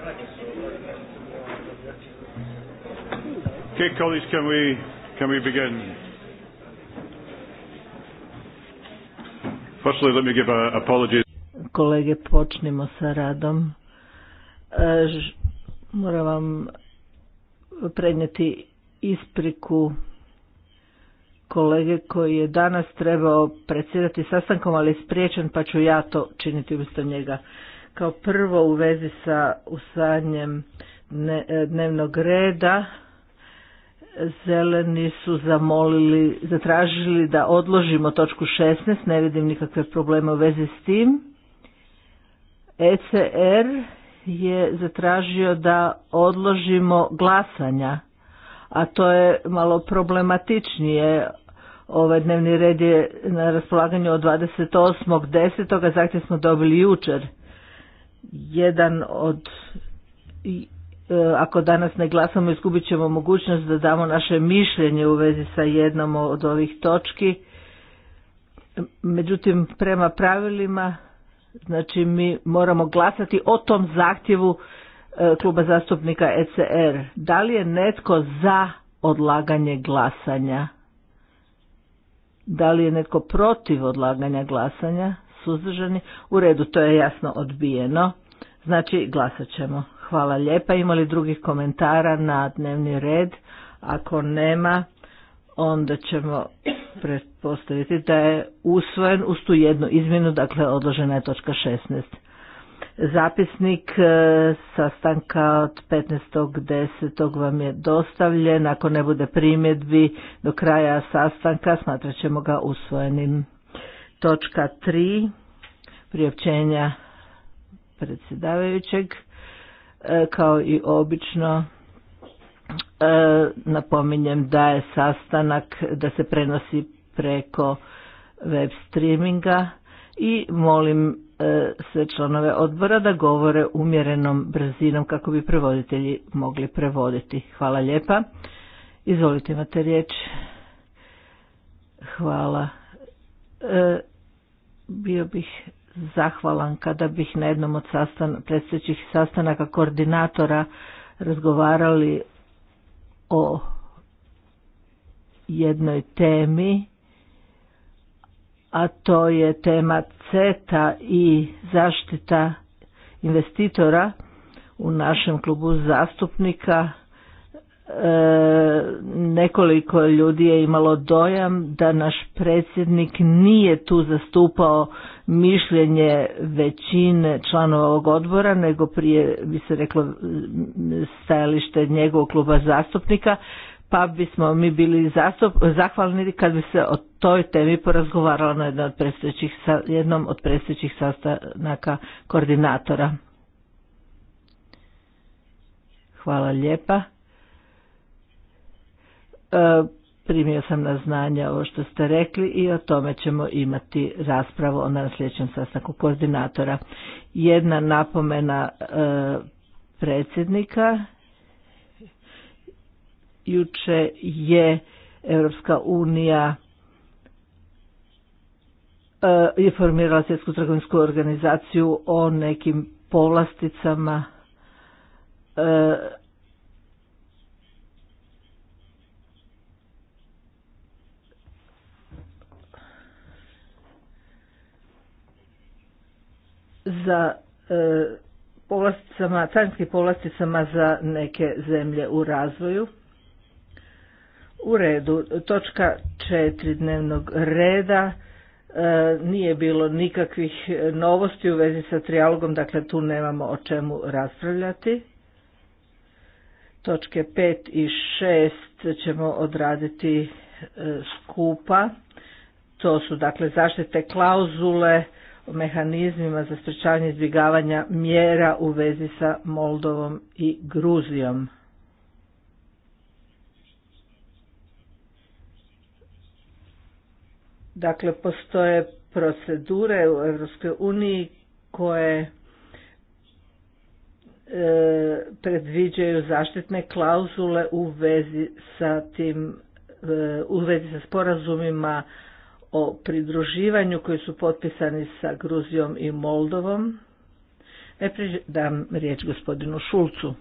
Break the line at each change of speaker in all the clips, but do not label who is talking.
Okay,
can we, can we begin?
Firstly, let me give Kolege, počnimo sa radom. E, moram vam prednijeti ispriku kolege koji je danas trebao predsjedati sastankom, ali je spriječen, pa ću ja to činiti umjesto njega. Kao prvo u vezi sa usvajanjem e, dnevnog reda zeleni su zamolili, zatražili da odložimo točku 16, ne vidim nikakve probleme u vezi s tim. ECR je zatražio da odložimo glasanja, a to je malo problematičnije. Ovaj dnevni red je na raspolaganju od 28.10. zahtjev smo dobili jučer jedan od e, ako danas ne glasamo izgubit ćemo mogućnost da damo naše mišljenje u vezi sa jednom od ovih točki. Međutim, prema pravilima, znači mi moramo glasati o tom zahtjevu e, kluba zastupnika ECR. Da li je netko za odlaganje glasanja? Da li je netko protiv odlaganja glasanja? suzdržani, u redu to je jasno odbijeno, znači glasat ćemo. Hvala lijepa, ima li drugih komentara na dnevni red? Ako nema, onda ćemo pretpostaviti da je usvojen uz tu jednu izmjenu, dakle odložena je točka 16. Zapisnik e, sastanka od 15.10. vam je dostavljen. Ako ne bude primjedbi do kraja sastanka, smatrat ćemo ga usvojenim. Točka 3. Priopćenja predsjedavajućeg. E, kao i obično e, napominjem da je sastanak da se prenosi preko web streaminga i molim e, sve članove odbora da govore umjerenom brzinom kako bi prevoditelji mogli prevoditi. Hvala lijepa. Izvolite imate riječ. Hvala E, bio bih zahvalan kada bih na jednom od sastan, predstojećih sastanaka koordinatora razgovarali o jednoj temi, a to je tema CETA i zaštita investitora u našem klubu zastupnika nekoliko ljudi je imalo dojam da naš predsjednik nije tu zastupao mišljenje većine članova ovog odbora, nego prije bi se reklo stajalište njegovog kluba zastupnika, pa bismo mi bili zahvalni kad bi se o toj temi porazgovaralo na jednom od predstojećih, jednom od predstojećih sastanaka koordinatora. Hvala lijepa. E, primio sam na znanje ovo što ste rekli i o tome ćemo imati raspravu onda na sljedećem sastanku koordinatora. Jedna napomena e, predsjednika. Juče je Europska unija e, je formirala svjetsku trgovinsku organizaciju o nekim povlasticama za e, povlasticama, povlasticama za neke zemlje u razvoju. U redu, točka četiri dnevnog reda, e, nije bilo nikakvih novosti u vezi sa trijalogom, dakle tu nemamo o čemu raspravljati. Točke 5 i 6 ćemo odraditi e, skupa, to su dakle zaštite klauzule, mehanizmima za sprečavanje izbjegavanja mjera u vezi sa Moldovom i Gruzijom. Dakle, postoje procedure u Europskoj uniji koje e, predviđaju zaštitne klauzule u vezi sa tim e, u vezi sa sporazumima o pridruživanju koji su potpisani sa Gruzijom i Moldovom. Najprije e, dam riječ gospodinu Šulcu.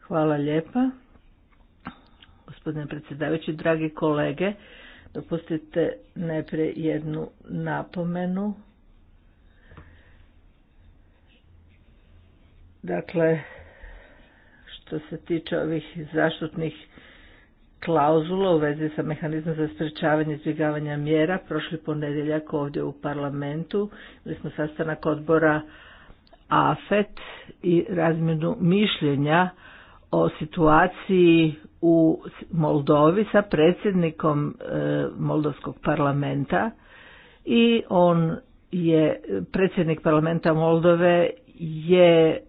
Hvala lijepa. Gospodine predsjedavajući, dragi kolege, dopustite najprije jednu napomenu. Dakle, što se tiče ovih zaštutnih klauzula u vezi sa mehanizmom za sprečavanje izbjegavanja mjera prošli ponedjeljak ovdje u parlamentu. Bili smo sastanak odbora AFET i razmjenu mišljenja o situaciji u Moldovi sa predsjednikom e, Moldovskog parlamenta i on je predsjednik parlamenta Moldove je e,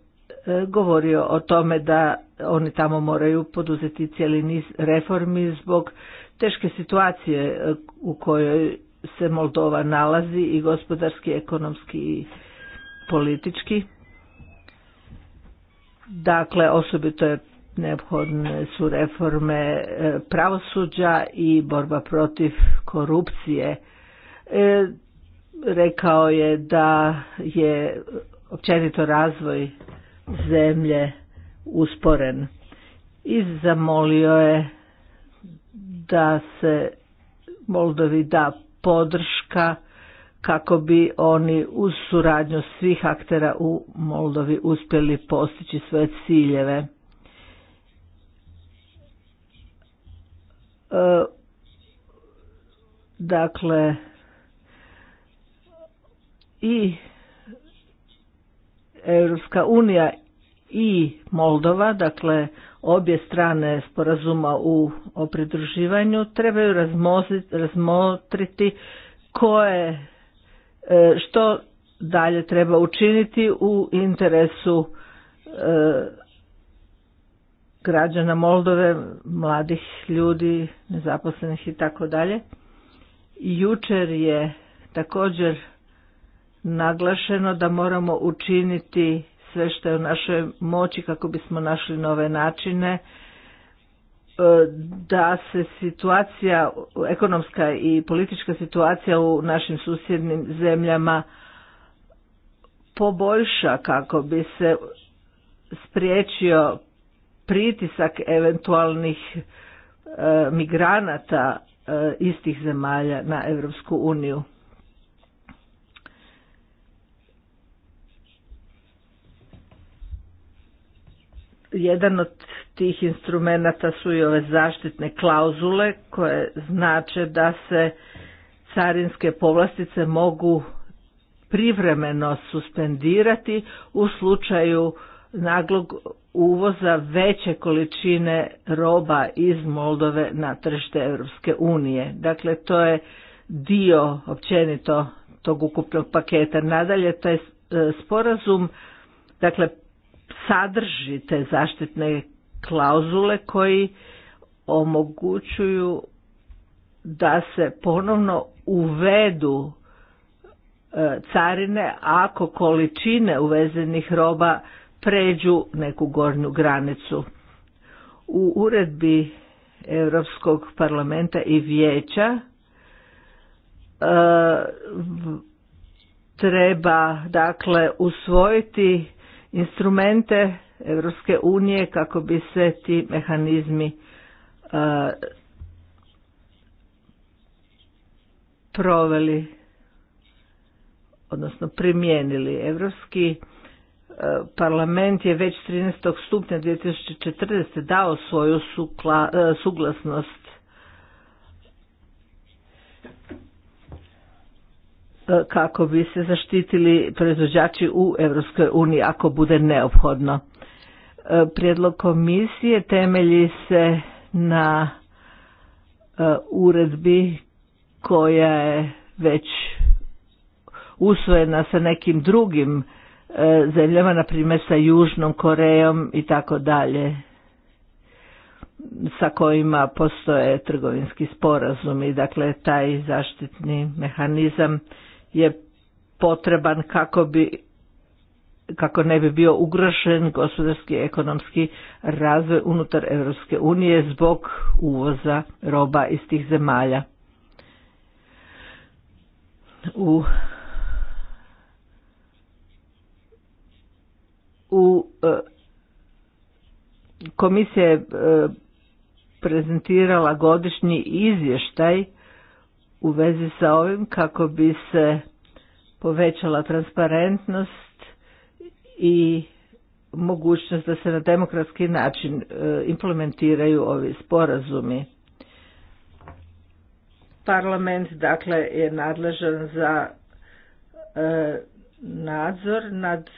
govorio o tome da oni tamo moraju poduzeti cijeli niz reformi zbog teške situacije e, u kojoj se Moldova nalazi i gospodarski, ekonomski i politički. Dakle, osobito je neophodne su reforme e, pravosuđa i borba protiv korupcije. E, rekao je da je općenito razvoj zemlje usporen i zamolio je da se Moldovi da podrška kako bi oni uz suradnju svih aktera u Moldovi uspjeli postići svoje ciljeve. E, dakle, i Europska unija i Moldova, dakle obje strane sporazuma u, o pridruživanju, trebaju razmotriti koje, e, što dalje treba učiniti u interesu e, građana Moldove, mladih ljudi, nezaposlenih i tako dalje. Jučer je također naglašeno da moramo učiniti sve što je u našoj moći kako bismo našli nove načine e, da se situacija, ekonomska i politička situacija u našim susjednim zemljama poboljša kako bi se spriječio pritisak eventualnih e, migranata e, istih zemalja na Europsku uniju. jedan od tih instrumenata su i ove zaštitne klauzule koje znače da se carinske povlastice mogu privremeno suspendirati u slučaju naglog uvoza veće količine roba iz Moldove na tržište Europske unije. Dakle, to je dio općenito tog ukupnog paketa. Nadalje, taj e, sporazum, dakle, sadrži te zaštitne klauzule koji omogućuju da se ponovno uvedu e, carine ako količine uvezenih roba pređu neku gornju granicu. U uredbi Europskog parlamenta i vijeća e, treba dakle usvojiti instrumente Europske unije kako bi se ti mehanizmi e, proveli odnosno primijenili. Europski e, parlament je već 13. stupnja 2014. dao svoju sukla, e, suglasnost E, kako bi se zaštitili proizvođači u Europskoj uniji ako bude neophodno. E, prijedlog komisije temelji se na e, uredbi koja je već usvojena sa nekim drugim zemljama, na primjer sa Južnom Korejom i tako dalje, sa kojima postoje trgovinski sporazumi, dakle taj zaštitni mehanizam je potreban kako bi kako ne bi bio ugrožen gospodarski i ekonomski razvoj unutar Europske unije zbog uvoza roba iz tih zemalja. U u e, komisija je e, prezentirala godišnji izvještaj u vezi sa ovim kako bi se povećala transparentnost i mogućnost da se na demokratski način e, implementiraju ovi sporazumi. Parlament dakle je nadležan za e, nadzor nad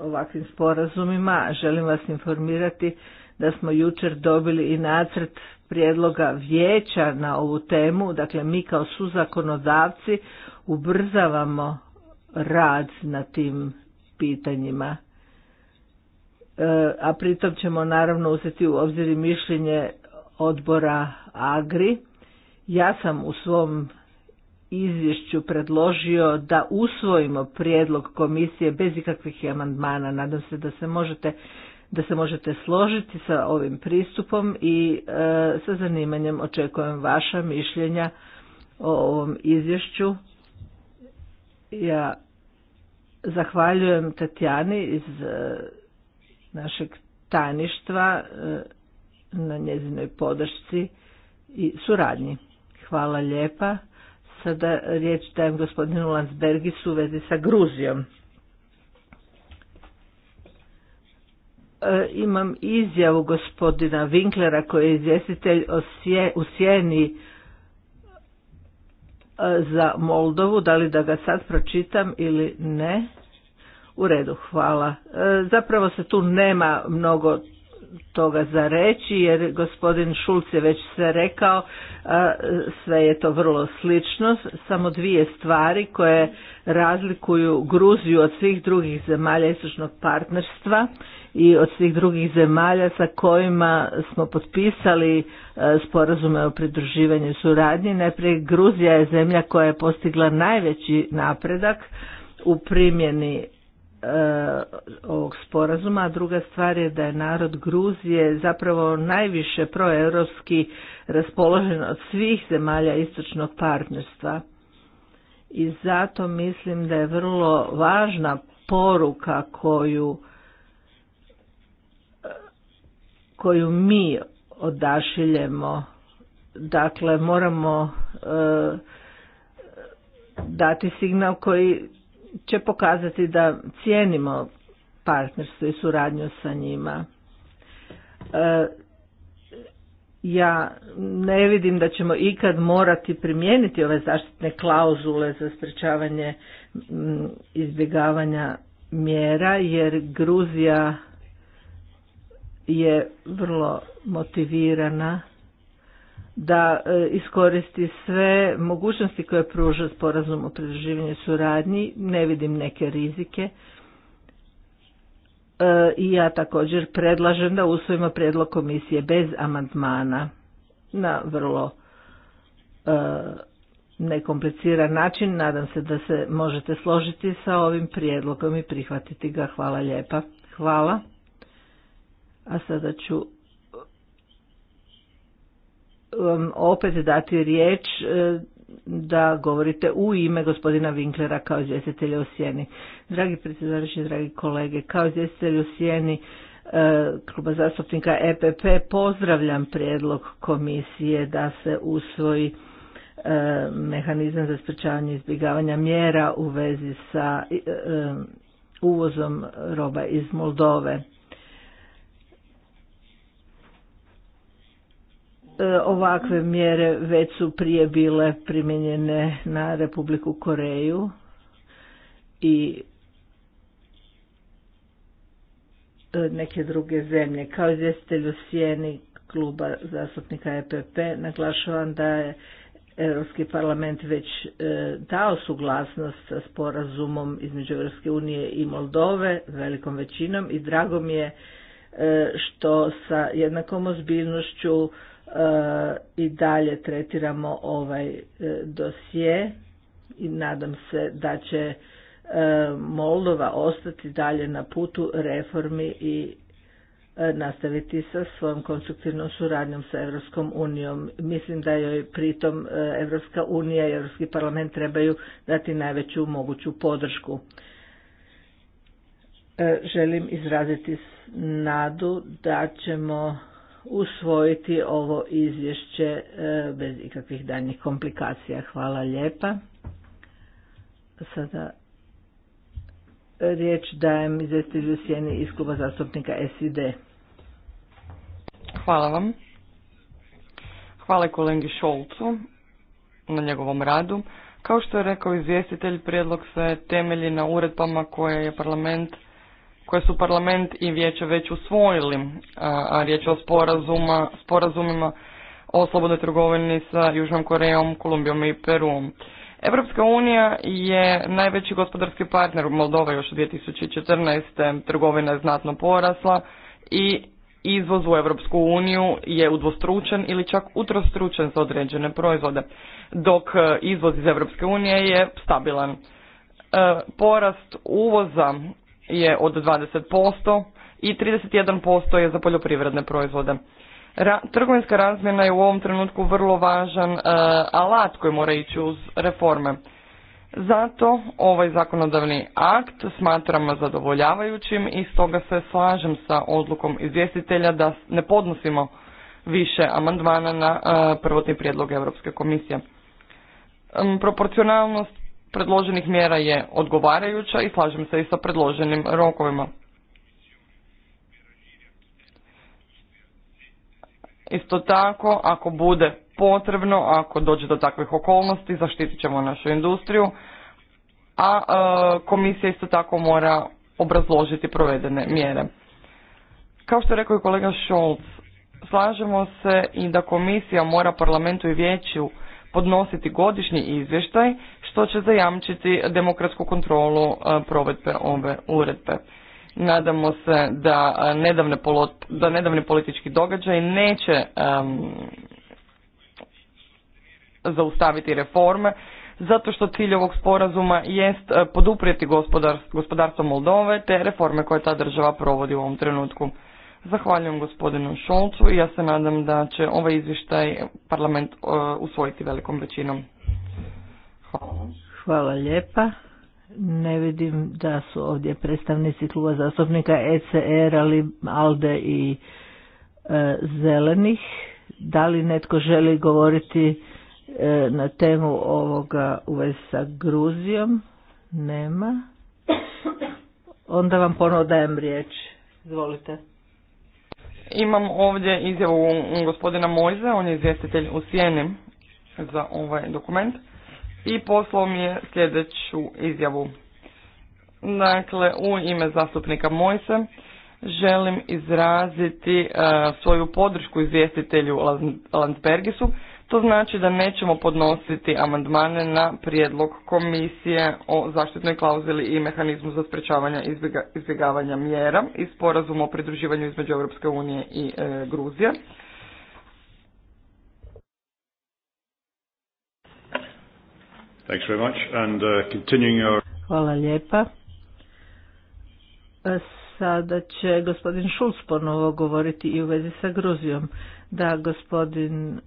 ovakvim sporazumima. Želim vas informirati da smo jučer dobili i nacrt prijedloga vijeća na ovu temu, dakle mi kao suzakonodavci ubrzavamo rad na tim pitanjima. E, a pritom ćemo naravno uzeti u obzir mišljenje odbora Agri. Ja sam u svom izvješću predložio da usvojimo prijedlog komisije bez ikakvih amandmana. Nadam se da se možete da se možete složiti sa ovim pristupom i e, sa zanimanjem očekujem vaša mišljenja o ovom izvješću. Ja zahvaljujem Tatjani iz e, našeg tajništva e, na njezinoj podršci i suradnji. Hvala lijepa. Sada riječ dajem gospodinu Lansbergisu u vezi sa Gruzijom. E, imam izjavu gospodina Winklera koji je izvjestitelj u sjeni e, za Moldovu, da li da ga sad pročitam ili ne. U redu, hvala. E, zapravo se tu nema mnogo toga za reći jer gospodin Šulc je već sve rekao, sve je to vrlo slično, samo dvije stvari koje razlikuju Gruziju od svih drugih zemalja istočnog partnerstva i od svih drugih zemalja sa kojima smo potpisali e, sporazume o pridruživanju suradnji. Najprije Gruzija je zemlja koja je postigla najveći napredak u primjeni e, ovog sporazuma, a druga stvar je da je narod Gruzije zapravo najviše proeuropski raspoložen od svih zemalja istočnog partnerstva. I zato mislim da je vrlo važna poruka koju koju mi odašiljemo dakle moramo e, dati signal koji će pokazati da cijenimo partnerstvo i suradnju sa njima e, ja ne vidim da ćemo ikad morati primijeniti ove zaštitne klauzule za sprečavanje izbjegavanja mjera jer Gruzija je vrlo motivirana da e, iskoristi sve mogućnosti koje pruža sporazum o pridruživanju suradnji, ne vidim neke rizike. E, I ja također predlažem da usvojimo prijedlog komisije bez amandmana na vrlo e, nekompliciran način. Nadam se da se možete složiti sa ovim prijedlogom i prihvatiti ga. Hvala lijepa. Hvala. A sada ću vam um, opet dati riječ e, da govorite u ime gospodina Vinklera kao izvjestitelja u Sjeni. Dragi predsjedavajući, dragi kolege, kao izvjestitelj u Sjeni e, kluba zastupnika EPP pozdravljam prijedlog komisije da se usvoji e, mehanizam za sprečavanje izbjegavanja mjera u vezi sa uvozom roba iz Moldove. E, ovakve mjere već su prije bile primijenjene na Republiku Koreju i e, neke druge zemlje. Kao izvjestitelj u sjeni kluba zastupnika EPP naglašavam da je Europski parlament već e, dao suglasnost sa sporazumom između Europske unije i Moldove velikom većinom i drago mi je što sa jednakom ozbiljnošću i dalje tretiramo ovaj e, dosje i nadam se da će e, Moldova ostati dalje na putu reformi i e, nastaviti sa svojom konstruktivnom suradnjom sa Europskom unijom. Mislim da joj pritom Europska unija i Europski parlament trebaju dati najveću moguću podršku. Želim izraziti nadu da ćemo usvojiti ovo izvješće e, bez ikakvih daljnjih komplikacija. Hvala lijepa. Sada riječ dajem izvjestitelju Sjeni iz kluba zastupnika SID. Hvala vam.
Hvala kolegi Šolcu na njegovom radu. Kao što je rekao izvjestitelj, prijedlog se temelji na uredbama koje je parlament koje su parlament i vijeće već usvojili, a riječ je o sporazuma, sporazumima o slobodnoj trgovini sa Južnom Korejom, Kolumbijom i Peruom. Europska unija je najveći gospodarski partner u Moldova još od 2014. Trgovina je znatno porasla i izvoz u Europsku uniju je udvostručen ili čak utrostručen za određene proizvode, dok e, izvoz iz Europske unije je stabilan. E, porast uvoza je od 20% i 31% je za poljoprivredne proizvode. trgovinska razmjena je u ovom trenutku vrlo važan e, alat koji mora ići uz reforme. Zato ovaj zakonodavni akt smatram zadovoljavajućim i stoga se slažem sa odlukom izvjestitelja da ne podnosimo više amandmana na e, prvotni prijedlog Europske komisije. Proporcionalnost predloženih mjera je odgovarajuća i slažem se i sa predloženim rokovima. Isto tako, ako bude potrebno, ako dođe do takvih okolnosti, zaštitit ćemo našu industriju, a e, komisija isto tako mora obrazložiti provedene mjere. Kao što je rekao i kolega Scholz, slažemo se i da komisija mora parlamentu i vijeću podnositi godišnji izvještaj što će zajamčiti demokratsku kontrolu e, provedbe ove uredbe. Nadamo se da e, nedavne, da politički događaj neće zaustaviti reforme, zato što cilj ovog sporazuma jest e, poduprijeti gospodarstvo Moldove te reforme koje ta država provodi u ovom trenutku. Zahvaljujem gospodinu Šolcu i ja se nadam da će ovaj izvještaj parlament usvojiti velikom većinom. Hvala
lijepa. Ne vidim da su ovdje predstavnici kluba zastupnika ECR, ali ALDE i e, Zelenih. Da li netko želi govoriti e, na temu ovoga u sa Gruzijom? Nema. Onda vam ponovno dajem riječ. Izvolite.
Imam ovdje izjavu gospodina Mojza, on je izvjestitelj u Sijenim za ovaj dokument i poslao mi je sljedeću izjavu. Dakle, u ime zastupnika Mojse želim izraziti e, svoju podršku izvjestitelju Landbergisu. To znači da nećemo podnositi amandmane na prijedlog komisije o zaštitnoj klauzuli i mehanizmu za sprečavanje izbjegavanja mjera i sporazumu o pridruživanju između Europske unije i e, Gruzije. Uh,
Hvala lijepa. Sada će gospodin Šulc ponovo govoriti i u vezi sa Gruzijom. Da, gospodin e,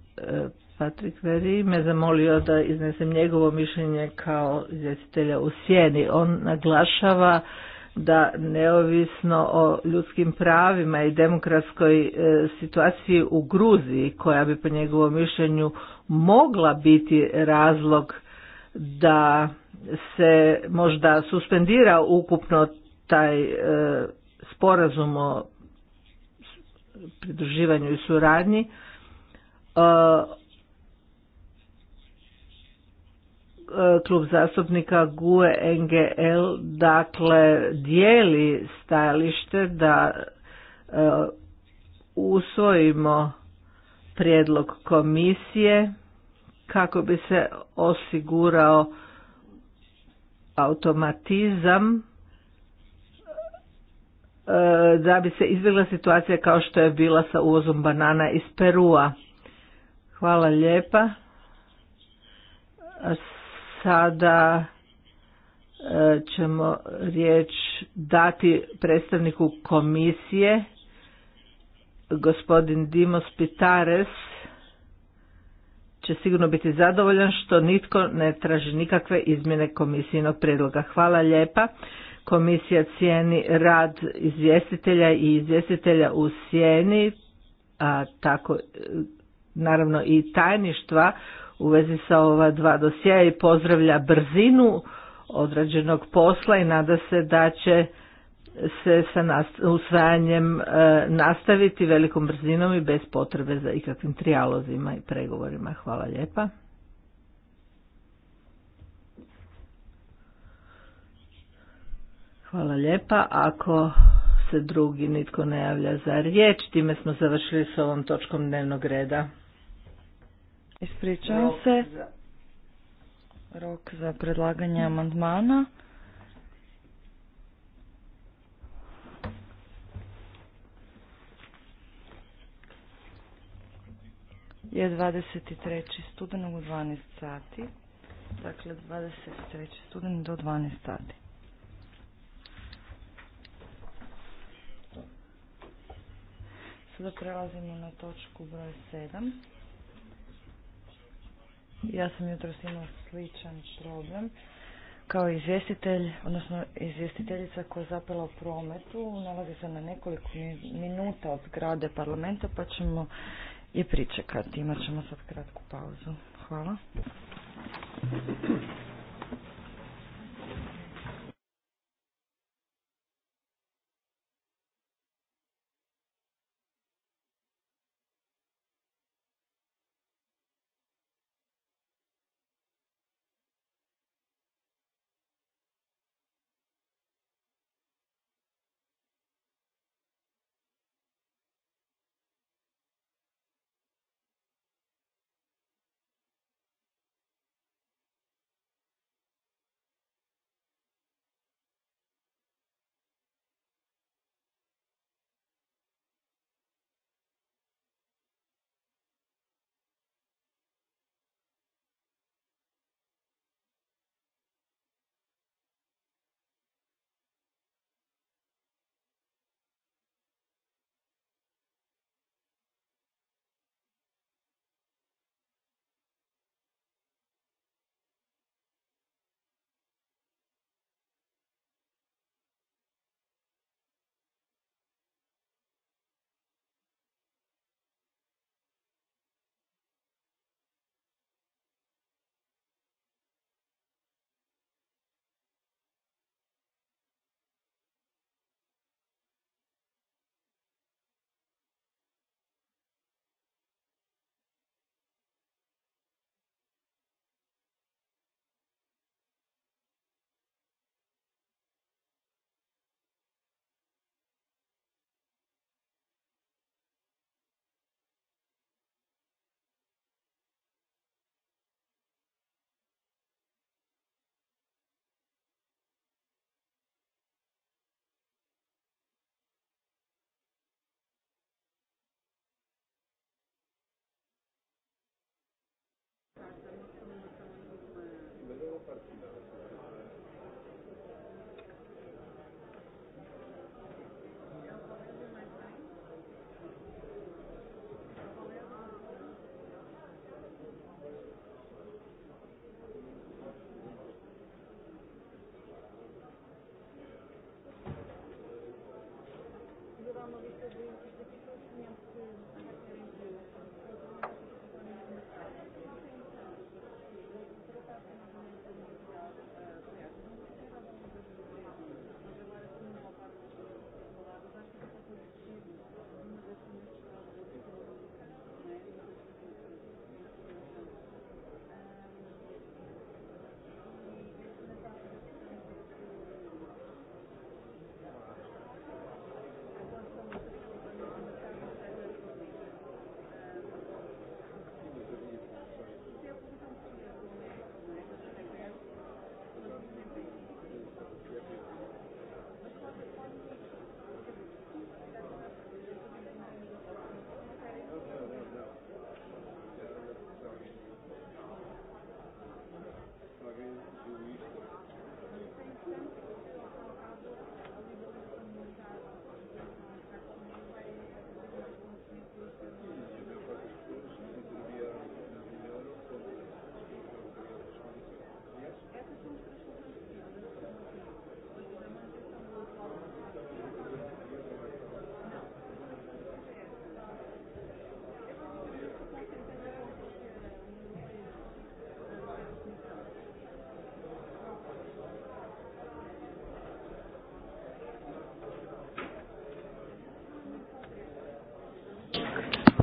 Patrik Veri me zamolio da iznesem njegovo mišljenje kao izvjestitelja u sjeni. On naglašava da neovisno o ljudskim pravima i demokratskoj e, situaciji u Gruziji koja bi po njegovom mišljenju mogla biti razlog da se možda suspendira ukupno taj e, sporazum o pridruživanju i suradnji e, e, klub zastupnika GUE NGL dakle dijeli stajalište da usvojimo prijedlog komisije kako bi se osigurao automatizam e, da bi se izbjegla situacija kao što je bila sa uvozom banana iz Perua. Hvala lijepa. Sada e, ćemo riječ dati predstavniku komisije, gospodin Dimos Pitares, će sigurno biti zadovoljan što nitko ne traži nikakve izmjene komisijinog predloga. Hvala lijepa. Komisija cijeni rad izvjestitelja i izvjestitelja u sjeni, a tako e, naravno i tajništva u vezi sa ova dva dosjeja i pozdravlja brzinu odrađenog posla i nada se da će se sa usvajanjem e, nastaviti velikom brzinom i bez potrebe za ikakvim trijalozima i pregovorima. Hvala lijepa. Hvala lijepa. Ako se drugi nitko ne javlja za riječ, time smo završili s ovom točkom dnevnog reda. Ispričavam se. Rok za predlaganje
amandmana je 23. studenog u 12 sati. Dakle, 23. studenog do 12 sati. Sada prelazimo na točku broj 7. Ja sam jutro imao sličan problem kao izvjestitelj, odnosno izvjestiteljica koja je zapela u prometu, nalazi se na nekoliko minuta od grade parlamenta, pa ćemo i pričekati. Imat ćemo sad kratku pauzu. Hvala.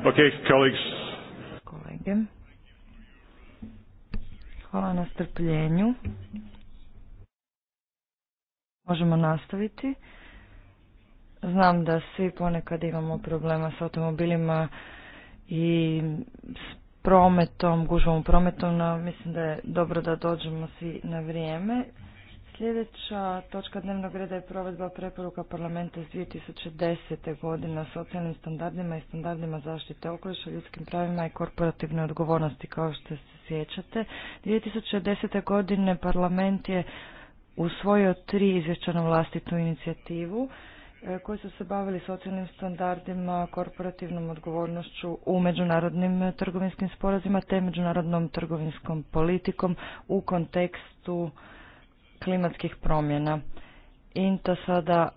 Okay, colleagues.
Kolege. Hvala na strpljenju. Možemo nastaviti. Znam da svi ponekad imamo problema s automobilima i s prometom, gužvom prometom, no mislim da je dobro da dođemo svi na vrijeme. Sljedeća točka dnevnog reda je provedba preporuka parlamenta iz 2010. godine o socijalnim standardima i standardima zaštite okoliša, ljudskim pravima i korporativne odgovornosti, kao što se sjećate. 2010. godine parlament je usvojio tri izvješćanu vlastitu inicijativu e, koji su se bavili socijalnim standardima, korporativnom odgovornošću u međunarodnim trgovinskim sporazima te međunarodnom trgovinskom politikom u kontekstu klimatskih promjena. INTA sada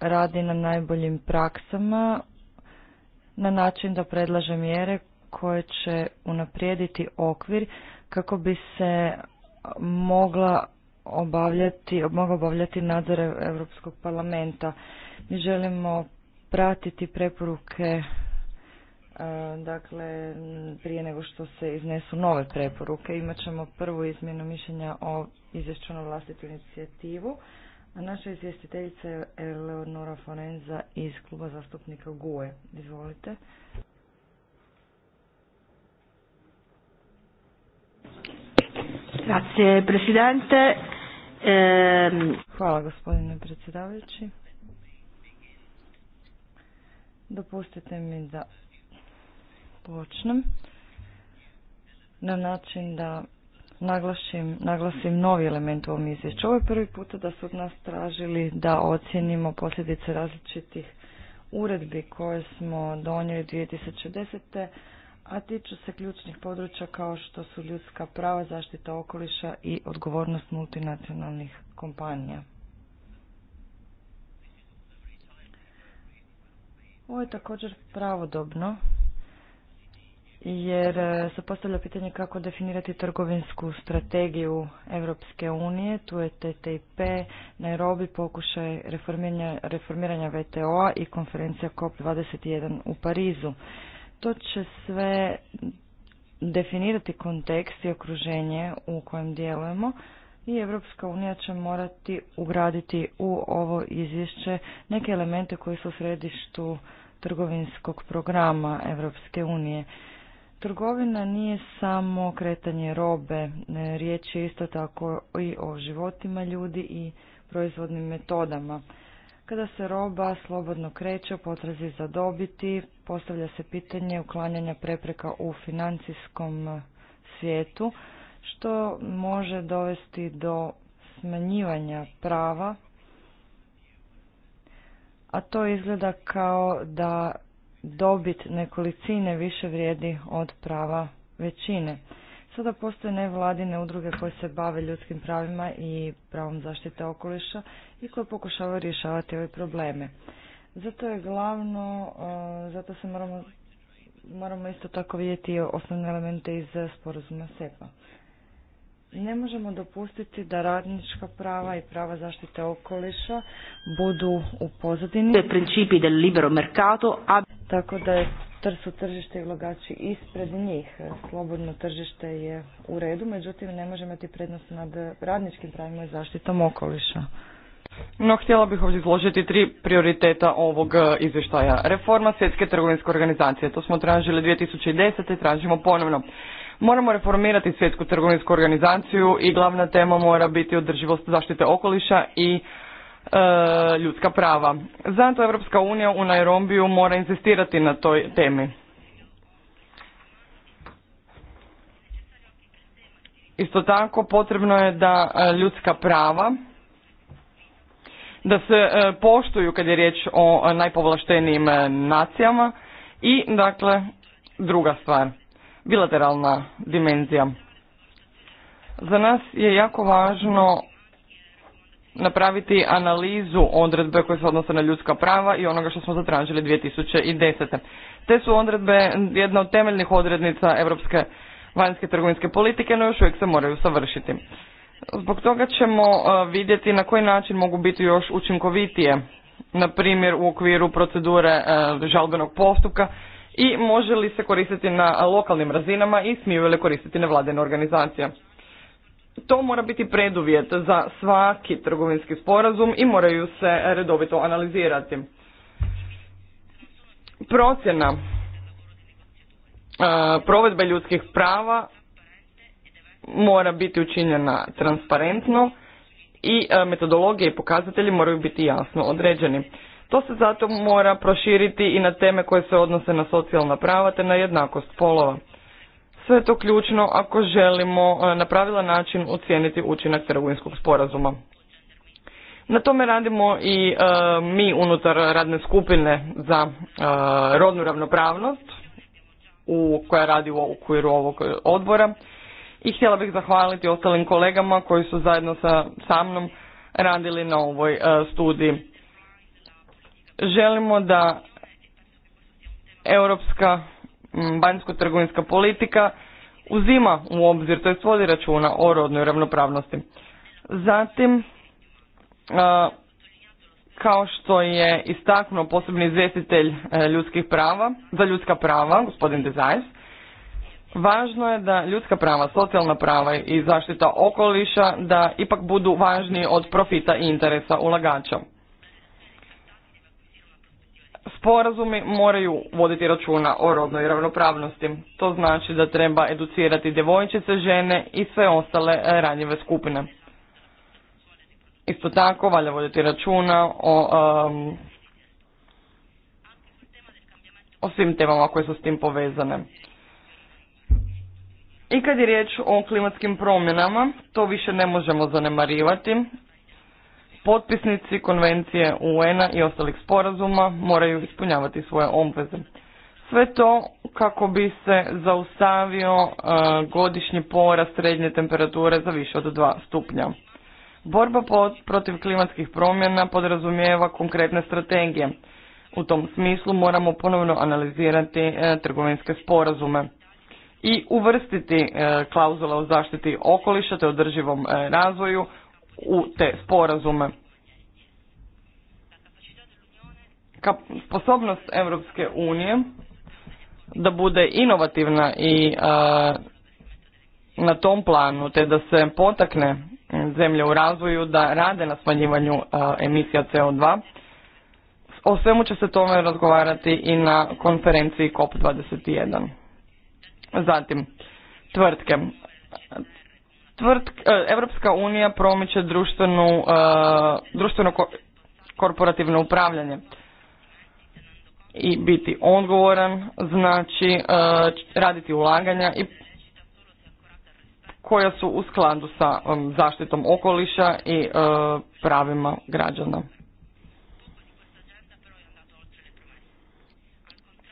radi na najboljim praksama na način da predlaže mjere koje će unaprijediti okvir kako bi se mogla obavljati, mogla obavljati nadzore Europskog parlamenta. Mi želimo pratiti preporuke E, dakle, prije nego što se iznesu nove preporuke, imat ćemo prvu izmjenu mišljenja o izvješću na vlastitu inicijativu. A naša izvjestiteljica je Eleonora Forenza iz kluba zastupnika GUE. Izvolite.
Grazie, presidente.
Ehm, Hvala gospodine predsjedavajući. Dopustite mi da počnem na način da naglasim novi element u ovom izvješću. Ovo je prvi puta da su od nas tražili da ocjenimo posljedice različitih uredbi koje smo donijeli 2010. a tiču se ključnih područja kao što su ljudska prava, zaštita okoliša i odgovornost multinacionalnih kompanija. Ovo je također pravodobno jer e, se postavlja pitanje kako definirati trgovinsku strategiju Europske unije. Tu je TTIP, Nairobi, pokušaj reformiranja, reformiranja VTO-a i konferencija COP21 u Parizu. To će sve definirati kontekst i okruženje u kojem djelujemo i Europska unija će morati ugraditi u ovo izvješće neke elemente koji su u središtu trgovinskog programa Europske unije. Trgovina nije samo kretanje robe, e, riječ je isto tako i o životima ljudi i proizvodnim metodama. Kada se roba slobodno kreće, potrazi za dobiti, postavlja se pitanje uklanjanja prepreka u financijskom svijetu, što može dovesti do smanjivanja prava, a to izgleda kao da dobit nekolicine više vrijedi od prava većine. Sada postoje nevladine udruge koje se bave ljudskim pravima i pravom zaštite okoliša i koje pokušavaju rješavati ove probleme. Zato je glavno, zato se moramo, moramo isto tako vidjeti osnovne elemente iz sporazuma SEPA. Ne možemo dopustiti da radnička prava i prava zaštite okoliša budu u pozadini. principi del libero mercato tako da je trsu tržište i ulagači ispred njih. Slobodno tržište je u redu, međutim ne može imati prednost nad radničkim pravima i zaštitom okoliša.
No, htjela bih ovdje izložiti tri prioriteta ovog e, izvještaja. Reforma svjetske trgovinske organizacije, to smo tražili 2010. i tražimo ponovno. Moramo reformirati svjetsku trgovinsku organizaciju i glavna tema mora biti održivost zaštite okoliša i E, ljudska prava. Zato Evropska unija u Nairobiju mora insistirati na toj temi. Isto tako potrebno je da e, ljudska prava da se e, poštuju kad je riječ o najpovlaštenijim nacijama i dakle druga stvar bilateralna dimenzija. Za nas je jako važno napraviti analizu odredbe koje se odnose na ljudska prava i onoga što smo zatražili 2010. Te su odredbe jedna od temeljnih odrednica europske vanjske trgovinske politike, no još uvijek se moraju savršiti. Zbog toga ćemo e, vidjeti na koji način mogu biti još učinkovitije, na primjer u okviru procedure e, žalbenog postupka i može li se koristiti na lokalnim razinama i smiju li koristiti nevladene organizacije to mora biti preduvjet za svaki trgovinski sporazum i moraju se redovito analizirati. Procjena e, provedbe ljudskih prava mora biti učinjena transparentno i e, metodologije i pokazatelji moraju biti jasno određeni. To se zato mora proširiti i na teme koje se odnose na socijalna prava te na jednakost polova. Sve je to ključno ako želimo e, na pravilan način ocijeniti učinak trgovinskog sporazuma. Na tome radimo i e, mi unutar radne skupine za e, rodnu ravnopravnost u koja radi u okviru ovog odbora i htjela bih zahvaliti ostalim kolegama koji su zajedno sa, mnom radili na ovoj studiji. Želimo da Europska Mm, vanjsko-trgovinska politika uzima u obzir, to svodi računa o rodnoj ravnopravnosti. Zatim, kao što je istaknuo posebni izvjestitelj e, ljudskih prava, za ljudska prava, gospodin Dezajs, važno je da ljudska prava, socijalna prava i zaštita okoliša da ipak budu važniji od profita i interesa ulagača sporazumi moraju voditi računa o rodnoj ravnopravnosti. To znači da treba educirati djevojčice, žene i sve ostale ranjive skupine. Isto tako valja voditi računa o, o svim temama koje su s tim povezane. I kad je riječ o klimatskim promjenama, to više ne možemo zanemarivati Potpisnici konvencije UN-a i ostalih sporazuma moraju ispunjavati svoje obveze. Sve to kako bi se zaustavio e, godišnji porast srednje temperature za više od 2 stupnja. Borba protiv klimatskih promjena podrazumijeva konkretne strategije. U tom smislu moramo ponovno analizirati e, trgovinske sporazume i uvrstiti e, klauzula o zaštiti okoliša te održivom razvoju u te sporazume. sposobnost Europske unije da bude inovativna i na tom planu, te da se potakne zemlje u razvoju da rade na smanjivanju emisija CO2. O svemu će se tome razgovarati i na konferenciji COP21. Zatim, tvrtke. Tvrtk, e, Evropska unija promiče društvenu, e, društveno korporativno upravljanje i biti odgovoran, znači e, raditi ulaganja i koja su u skladu sa zaštitom okoliša i pravima građana.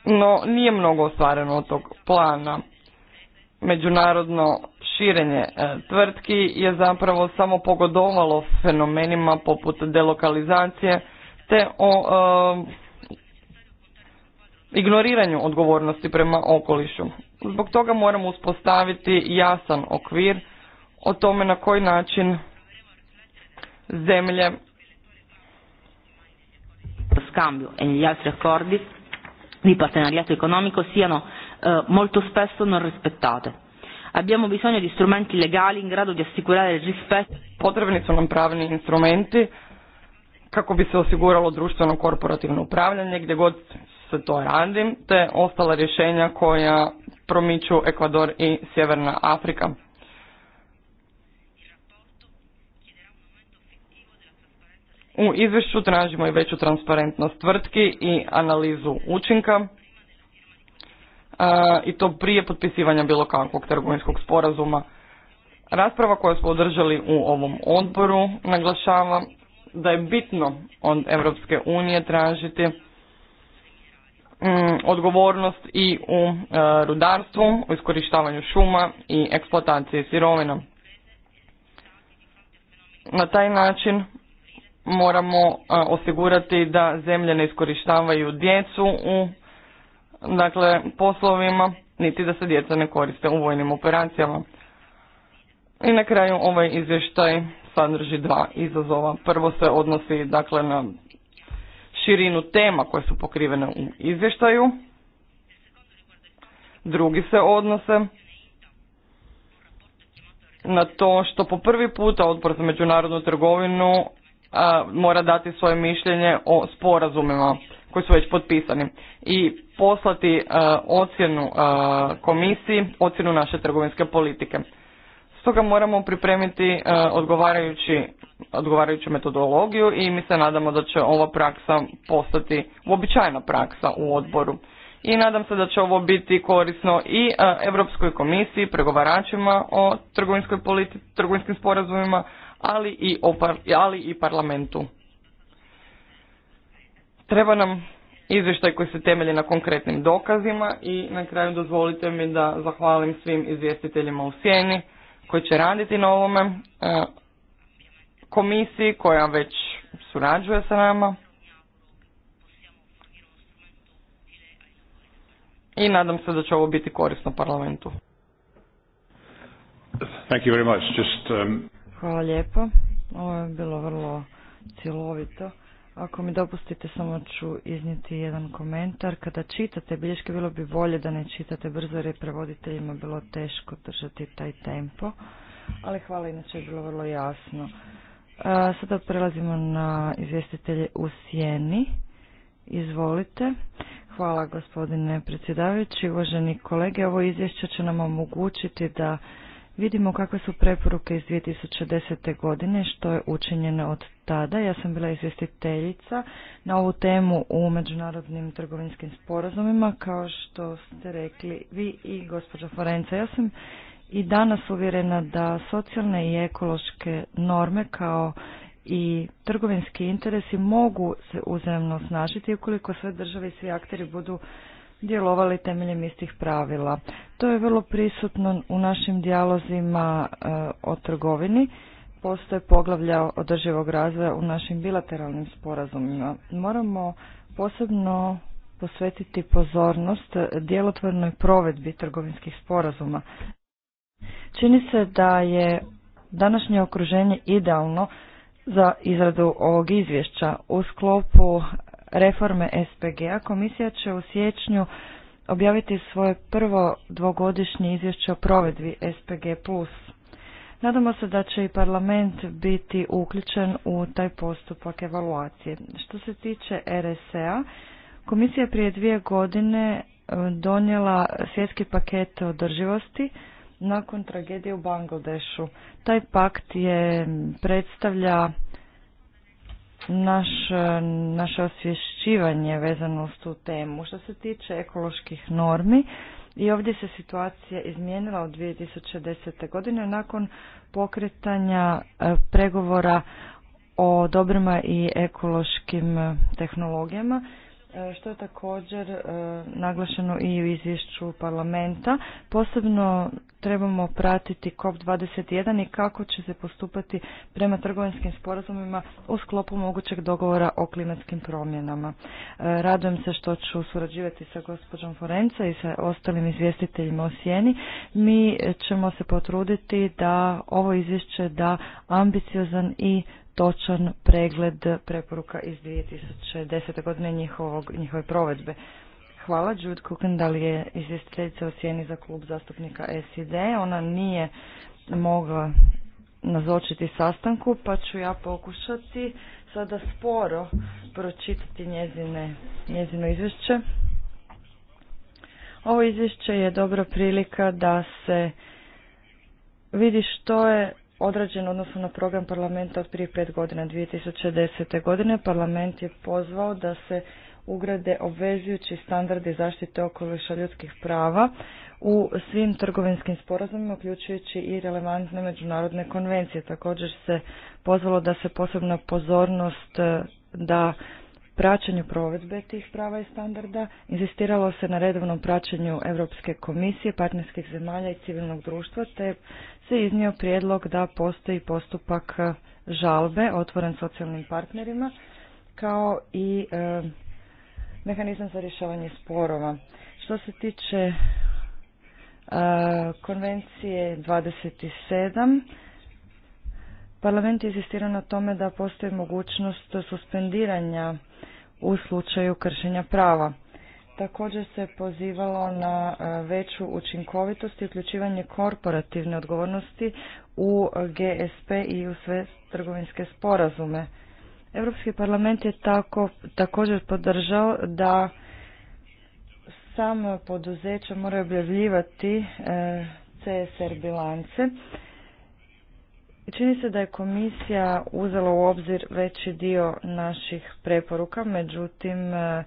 No, nije mnogo ostvareno od tog plana. Međunarodno širenje e, tvrtki je zapravo samo pogodovalo fenomenima poput delokalizacije te o e, ignoriranju odgovornosti prema okolišu. Zbog toga moramo uspostaviti jasan okvir o tome na koji način zemlje scambio e gli altri accordi di partenariato economico siano e, molto spesso non rispettate. Abbiamo bisogno di strumenti legali in grado di assicurare il rispetto. Potrebni su nam pravni instrumenti kako bi se osiguralo društveno korporativno upravljanje gdje god se to radi, te ostala rješenja koja promiču Ekvador i Sjeverna Afrika. U izvješću tražimo i veću transparentnost tvrtki i analizu učinka i to prije potpisivanja bilo kakvog trgovinskog sporazuma. Rasprava koju smo održali u ovom odboru naglašava da je bitno od Europske unije tražiti mm, odgovornost i u e, rudarstvu, u iskorištavanju šuma i eksploataciji sirovina. Na taj način moramo e, osigurati da zemlje ne iskorištavaju djecu u dakle, poslovima, niti da se djeca ne koriste u vojnim operacijama. I na kraju ovaj izvještaj sadrži dva izazova. Prvo se odnosi dakle, na širinu tema koje su pokrivene u izvještaju. Drugi se odnose na to što po prvi puta odbor za međunarodnu trgovinu a, mora dati svoje mišljenje o sporazumima koji su već potpisani i poslati e, ocjenu e, komisiji, ocjenu naše trgovinske politike. Stoga moramo pripremiti e, odgovarajući, odgovarajuću metodologiju i mi se nadamo da će ova praksa postati uobičajena praksa u odboru. I nadam se da će ovo biti korisno i Europskoj komisiji, pregovaračima o trgovinskoj politi trgovinskim sporazumima, ali i, ali i parlamentu. Treba nam izvještaj koji se temelji na konkretnim dokazima i na kraju dozvolite mi da zahvalim svim izvjestiteljima u sjeni koji će raditi na ovome, e, komisiji koja već surađuje sa nama i nadam se da će ovo biti korisno parlamentu.
Um,
Hvala lijepo. Ovo je
bilo vrlo cilovito. Ako mi dopustite, samo ću iznijeti jedan komentar. Kada čitate bilješke, bilo bi bolje da ne čitate brzo, jer je prevoditeljima bilo teško držati taj tempo. Ali hvala, inače je bilo vrlo jasno. Sada prelazimo na izvjestitelje u sjeni. Izvolite. Hvala gospodine predsjedavajući. Uvaženi kolege, ovo izvješće će nam omogućiti da vidimo kakve su preporuke iz 2010. godine, što je učinjeno od tada. Ja sam bila izvjestiteljica na ovu temu u međunarodnim trgovinskim sporazumima, kao što ste rekli vi i gospođa Forenca. Ja sam i danas uvjerena da socijalne i ekološke norme kao i trgovinski interesi mogu se uzemno snažiti ukoliko sve države i svi akteri budu djelovali temeljem istih pravila. To je vrlo prisutno u našim dijalozima eh, o trgovini. Postoje poglavlja održivog razvoja u našim bilateralnim sporazumima. Moramo posebno posvetiti pozornost eh, djelotvornoj provedbi trgovinskih sporazuma. Čini se da je današnje okruženje idealno za izradu ovog izvješća. U sklopu reforme SPG-a, komisija će u siječnju objaviti svoje prvo dvogodišnje izvješće o provedbi SPG+. Nadamo se da će i parlament biti uključen u taj postupak evaluacije. Što se tiče RSA, komisija prije dvije godine e, donijela svjetski paket održivosti nakon tragedije u Bangladešu. Taj pakt je predstavlja naš, naše osvješćivanje vezano uz tu temu. Što se tiče ekoloških normi, i ovdje se situacija izmijenila od 2010. godine nakon pokretanja e, pregovora o dobrima i ekološkim e, tehnologijama. E, što je također e, naglašeno i u izvješću parlamenta. Posebno trebamo pratiti COP21 i kako će se postupati prema trgovinskim sporazumima u sklopu mogućeg dogovora o klimatskim promjenama. E, radujem se što ću surađivati sa gospođom Forenca i sa ostalim izvjestiteljima o Sjeni. Mi ćemo se potruditi da ovo izvješće da ambiciozan i točan pregled preporuka iz 2010. godine njihovog, njihove provedbe. Hvala, Kuken, da li je izvjestiteljica u sjeni za klub zastupnika SID. Ona nije mogla nazočiti sastanku, pa ću ja pokušati sada sporo pročitati njezine, njezino izvješće. Ovo izvješće je dobra prilika da se vidi što je odrađen odnosno na program parlamenta od prije pet godina, 2010. godine. Parlament je pozvao da se ugrade obvezujući standardi zaštite okoliša ljudskih prava u svim trgovinskim sporazumima, uključujući i relevantne međunarodne konvencije. Također se pozvalo da se posebna pozornost eh, da praćenju provedbe tih prava i standarda, inzistiralo se na redovnom praćenju Europske komisije, partnerskih zemalja i civilnog društva, te se iznio prijedlog da postoji postupak e, žalbe otvoren socijalnim partnerima, kao i e, mehanizam za rješavanje sporova. Što se tiče e, konvencije 27, Parlament je insistira na tome da postoji mogućnost suspendiranja u slučaju kršenja prava. Također se pozivalo na e, veću učinkovitost i uključivanje korporativne odgovornosti u GSP i u sve trgovinske sporazume. Europski parlament je tako, također podržao da samo poduzeća moraju objavljivati e, CSR bilance Čini se da je komisija uzela u obzir veći dio naših preporuka, međutim e,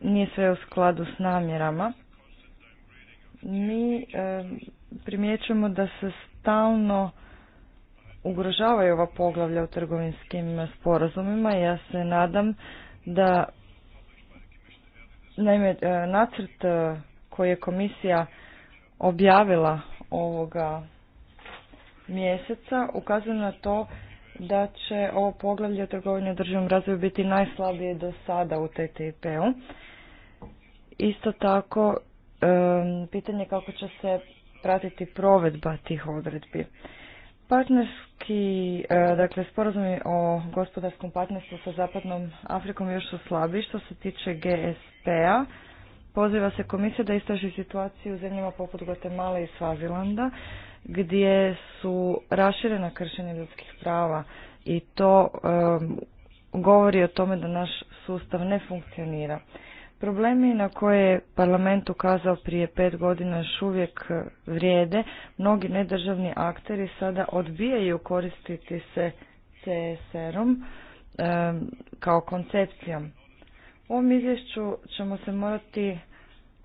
nije sve u skladu s namjerama. Mi e, primjećujemo da se stalno ugrožavaju ova poglavlja u trgovinskim sporazumima. Ja se nadam da naime, e, nacrt koji je komisija objavila ovoga mjeseca ukazuje na to da će ovo poglavlje o trgovini državnom razvoju biti najslabije do sada u TTIP-u. Isto tako, pitanje kako će se pratiti provedba tih odredbi. Partnerski, e, dakle, sporazumi o gospodarskom partnerstvu sa Zapadnom Afrikom još su slabi. Što se tiče GSP-a, poziva se komisija da istraži situaciju u zemljama poput Guatemala i Svazilanda gdje su raširena kršenja ljudskih prava i to govori o tome da naš sustav ne funkcionira. Problemi na koje je parlament ukazao prije pet godina još uvijek vrijede. Mnogi nedržavni akteri sada odbijaju koristiti se CSR-om kao koncepcijom. U ovom izvješću ćemo se morati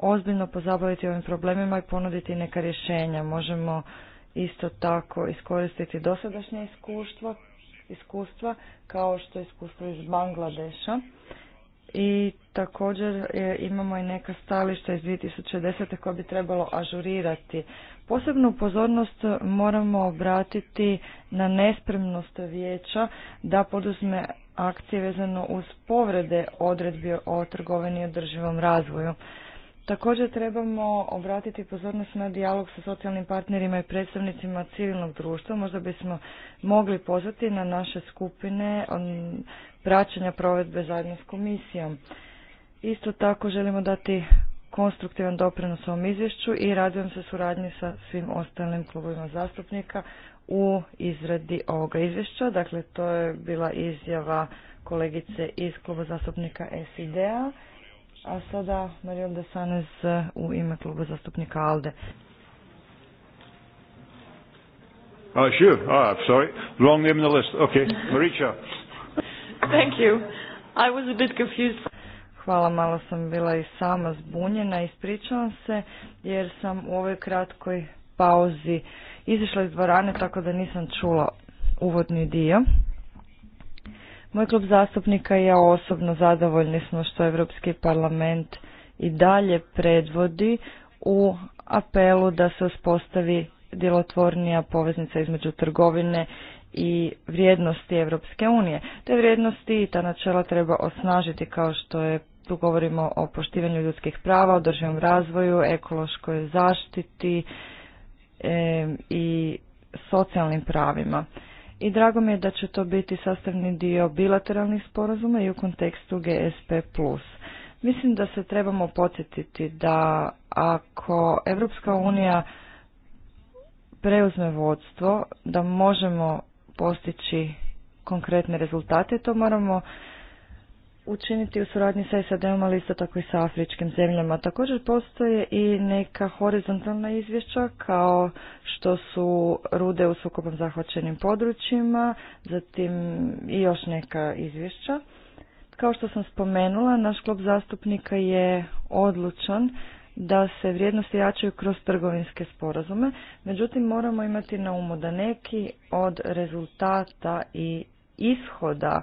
ozbiljno pozabaviti ovim problemima i ponuditi neka rješenja. Možemo isto tako iskoristiti dosadašnje iskustva, iskustva kao što je iskustvo iz Bangladeša. I također e, imamo i neka stališta iz 2010. koja bi trebalo ažurirati. Posebnu pozornost moramo obratiti na nespremnost vijeća da poduzme akcije vezano uz povrede odredbi o trgovini i održivom razvoju. Također trebamo obratiti pozornost na dijalog sa socijalnim partnerima i predstavnicima civilnog društva. Možda bismo mogli pozvati na naše skupine um, praćenja provedbe zajedno s komisijom. Isto tako želimo dati konstruktivan doprinos ovom izvješću i radujem se suradnji sa svim ostalim klubovima zastupnika u izradi ovoga izvješća. Dakle, to je bila izjava kolegice iz kluba zastupnika SID-a. A sada Marijel Desanez eh, u ime kluba zastupnika ALDE.
Oh, sure. Oh, sorry. Wrong name the list. Okay.
Thank you. a bit Hvala, malo sam bila i sama zbunjena. Ispričavam se jer sam u ovoj kratkoj pauzi izišla iz dvorane tako da nisam čula uvodni dio. Moj klub zastupnika i ja osobno zadovoljni smo što Europski parlament i dalje predvodi u apelu da se uspostavi djelotvornija poveznica između trgovine i vrijednosti Europske unije. Te vrijednosti i ta načela treba osnažiti kao što je tu govorimo o poštivanju ljudskih prava, održivom razvoju, ekološkoj zaštiti i socijalnim pravima i drago mi je da će to biti sastavni dio bilateralnih sporazuma i u kontekstu GSP+. Mislim da se trebamo podsjetiti da ako Europska unija preuzme vodstvo, da možemo postići konkretne rezultate, to moramo učiniti u suradnji sa SAD-om, ali isto tako i sa afričkim zemljama. Također postoje i neka horizontalna izvješća kao što su rude u sukobom zahvaćenim područjima, zatim i još neka izvješća. Kao što sam spomenula, naš klub zastupnika je odlučan da se vrijednosti jačaju kroz trgovinske sporazume, međutim moramo imati na umu da neki od rezultata i ishoda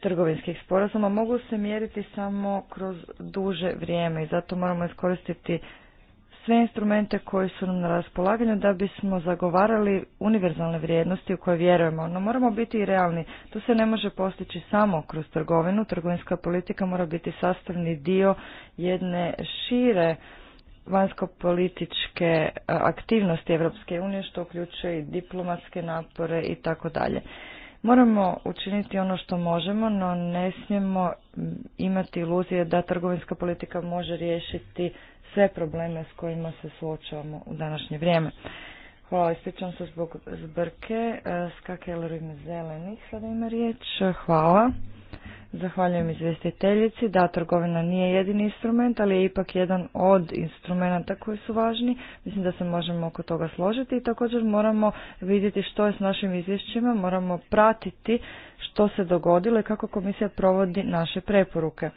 trgovinskih sporazuma mogu se mjeriti samo kroz duže vrijeme i zato moramo iskoristiti sve instrumente koji su nam na raspolaganju da bismo zagovarali univerzalne vrijednosti u koje vjerujemo. No moramo biti i realni. To se ne može postići samo kroz trgovinu. Trgovinska politika mora biti sastavni dio jedne šire vanjsko-političke aktivnosti Europske unije što uključuje i diplomatske napore i tako dalje. Moramo učiniti ono što možemo, no ne smijemo imati iluzije da trgovinska politika može riješiti sve probleme s kojima se suočavamo u današnje vrijeme. Hvala, ispričam se zbog zbrke. E, s ime zelenih sada ima riječ. Hvala. Zahvaljujem izvjestiteljici. Da, trgovina nije jedini instrument, ali je ipak jedan od instrumenta koji su važni. Mislim da se možemo oko toga složiti i također moramo vidjeti što je s našim izvješćima, moramo pratiti što se dogodilo i kako komisija provodi naše preporuke.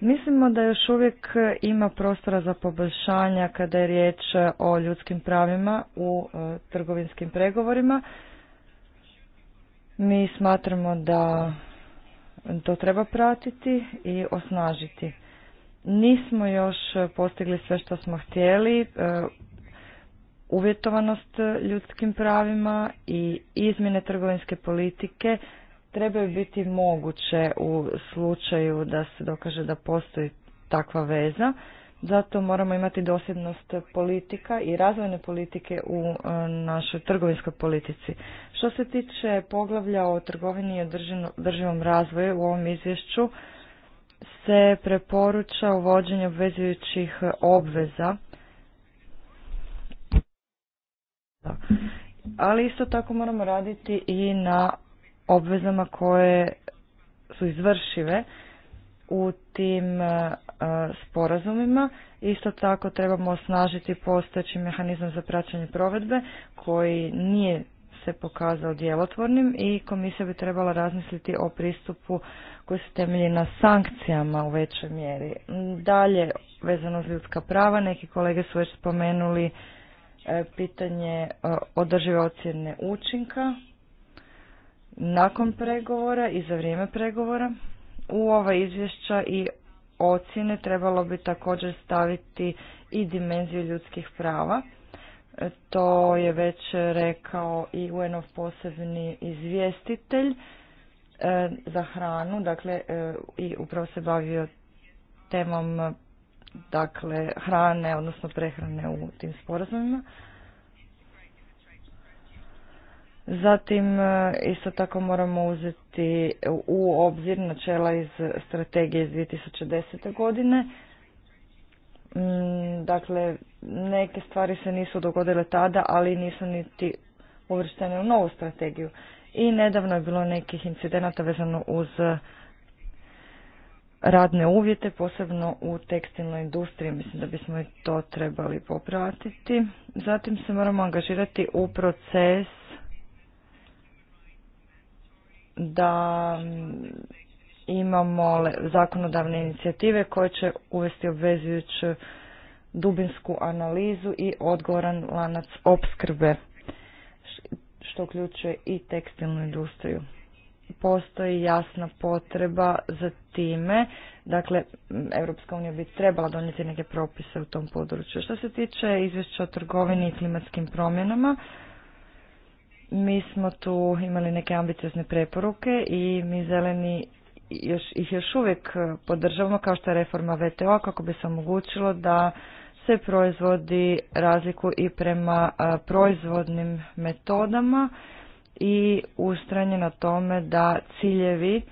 Mislimo da još uvijek ima prostora za poboljšanja kada je riječ o ljudskim pravima u e, trgovinskim pregovorima. Mi smatramo da to treba pratiti i osnažiti. Nismo još postigli sve što smo htjeli, e, uvjetovanost ljudskim pravima i izmjene trgovinske politike trebaju biti moguće u slučaju da se dokaže da postoji takva veza zato moramo imati dosljednost politika i razvojne politike u e, našoj trgovinskoj politici. Što se tiče poglavlja o trgovini i održivom razvoju u ovom izvješću se preporuča uvođenje obvezujućih obveza, ali isto tako moramo raditi i na obvezama koje su izvršive u tim e, E, sporazumima. Isto tako trebamo osnažiti postojeći mehanizam za praćanje provedbe koji nije se pokazao djelotvornim i komisija bi trebala razmisliti o pristupu koji se temelji na sankcijama u većoj mjeri. Dalje, vezano uz ljudska prava, neki kolege su već spomenuli e, pitanje e, održive ocjene učinka nakon pregovora i za vrijeme pregovora. U ova izvješća i ocjene trebalo bi također staviti i dimenziju ljudskih prava. E, to je već rekao i un posebni izvjestitelj e, za hranu, dakle e, i upravo se bavio temom dakle hrane, odnosno prehrane u tim sporazumima. Zatim e, isto tako moramo uzeti u obzir načela iz strategije iz 2010. godine. Mm, dakle, neke stvari se nisu dogodile tada, ali nisu niti uvrštene u novu strategiju. I nedavno je bilo nekih incidenata vezano uz radne uvjete, posebno u tekstilnoj industriji. Mislim da bismo i to trebali popratiti. Zatim se moramo angažirati u proces da mm, imamo zakonodavne inicijative koje će uvesti obvezujuću dubinsku analizu i odgovoran lanac opskrbe, što uključuje i tekstilnu industriju. Postoji jasna potreba za time, dakle, Europska unija bi trebala donijeti neke propise u tom području. Što se tiče izvješća o trgovini i klimatskim promjenama, mi smo tu imali neke ambiciozne preporuke i mi zeleni još, ih još uvijek podržavamo kao što je reforma VTO kako bi se omogućilo da se proizvodi razliku i prema proizvodnim metodama i ustranje na tome da ciljevi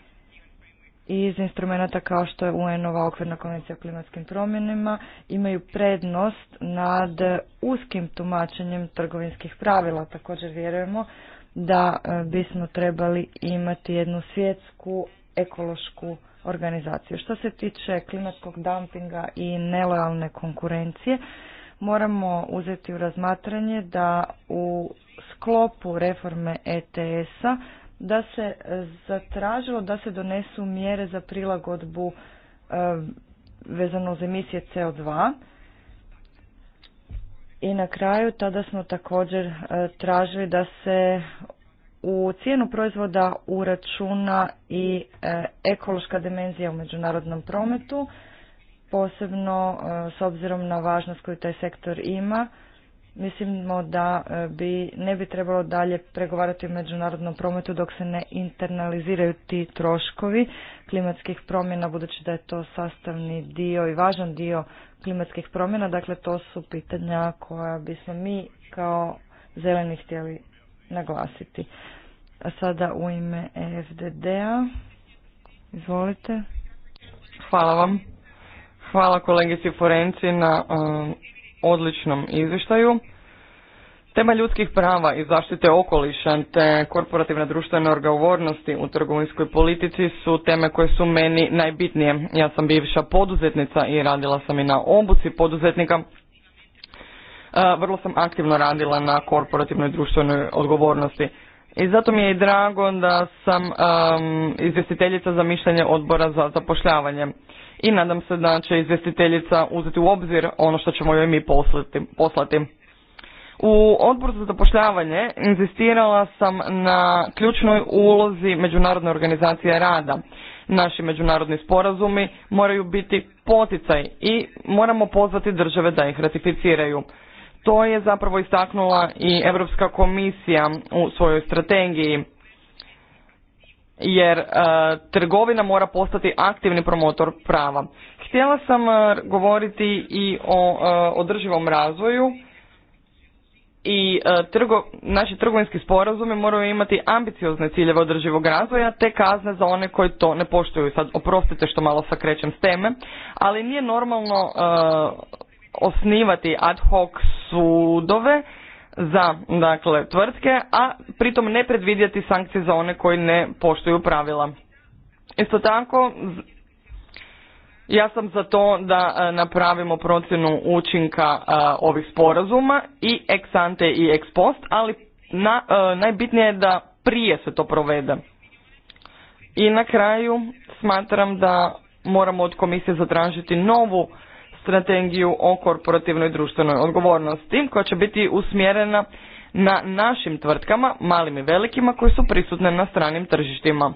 iz instrumenta kao što je UN-ova okvirna konvencija o klimatskim promjenama imaju prednost nad uskim tumačenjem trgovinskih pravila. Također vjerujemo da e, bismo trebali imati jednu svjetsku ekološku organizaciju. Što se tiče klimatskog dumpinga i nelojalne konkurencije, moramo uzeti u razmatranje da u sklopu reforme ETS-a da se e, zatražilo da se donesu mjere za prilagodbu e, vezano uz emisije CO2. I na kraju tada smo također e, tražili da se u cijenu proizvoda uračuna i ekološka dimenzija u međunarodnom prometu, posebno s obzirom na važnost koju taj sektor ima mislimo da e, bi ne bi trebalo dalje pregovarati o međunarodnom prometu dok se ne internaliziraju ti troškovi klimatskih promjena budući da je to sastavni dio i važan dio klimatskih promjena dakle to su pitanja koja bismo mi kao zeleni htjeli naglasiti a sada u ime
EFDD-a izvolite hvala vam hvala kolegici Forenci na um, odličnom izvještaju. Tema ljudskih prava i zaštite okoliša te korporativne društvene odgovornosti u trgovinskoj politici su teme koje su meni najbitnije. Ja sam bivša poduzetnica i radila sam i na obuci poduzetnika. E, vrlo sam aktivno radila na korporativnoj društvenoj odgovornosti. I zato mi je i drago da sam izvjestiteljica za mišljenje odbora za zapošljavanje i nadam se da će izvjestiteljica uzeti u obzir ono što ćemo joj mi poslati. poslati. U odboru za zapošljavanje inzistirala sam na ključnoj ulozi Međunarodne organizacije rada. Naši međunarodni sporazumi moraju biti poticaj i moramo pozvati države da ih ratificiraju. To je zapravo istaknula i Europska komisija u svojoj strategiji jer e, trgovina mora postati aktivni promotor prava. Htjela sam e, govoriti i o e, održivom razvoju i trgo, naši trgovinski sporazumi moraju imati ambiciozne ciljeve održivog razvoja te kazne za one koji to ne poštuju. Sad oprostite što malo sakrećem s teme, ali nije normalno osnivati ad hoc sudove za dakle tvrtke, a pritom ne predvidjeti sankcije za one koji ne poštuju pravila. Isto tako, ja sam za to da e, napravimo procjenu učinka e, ovih sporazuma i ex ante i ex post, ali na, e, najbitnije je da prije se to provede. I na kraju smatram da moramo od komisije zatražiti novu strategiju o korporativnoj društvenoj odgovornosti koja će biti usmjerena na našim tvrtkama, malim i velikima, koji su prisutne na stranim tržištima.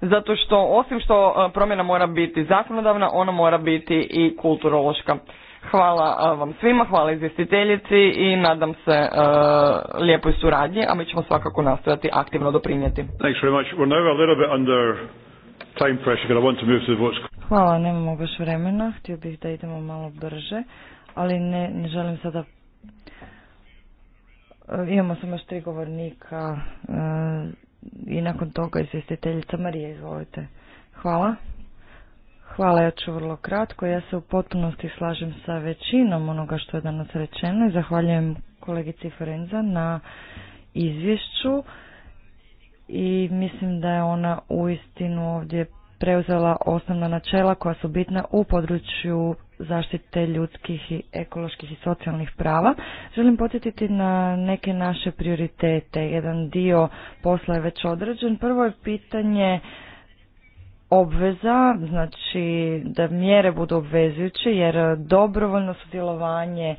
Zato što, osim što e, promjena mora biti zakonodavna, ona mora biti i kulturološka. Hvala e, vam svima, hvala izvjestiteljici i nadam se e, lijepoj suradnji, a mi ćemo svakako nastojati aktivno doprinijeti. Hvala,
nemamo baš vremena, htio bih da idemo malo brže, ali ne, ne želim sada... E, imamo samo još tri govornika e, i nakon toga izvjestiteljica Marija, izvolite. Hvala. Hvala, ja ću vrlo kratko. Ja se u potpunosti slažem sa većinom onoga što je danas rečeno i zahvaljujem kolegici Forenza na izvješću i mislim da je ona uistinu ovdje preuzela osnovna načela koja su bitna u području zaštite ljudskih i ekoloških i socijalnih prava. Želim podsjetiti na neke naše prioritete. Jedan dio posla je već određen. Prvo je pitanje obveza, znači da mjere budu obvezujuće jer dobrovoljno sudjelovanje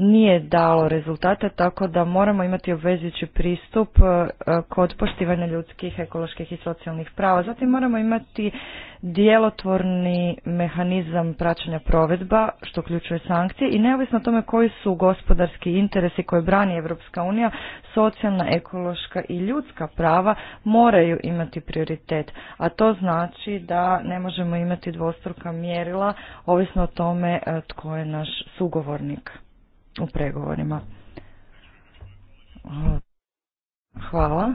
nije dalo rezultate, tako da moramo imati obvezujući pristup e, kod poštivanja ljudskih, ekoloških i socijalnih prava. Zatim moramo imati djelotvorni mehanizam praćenja provedba, što uključuje sankcije i neovisno o tome koji su gospodarski interesi koje brani Evropska unija, socijalna, ekološka i ljudska prava moraju imati prioritet. A to znači da ne možemo imati dvostruka mjerila ovisno o tome e, tko je naš sugovornik u pregovorima. Hvala.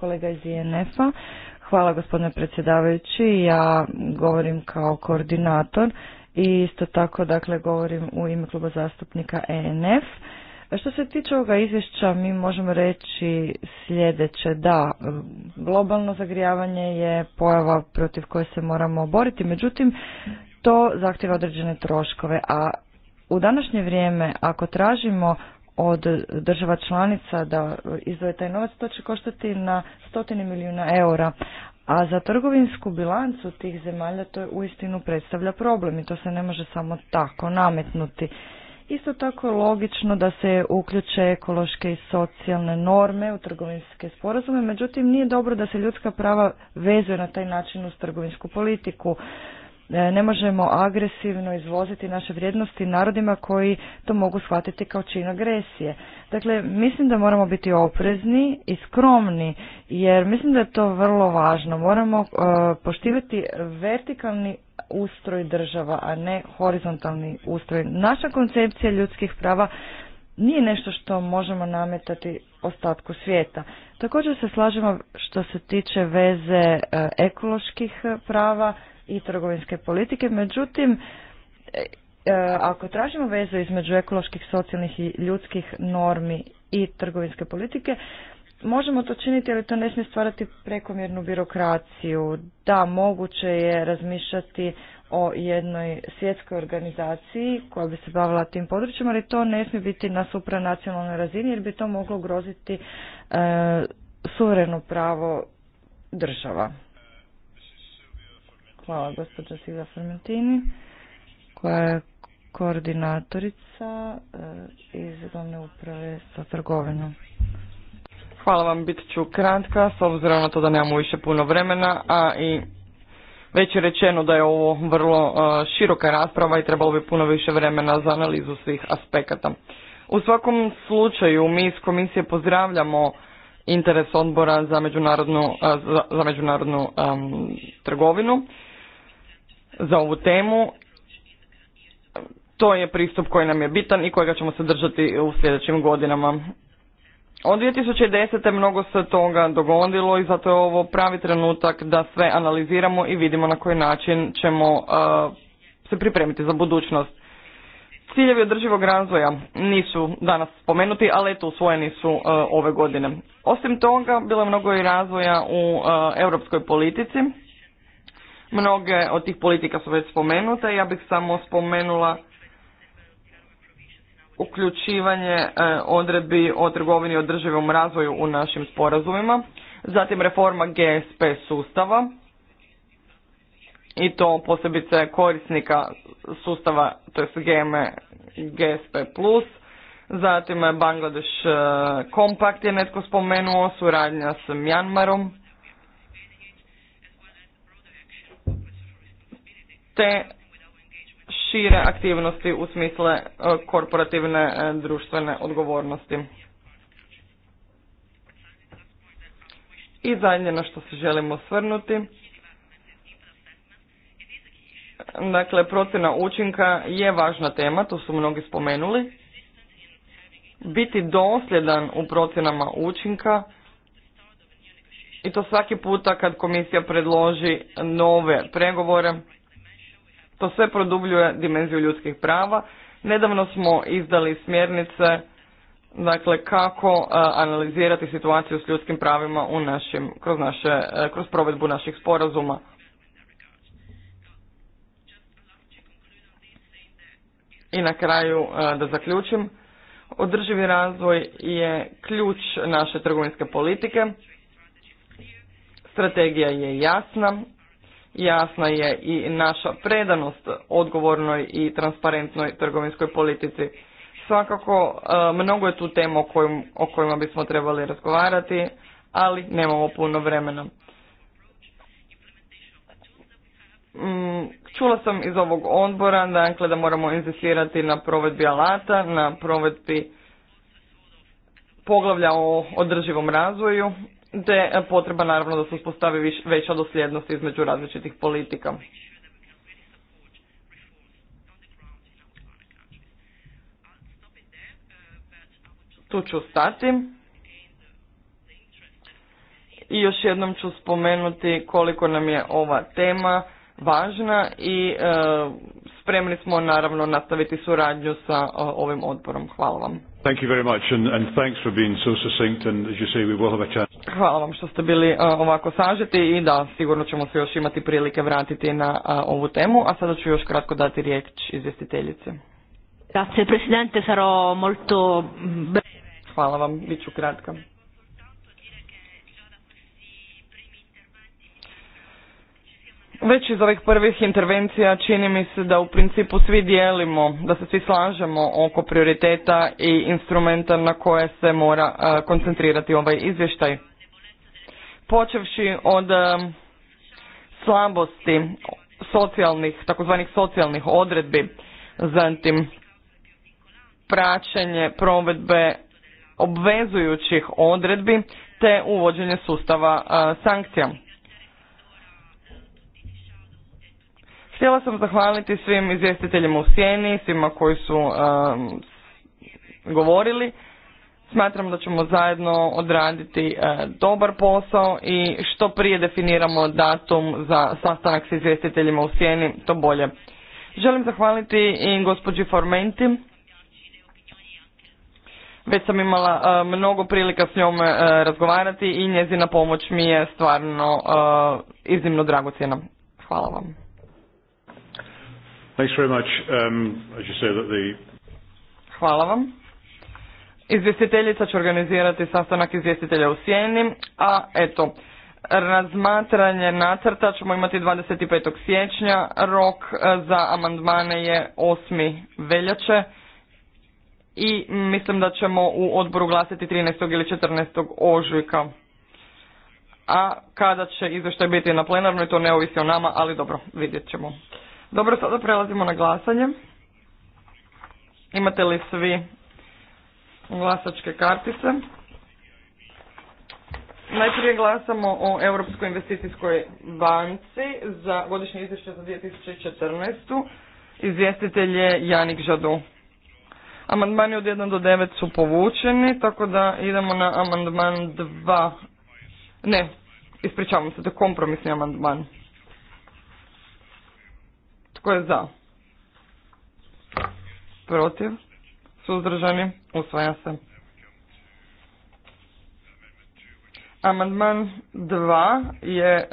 Kolega iz INF-a. Hvala gospodine predsjedavajući. Ja govorim kao koordinator i isto tako dakle govorim u ime kluba zastupnika ENF. Što se tiče ovoga izvješća mi možemo reći sljedeće da globalno zagrijavanje je pojava protiv koje se moramo boriti, međutim to zahtjeva određene troškove, a u današnje vrijeme, ako tražimo od država članica da izdvoje taj novac, to će koštati na stotine milijuna eura. A za trgovinsku bilancu tih zemalja to u uistinu predstavlja problem i to se ne može samo tako nametnuti. Isto tako je logično da se uključe ekološke i socijalne norme u trgovinske sporazume, međutim nije dobro da se ljudska prava vezuje na taj način uz trgovinsku politiku. E, ne možemo agresivno izvoziti naše vrijednosti narodima koji to mogu shvatiti kao čin agresije. Dakle, mislim da moramo biti oprezni i skromni, jer mislim da je to vrlo važno. Moramo e, poštivati vertikalni ustroj država, a ne horizontalni ustroj. Naša koncepcija ljudskih prava nije nešto što možemo nametati ostatku svijeta. Također se slažemo što se tiče veze e, ekoloških e, prava i trgovinske politike, međutim, e, ako tražimo vezu između ekoloških, socijalnih i ljudskih normi i trgovinske politike, možemo to činiti, ali to ne smije stvarati prekomjernu birokraciju. Da, moguće je razmišljati o jednoj svjetskoj organizaciji koja bi se bavila tim područjima, ali to ne smije biti na supranacionalnoj razini jer bi to moglo groziti e, suvereno pravo država. Hvala gospođa Siza Fermentini koja je koordinatorica e, iz glavne uprave
sa trgovinom. Hvala vam, bit ću kratka s obzirom na to da nemamo više puno vremena, a i već je rečeno da je ovo vrlo uh, široka rasprava i trebalo bi puno više vremena za analizu svih aspekata. U svakom slučaju mi iz komisije pozdravljamo interes odbora za međunarodnu, uh, za, međunarodnu um, trgovinu za ovu temu. To je pristup koji nam je bitan i kojega ćemo se držati u sljedećim godinama. Od 2010. mnogo se toga dogodilo i zato je ovo pravi trenutak da sve analiziramo i vidimo na koji način ćemo uh, se pripremiti za budućnost. Ciljevi održivog razvoja nisu danas spomenuti, ali eto usvojeni su uh, ove godine. Osim toga, bilo je mnogo i razvoja u uh, europskoj politici. Mnoge od tih politika su već spomenute, ja bih samo spomenula uključivanje e, odredbi o trgovini i održivom razvoju u našim sporazumima, zatim reforma GSP sustava i to posebice korisnika sustava, to GME GSP+, zatim Bangladeš e, kompakt je netko spomenuo, suradnja s Mjanmarom, te šire aktivnosti u smisle e, korporativne e, društvene odgovornosti. I zadnje na što se želimo osvrnuti, dakle procjena učinka je važna tema, to su mnogi spomenuli. Biti dosljedan u procjenama učinka i to svaki puta kad komisija predloži nove pregovore, to sve produbljuje dimenziju ljudskih prava. Nedavno smo izdali smjernice dakle kako e, analizirati situaciju s ljudskim pravima u našim, kroz, naše, e, kroz provedbu naših sporazuma. I na kraju e, da zaključim, održivi razvoj je ključ naše trgovinske politike. Strategija je jasna, Jasna je i naša predanost odgovornoj i transparentnoj trgovinskoj politici. Svakako, e, mnogo je tu tema o kojima bismo trebali razgovarati, ali nemamo puno vremena. Mm, čula sam iz ovog odbora dakle, da moramo inzistirati na provedbi alata, na provedbi poglavlja o održivom razvoju te potreba naravno da se uspostavi veća dosljednost između različitih politika. Tu ću stati. I još jednom ću spomenuti koliko nam je ova tema važna i e, spremni smo naravno nastaviti suradnju sa e, ovim odborom. Hvala vam. Hvala vam što ste bili e, ovako sažeti i da sigurno ćemo se još imati prilike vratiti na ovu temu, a sada ću još kratko dati riječ izvjestiteljice.
Grazie Presidente,
molto breve. Hvala vam, bit ću kratka. Već iz ovih prvih intervencija čini mi se da u principu svi dijelimo, da se svi slažemo oko prioriteta i instrumenta na koje se mora e, koncentrirati ovaj izvještaj. Počevši od e, slabosti socijalnih, takozvanih socijalnih odredbi, zatim praćenje provedbe obvezujućih odredbi te uvođenje sustava e, sankcija. Htjela sam zahvaliti svim izvjestiteljima u sjeni, svima koji su um, govorili. Smatram da ćemo zajedno odraditi uh, dobar posao i što prije definiramo datum za sastanak s izvjestiteljima u sjeni, to bolje. Želim zahvaliti i gospođi Formenti. Već sam imala uh, mnogo prilika s njom uh, razgovarati i njezina pomoć mi je stvarno iznimno dragocjena. Hvala vam.
Thanks very much. Um, as you say that the...
Hvala vam. Izvjestiteljica će organizirati sastanak izvjestitelja u Sjeni, a eto, razmatranje nacrta ćemo imati 25. siječnja, rok e, za amandmane je 8. veljače i mislim da ćemo u odboru glasiti 13. ili 14. ožujka. A kada će izvještaj biti na plenarnoj, to ne ovisi o nama, ali dobro, vidjet ćemo. Dobro, sada prelazimo na glasanje. Imate li svi glasačke kartice? Najprije glasamo o Europskoj investicijskoj banci za godišnje izvješće za 2014. Izvjestitelj je Janik Žadu. Amandmani od 1 do 9 su povučeni, tako da idemo na amandman 2. Ne, ispričavam se, to je kompromisni amandman. Tko je za? Protiv? Suzdržani? Usvaja se. Amandman 2 je e,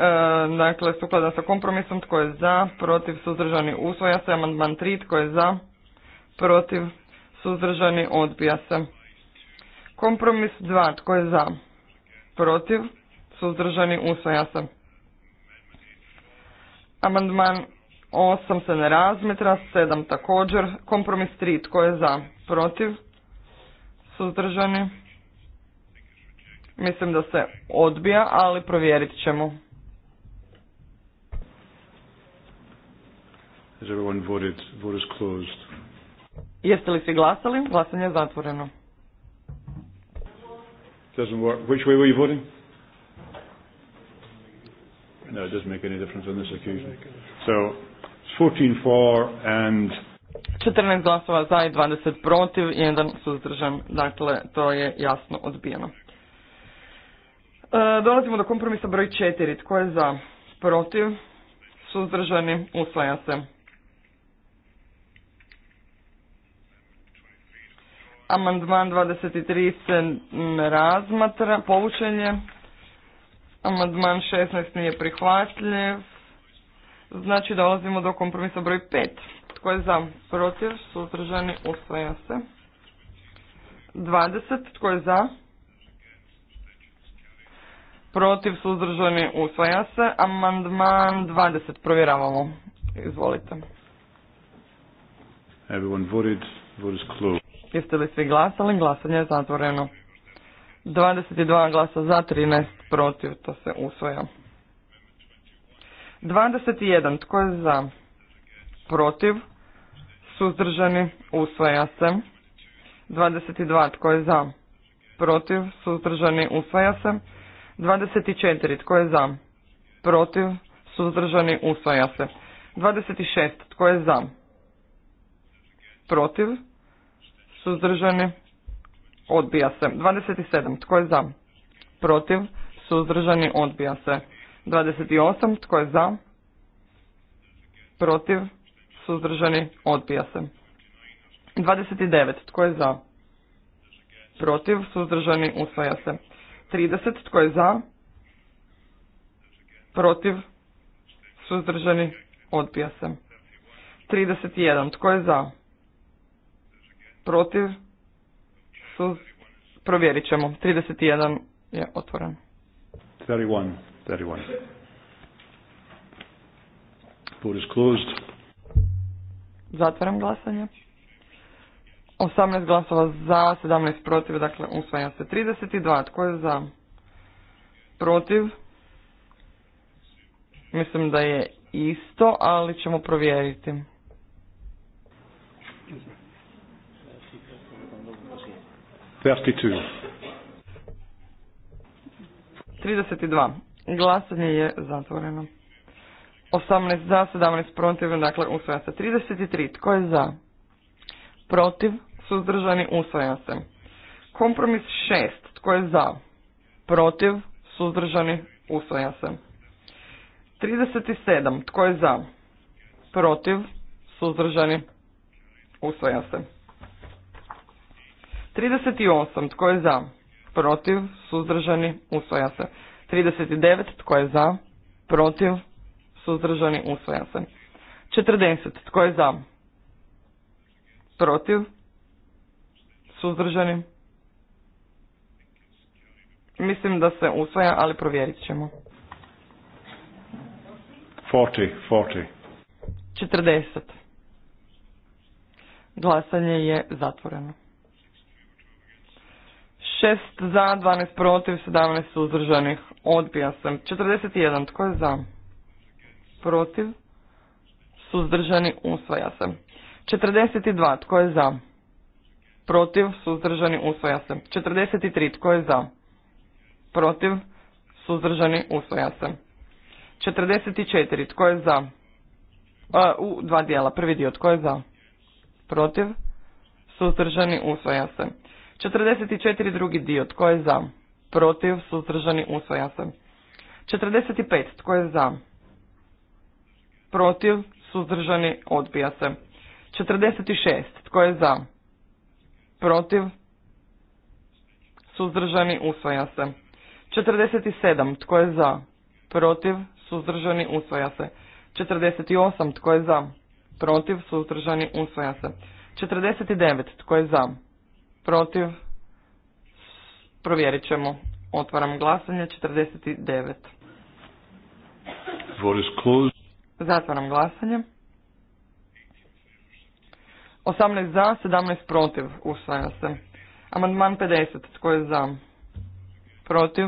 dakle sukladan sa kompromisom. Tko je za? Protiv? Suzdržani? Usvaja se. Amandman 3. Tko je za? Protiv? Suzdržani? Odbija se. Kompromis 2. Tko je za? Protiv? Suzdržani? Usvaja se. Amandman 8 se ne razmetra, 7 također, kompromis 3, tko je za, protiv, suzdržani. Mislim da se odbija, ali provjerit ćemo.
Has everyone voted? Vote is closed.
Jeste li svi glasali? Glasanje je zatvoreno.
Doesn't work. Which way were you voting?
No, it doesn't make any difference on this occasion. So 14
and 14 glasova za i 20 protiv i jedan suzdržan. Dakle, to je jasno odbijeno. E, dolazimo do kompromisa broj 4. Tko je za? Protiv? Suzdržani? Usvaja se. Amandman 23 se razmatra. povučenje Amandman 16 nije prihvatljiv. Znači dolazimo do kompromisa broj 5. Tko je za? Protiv? Suzdržani? Usvaja se. 20. Tko je za? Protiv? Suzdržani? Usvaja se. Amandman 20. Provjeravamo. Izvolite.
Everyone voted. Vote closed.
Jeste li svi glasali? Glasanje je zatvoreno. 22 glasa za, 13 protiv. To se usvaja. 21. Tko je za? Protiv? Suzdržani? Usvaja se. 22. Tko je za? Protiv? Suzdržani? Usvaja se. 24. Tko je za? Protiv? Suzdržani? Usvaja se. 26. Tko je za? Protiv? Suzdržani? Odbija se. 27. Tko je za? Protiv? Suzdržani? Odbija se. 28. Tko je za? Protiv? Suzdržani? Odbija se. 29. Tko je za? Protiv? Suzdržani? Usvaja se. 30. Tko je za? Protiv? Suzdržani? Odbija se. 31. Tko je za? Protiv? Suz... Provjerit ćemo. 31 je otvoren. 31.
31. Vote is closed.
Zatvaram glasanje. 18 glasova za, 17 protiv, dakle usvaja se 32. Tko je za? Protiv? Mislim da je isto, ali ćemo provjeriti. Thirty-two. 32. Glasanje je zatvoreno. 18 za, 17 protiv, dakle usvaja se. 33. Tko je za? Protiv, suzdržani, usvaja se. Kompromis 6. Tko je za? Protiv, suzdržani, usvaja se. 37. Tko je za? Protiv, suzdržani, usvaja se. 38. Tko je za? Protiv, suzdržani, usvaja se. 39. Tko je za? Protiv? Suzdržani? usvojen se. 40. Tko je za? Protiv? Suzdržani? Mislim da se usvaja, ali provjerit ćemo.
40, 40.
40. Glasanje je zatvoreno. 6 za, 12 protiv, 17 suzdržanih. Odbija sam. 41. Tko je za? Protiv. Suzdržani. Usvaja se. 42. Tko je za? Protiv. Suzdržani. Usvaja se. 43. Tko je za? Protiv. Suzdržani. Usvaja se. 44. Tko je za? u dva dijela. Prvi dio. Tko je za? Protiv. Suzdržani. Usvaja se. 44 drugi dio, tko je za? Protiv, suzdržani, usvoja se. 45, tko je za? Protiv, suzdržani, odbija se. 46, tko je za? Protiv, suzdržani, usvoja se. 47, tko je za? Protiv, suzdržani, usvaja se. 48, tko je za? Protiv, suzdržani, usvaja se. 49, tko je za? protiv, provjerit ćemo. Otvaram glasanje, 49. Zatvaram glasanje. 18 za, 17 protiv, usvaja se. Amandman 50, tko je za? Protiv,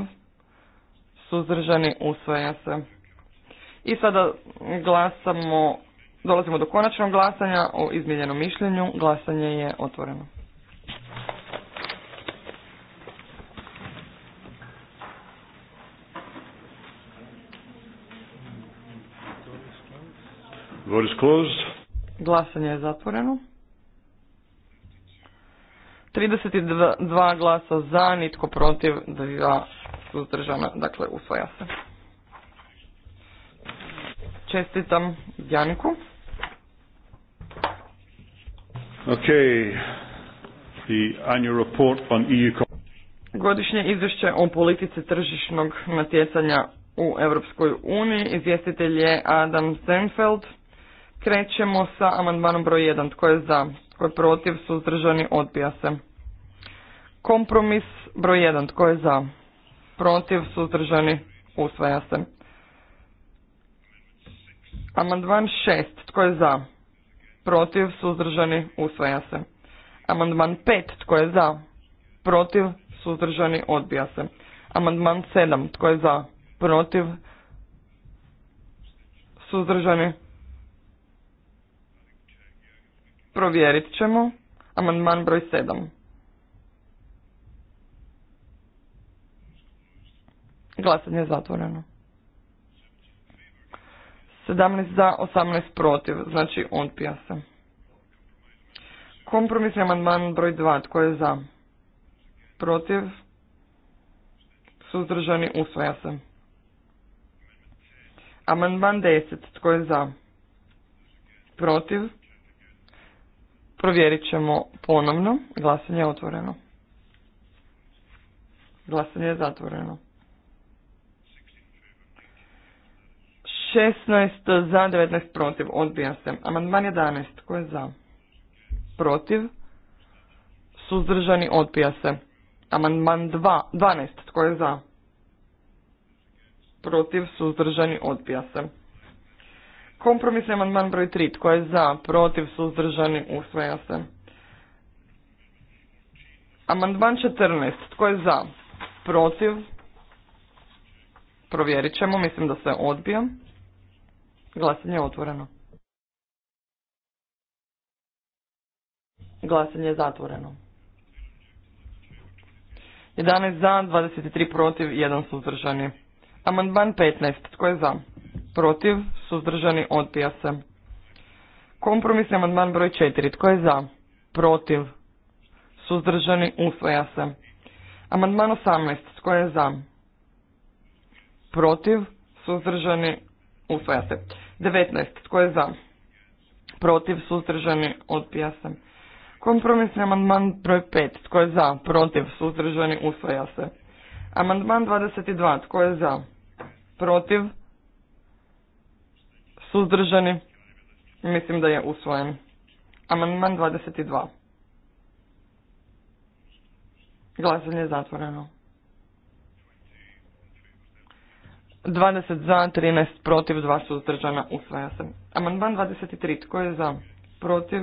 suzdržani, usvaja se. I sada glasamo, dolazimo do konačnog glasanja o izmijenjenom mišljenju, glasanje je otvoreno. is Glasanje je zatvoreno. 32 glasa za, nitko protiv, dva suzdržana, dakle usvoja se. Čestitam Janiku. ok The annual report EU Godišnje izvješće o politici tržišnog natjecanja u Europskoj uniji izvjestitelj je Adam Zenfeld. Krećemo sa amandmanom broj 1. Tko je za? Tko je protiv? Suzdržani? Odbija se. Kompromis broj 1. Tko je za? Protiv? Suzdržani? Usvaja se. Amandman 6. Tko je za? Protiv? Suzdržani? Usvaja se. Amandman 5. Tko je za? Protiv? Suzdržani? Odbija se. Amandman 7. Tko je za? Protiv? Suzdržani? Provjerit ćemo. Amandman broj 7. Glasanje je zatvoreno. 17 za, 18 protiv, znači odpija se. Kompromisni amandman broj 2, tko je za? Protiv? Suzdržani Usvoja se. Amandman 10, tko je za? Protiv? Provjerit ćemo ponovno. Glasanje je otvoreno. Glasanje je zatvoreno. 16 za, 19 protiv. Odbija se. Amandman 11. Ko je za? Protiv. Suzdržani odbija se. Amandman 2, 12. Tko je za? Protiv. Suzdržani odbija se. Kompromisni amandman broj 3. Tko je za? Protiv? Suzdržani? Usvaja se. Amandman 14. Tko je za? Protiv? Provjerit ćemo. Mislim da se odbija. Glasanje je otvoreno. Glasanje je zatvoreno. 11 za, 23 protiv, 1 suzdržani. Amandman 15. Tko je za? protiv, suzdržani, odbija se. Kompromisni amandman broj 4. Tko je za? Protiv, suzdržani, usvaja se. Amandman 18. Tko je za? Protiv, suzdržani, usvaja se. 19. Tko je za? Protiv, suzdržani, odbija se. Kompromisni amandman broj 5. Tko je za? Protiv, suzdržani, usvaja se. Amandman 22. Tko je za? Protiv, suzdržani, mislim da je usvojen. Amandman 22. Glasanje je zatvoreno. 20 za, 13 protiv, 2 suzdržana, usvaja se. Amandman 23, tko je za, protiv,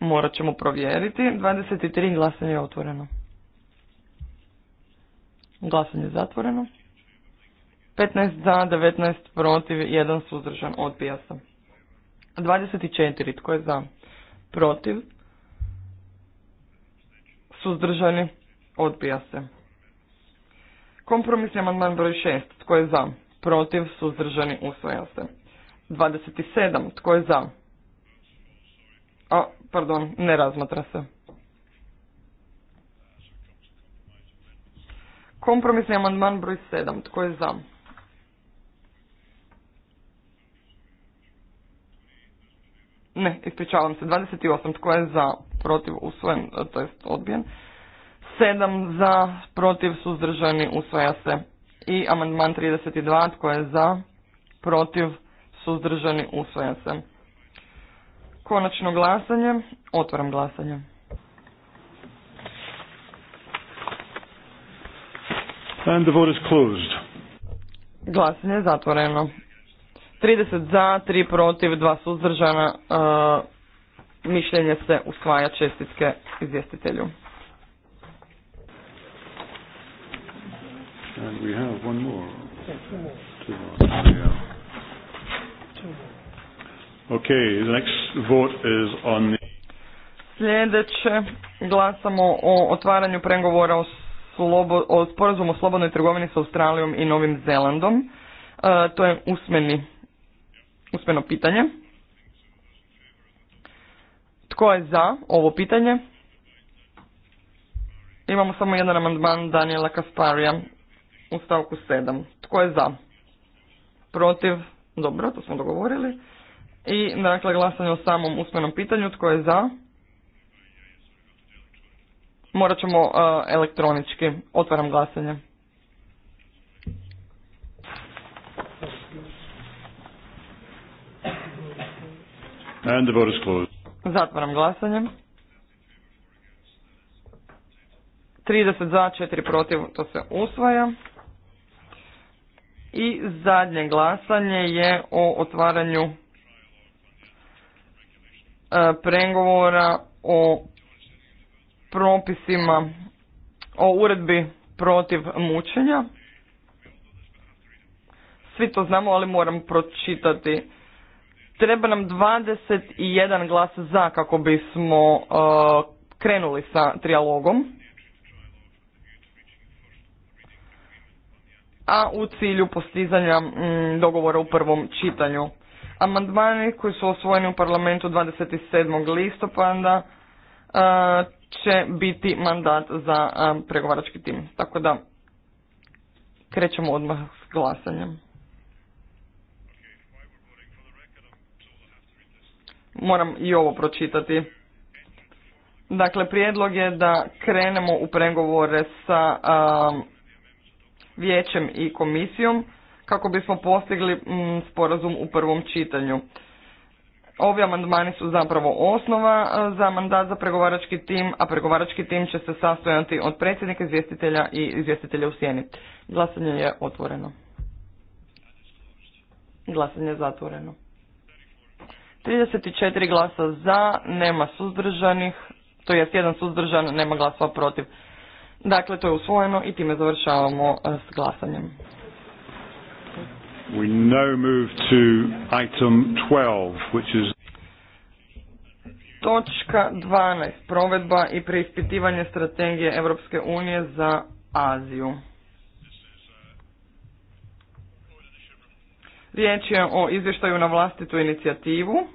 morat ćemo provjeriti. 23, glasanje je otvoreno. Glasanje je zatvoreno. 15 za, 19 protiv, 1 suzdržan, odbija se. 24. Tko je za? Protiv. Suzdržani, odbija se. Kompromisni amandman broj 6. Tko je za? Protiv, suzdržani, usvoja se. 27. Tko je za? A, pardon, ne razmatra se. Kompromisni amandman broj 7. Tko je za? ne, ispričavam se, 28 tko je za, protiv, usvojen, to jest odbijen. 7 za, protiv, suzdržani, usvaja se. I amandman 32 tko je za, protiv, suzdržani, usvaja se. Konačno glasanje, otvaram glasanje. And closed. Glasanje je zatvoreno. 30 za, 3 protiv, 2 suzdržana. E, mišljenje se usvaja čestitke izvjestitelju. Sljedeće glasamo o otvaranju pregovora o, sporazumu o slobodnoj trgovini sa Australijom i Novim Zelandom. E, to je usmeni usmeno pitanje. Tko je za ovo pitanje? Imamo samo jedan amandman Daniela Kasparija u stavku 7. Tko je za? Protiv? Dobro, to smo dogovorili. I dakle glasanje o samom usmenom pitanju. Tko je za? Morat ćemo e, elektronički. Otvaram glasanje. And Zatvaram glasanje. 30 za, 4 protiv, to se usvaja. I zadnje glasanje je o otvaranju e, pregovora o propisima o uredbi protiv mučenja. Svi to znamo, ali moram pročitati Treba nam 21 glas za kako bismo uh, krenuli sa trialogom, A u cilju postizanja mm, dogovora u prvom čitanju. Amandmani koji su osvojeni u parlamentu 27. listopada uh, će biti mandat za um, pregovarački tim. Tako da krećemo odmah s glasanjem. moram i ovo pročitati. Dakle, prijedlog je da krenemo u pregovore sa vijećem i komisijom kako bismo postigli sporazum u prvom čitanju. Ovi amandmani su zapravo osnova za mandat za pregovarački tim, a pregovarački tim će se sastojati od predsjednika izvjestitelja i izvjestitelja u sjeni. Glasanje je otvoreno. Glasanje je zatvoreno. 34 glasa za, nema suzdržanih, to jest jedan suzdržan, nema glasova protiv. Dakle, to je usvojeno i time završavamo e, s glasanjem.
We now move to item 12, which is...
Točka 12. Provedba i preispitivanje strategije Europske unije za Aziju. Riječ je o izvještaju na vlastitu inicijativu.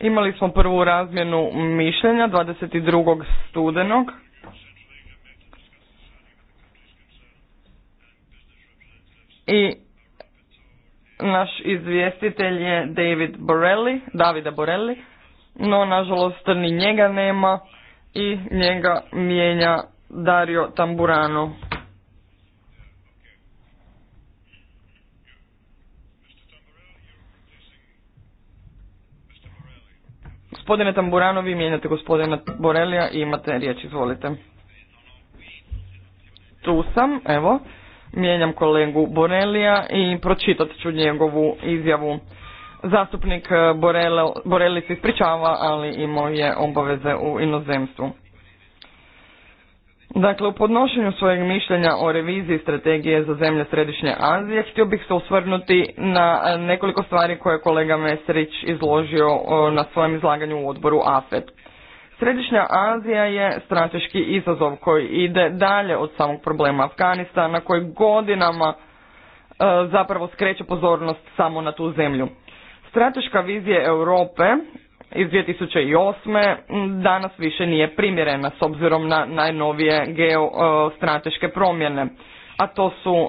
Imali smo prvu razmjenu mišljenja 22. studenog. I naš izvjestitelj je David Borelli, Davida Borelli, no nažalost ni njega nema i njega mijenja Dario Tamburano. Gospodine Tamburano, vi mijenjate gospodina Borelija i imate riječ, izvolite. Tu sam, evo, mijenjam kolegu Borelija i pročitat ću njegovu izjavu. Zastupnik e, Boreli se ispričava, ali imao je obaveze u inozemstvu. Dakle, u podnošenju svojeg mišljenja o reviziji strategije za zemlje Središnje Azije htio bih se osvrnuti na e, nekoliko stvari koje je kolega Meserić izložio e, na svojem izlaganju u odboru AFET. Središnja Azija je strateški izazov koji ide dalje od samog problema Afganistana koji godinama zapravo skreće pozornost samo na tu zemlju. Strateška vizija Europe iz 2008. danas više nije primjerena s obzirom na najnovije geostrateške e, promjene, a to su e,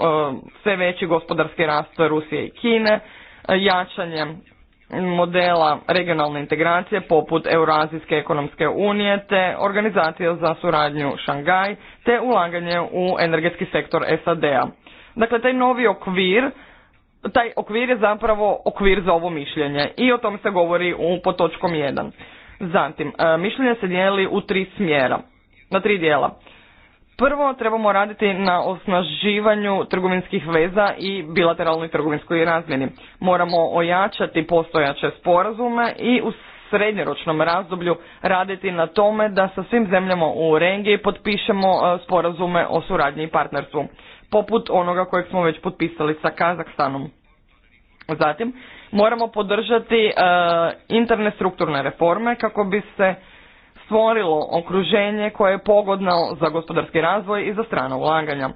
sve veći gospodarski rast Rusije i Kine, e, jačanje modela regionalne integracije poput Eurazijske ekonomske unije te organizacija za suradnju Šangaj te ulaganje u energetski sektor SAD-a. Dakle, taj novi okvir taj okvir je zapravo okvir za ovo mišljenje i o tom se govori u, pod točkom 1. Zatim, e, mišljenje se dijeli u tri smjera, na tri dijela. Prvo, trebamo raditi na osnaživanju trgovinskih veza i bilateralnoj trgovinskoj razmjeni. Moramo ojačati postojaće sporazume i u srednjoročnom razdoblju raditi na tome da sa svim zemljama u regiji potpišemo e, sporazume o suradnji i partnerstvu poput onoga kojeg smo već potpisali sa Kazahstanom. Zatim, moramo podržati e, interne strukturne reforme kako bi se stvorilo okruženje koje je pogodno za gospodarski razvoj i za strana ulaganja.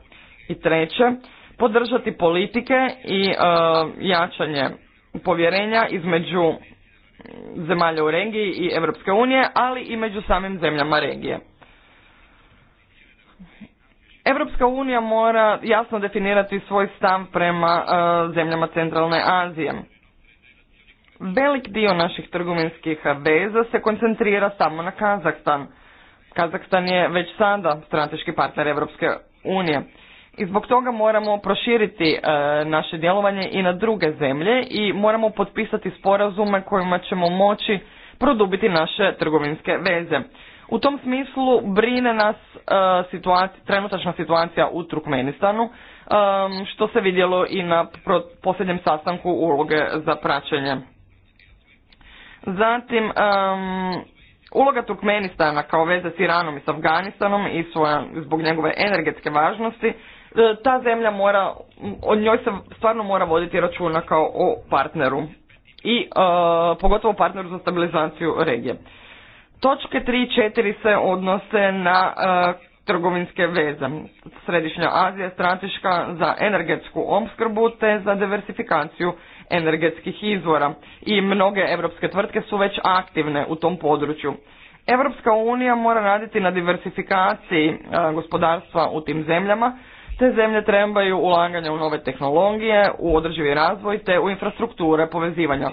I treće, podržati politike i e, jačanje povjerenja između zemalja u regiji i Europske unije, ali i među samim zemljama regije. Europska unija mora jasno definirati svoj stav prema e, zemljama centralne Azije. Velik dio naših trgovinskih veza se koncentrira samo na Kazakstan. Kazakstan je već sada strateški partner Europske unije. I zbog toga moramo proširiti e, naše djelovanje i na druge zemlje i moramo potpisati sporazume kojima ćemo moći produbiti naše trgovinske veze. U tom smislu brine nas e, situacija, trenutačna situacija u Turkmenistanu, što se vidjelo i na posljednjem sastanku uloge za praćenje. Zatim, uloga Turkmenistana kao veze s Iranom i s Afganistanom i svoja, zbog njegove energetske važnosti, e, ta zemlja mora, o njoj se stvarno mora voditi računa kao o partneru i e, pogotovo partneru za stabilizaciju regije. Točke 3 i 4 se odnose na e, trgovinske veze. Središnja Azija strateška za energetsku opskrbu te za diversifikaciju energetskih izvora i mnoge europske tvrtke su već aktivne u tom području. Europska unija mora raditi na diversifikaciji e, gospodarstva u tim zemljama, te zemlje trebaju ulaganja u nove tehnologije, u održivi razvoj te u infrastrukture povezivanja.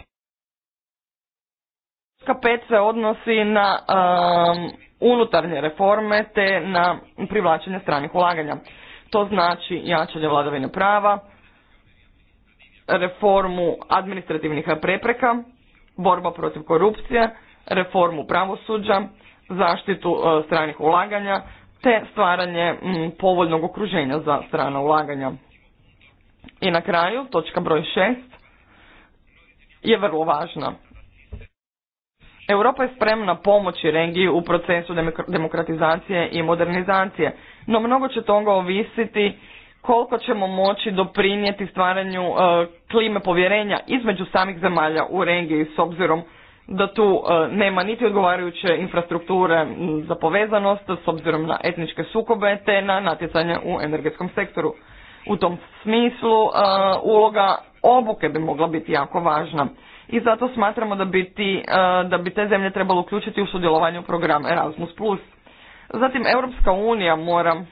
5 se odnosi na um, unutarnje reforme te na privlačenje stranih ulaganja. To znači jačanje vladavine prava, reformu administrativnih prepreka, borba protiv korupcije, reformu pravosuđa, zaštitu uh, stranih ulaganja te stvaranje mm, povoljnog okruženja za strana ulaganja. I na kraju, točka broj 6 je vrlo važna. Europa je spremna pomoći regiji u procesu demokratizacije i modernizacije, no mnogo će toga ovisiti koliko ćemo moći doprinijeti stvaranju e, klime povjerenja između samih zemalja u regiji s obzirom da tu e, nema niti odgovarajuće infrastrukture za povezanost s obzirom na etničke sukobe te na natjecanje u energetskom sektoru. U tom smislu e, uloga obuke bi mogla biti jako važna i zato smatramo da bi, e, da bi te zemlje trebalo uključiti u sudjelovanje programa Erasmus+. Zatim Europska unija mora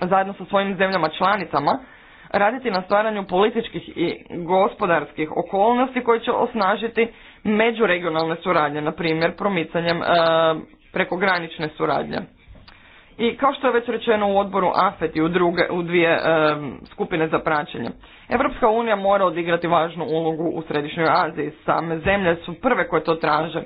zajedno sa svojim zemljama članicama raditi na stvaranju političkih i gospodarskih okolnosti koje će osnažiti međuregionalne suradnje, na primjer promicanjem e, prekogranične suradnje. I kao što je već rečeno u odboru AFET i u, druge, u dvije skupine za praćenje, Europska unija mora odigrati važnu ulogu u Središnjoj Aziji. Same zemlje su prve koje to traže.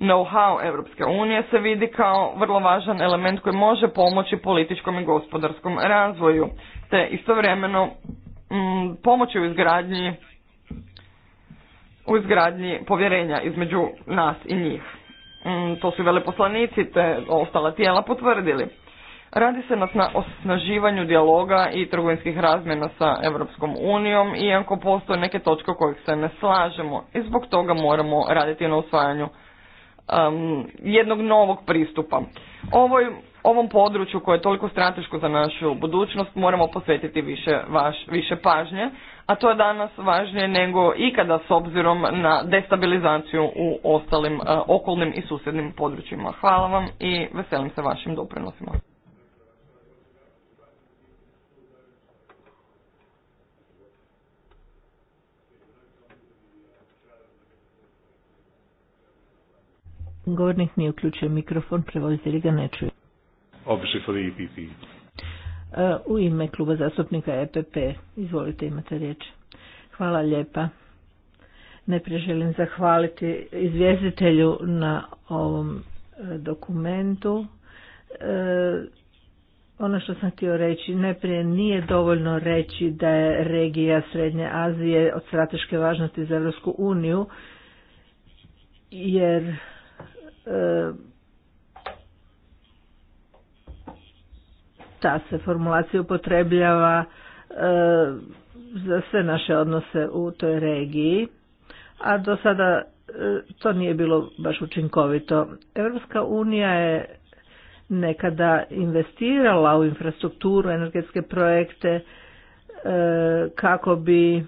Know-how Europske unije se vidi kao vrlo važan element koji može pomoći političkom i gospodarskom razvoju, te istovremeno mm, pomoći u izgradnji, u izgradnji povjerenja između nas i njih. Mm, to su veleposlanici te ostala tijela potvrdili. Radi se na osnaživanju dijaloga i trgovinskih razmjena sa Europskom unijom, iako postoje neke točke u kojih se ne slažemo i zbog toga moramo raditi na usvajanju um, jednog novog pristupa. Ovoj, ovom području koje je toliko strateško za našu budućnost moramo posvetiti više, vaš, više pažnje a to je danas važnije nego ikada s obzirom na destabilizaciju u ostalim e, okolnim i susjednim područjima. Hvala vam i veselim se vašim doprinosima.
Govornik nije uključio mikrofon, prevozili ga ne čuje. Obviously for the EPP. E, u ime kluba zastupnika EPP. Izvolite, imate riječ. Hvala lijepa. Najprije želim zahvaliti izvjestitelju na ovom e, dokumentu. E, ono što sam htio reći, najprije nije dovoljno reći da je regija Srednje Azije od strateške važnosti za Europsku uniju, jer ta se formulacija upotrebljava e, za sve naše odnose u toj regiji, a do sada e, to nije bilo baš učinkovito. Europska unija je nekada investirala u infrastrukturu, energetske projekte e, kako bi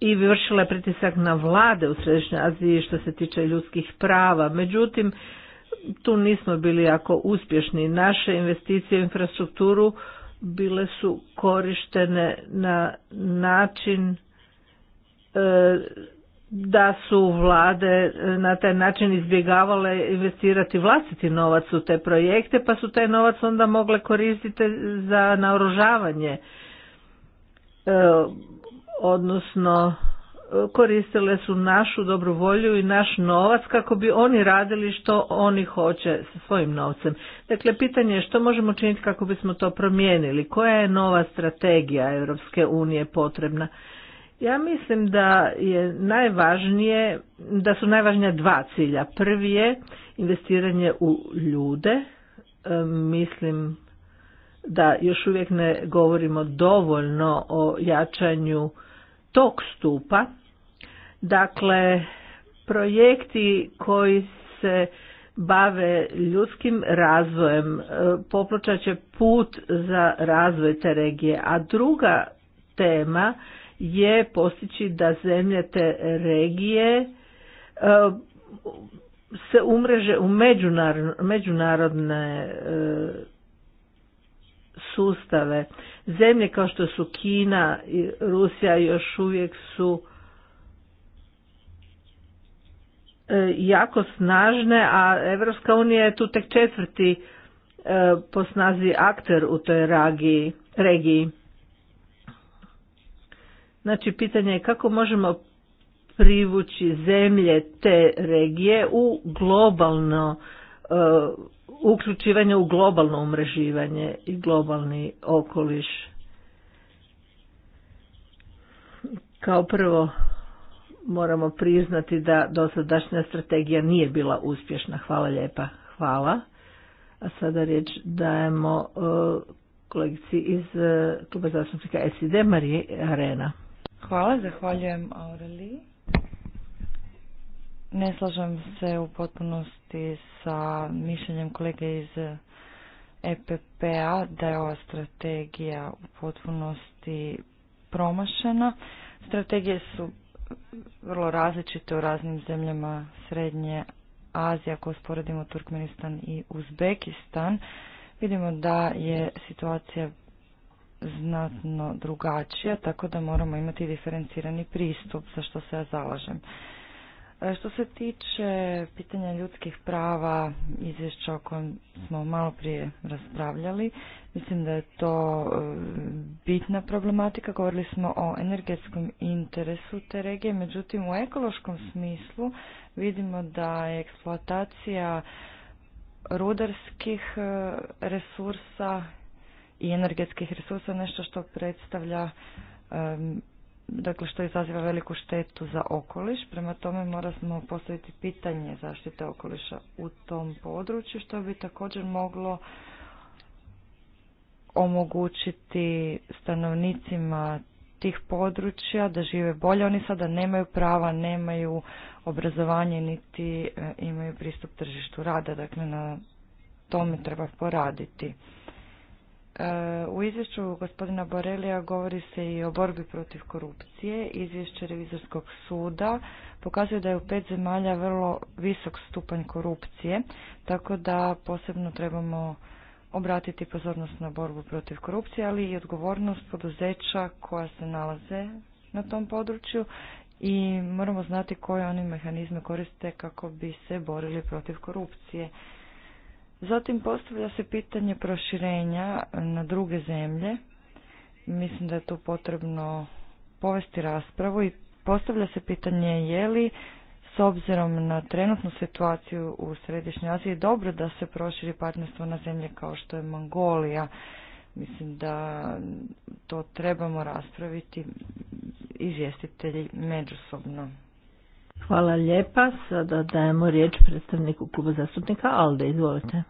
i vršila pritisak na vlade u Središnjoj Aziji što se tiče ljudskih prava. Međutim, tu nismo bili jako uspješni. Naše investicije u infrastrukturu bile su korištene na način e, da su vlade e, na taj način izbjegavale investirati vlastiti novac u te projekte, pa su taj novac onda mogle koristiti za naoružavanje, e, odnosno koristile su našu dobru volju i naš novac kako bi oni radili što oni hoće sa svojim novcem. Dakle, pitanje je što možemo činiti kako bismo to promijenili, koja je nova strategija Europske unije potrebna. Ja mislim da je najvažnije, da su najvažnija dva cilja. Prvi je investiranje u ljude, e, mislim da još uvijek ne govorimo dovoljno o jačanju tog stupa, dakle projekti koji se bave ljudskim razvojem, e, popločat će put za razvoj te regije, a druga tema je postići da zemlje te regije e, se umreže u međunarodne e, sustave. Zemlje kao što su Kina i Rusija još uvijek su e, jako snažne, a Evropska unija je tu tek četvrti e, po snazi akter u toj regiji. Znači, pitanje je kako možemo privući zemlje te regije u globalno e, uključivanje u globalno umreživanje i globalni okoliš. Kao prvo moramo priznati da dosadašnja strategija nije bila uspješna. Hvala lijepa. Hvala. A sada riječ dajemo e, kolegici iz e, kluba zastupnika SID Marije Arena.
Hvala, zahvaljujem Aureliji. Ne slažem se u potpunosti sa mišljenjem kolege iz EPP-a da je ova strategija u potpunosti promašena. Strategije su vrlo različite u raznim zemljama Srednje Azije, ako usporedimo Turkmenistan i Uzbekistan, vidimo da je situacija znatno drugačija, tako da moramo imati diferencirani pristup, za što se ja zalažem. E, što se tiče pitanja ljudskih prava, izvješća o kojem smo malo prije raspravljali, mislim da je to e, bitna problematika. Govorili smo o energetskom interesu te regije, međutim u ekološkom smislu vidimo da je eksploatacija rudarskih e, resursa i energetskih resursa nešto što predstavlja dakle što izaziva veliku štetu za okoliš. Prema tome moramo postaviti pitanje zaštite okoliša u tom području što bi također moglo omogućiti stanovnicima tih područja da žive bolje. Oni sada nemaju prava, nemaju obrazovanje niti e, imaju pristup tržištu rada. Dakle, na tome treba poraditi. E, u izvješću gospodina Borelija govori se i o borbi protiv korupcije. Izvješće revizorskog suda pokazuje da je u pet zemalja vrlo visok stupanj korupcije, tako da posebno trebamo obratiti pozornost na borbu protiv korupcije, ali i odgovornost poduzeća koja se nalaze na tom području i moramo znati koje oni mehanizme koriste kako bi se borili protiv korupcije. Zatim postavlja se pitanje proširenja na druge zemlje. Mislim da je tu potrebno povesti raspravu i postavlja se pitanje je li s obzirom na trenutnu situaciju u Središnjoj Aziji dobro da se proširi partnerstvo na zemlje kao što je Mongolija. Mislim da to trebamo raspraviti
izvjestitelji međusobno. Hvala lijepa. Sada dajemo riječ predstavniku kluba zastupnika Alde. Izvolite.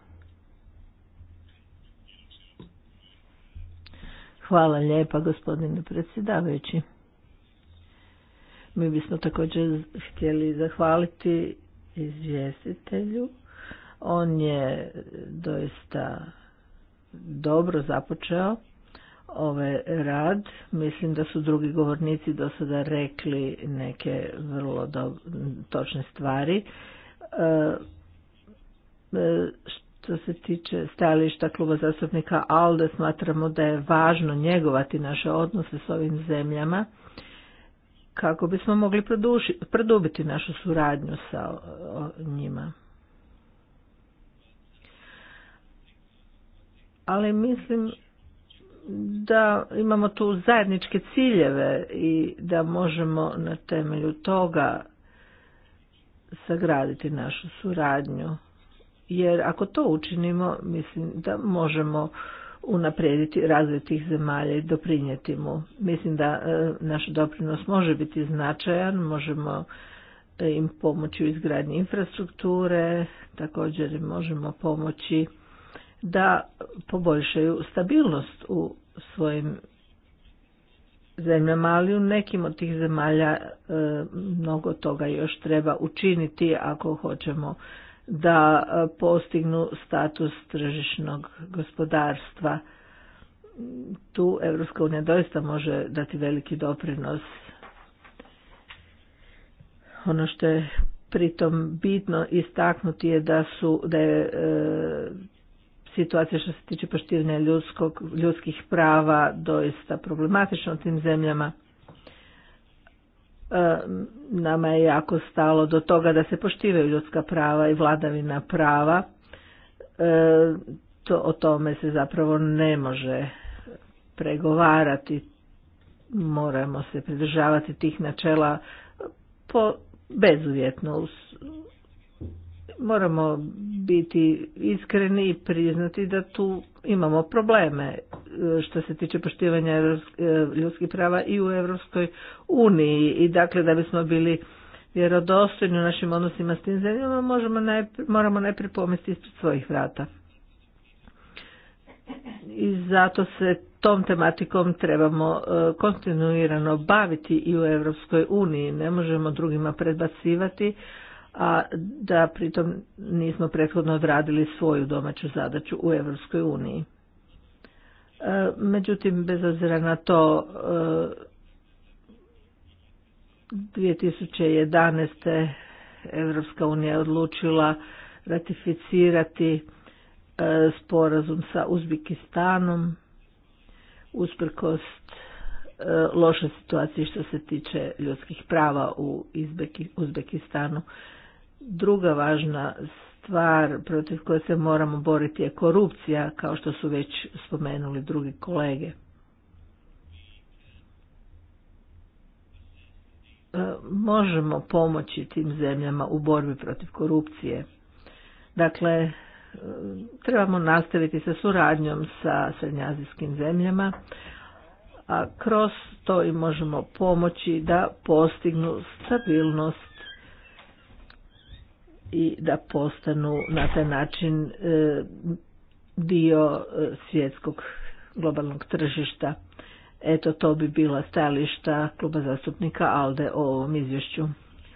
Hvala lijepa gospodine predsjedavajući. Mi bismo također htjeli zahvaliti izvjestitelju. On je doista dobro započeo ovaj rad. Mislim da su drugi govornici do sada rekli neke vrlo točne stvari. E, e, što se tiče stajališta kluba zastupnika ALDE, smatramo da je važno njegovati naše odnose s ovim zemljama kako bismo mogli produbiti našu suradnju sa njima. Ali mislim da imamo tu zajedničke ciljeve i da možemo na temelju toga sagraditi našu suradnju jer ako to učinimo mislim da možemo unaprijediti razvoj tih zemalja i doprinijeti mu. Mislim da e, naš doprinos može biti značajan, možemo e, im pomoći u izgradnji infrastrukture, također možemo pomoći da poboljšaju stabilnost u svojim zemljama, ali u nekim od tih zemalja e, mnogo toga još treba učiniti ako hoćemo da e, postignu status tržišnog gospodarstva. Tu Europska unija doista može dati veliki doprinos. Ono što je pritom bitno istaknuti je da su da je e, situacija što se tiče poštivanja ljudskih prava doista problematična u tim zemljama. E, nama je jako stalo do toga da se poštivaju ljudska prava i vladavina prava. E, to, o tome se zapravo ne može pregovarati. Moramo se pridržavati tih načela po, bezuvjetno. Moramo biti iskreni i priznati da tu imamo probleme e, što se tiče poštivanja e, ljudskih prava i u Europskoj uniji i dakle da bismo bili vjerodostojni u našim odnosima s tim zemljama možemo moramo najprije pomesti ispred svojih vrata. I zato se tom tematikom trebamo e, kontinuirano baviti i u Europskoj uniji. Ne možemo drugima predbacivati a da pritom nismo prethodno odradili svoju domaću zadaću u Europskoj uniji. E, međutim, bez obzira na to, 2011. E, Europska unija je odlučila ratificirati e, sporazum sa Uzbekistanom usprkost loše situacije što se tiče ljudskih prava u Uzbekistanu. Druga važna stvar protiv koje se moramo boriti je korupcija, kao što su već spomenuli drugi kolege. E, možemo pomoći tim zemljama u borbi protiv korupcije. Dakle, e, trebamo nastaviti sa suradnjom sa srednjazijskim zemljama, a kroz to i možemo pomoći da postignu stabilnost i da postanu na taj način e, dio e, svjetskog globalnog tržišta. Eto, to bi bila stajališta kluba zastupnika ALDE o ovom izvješću.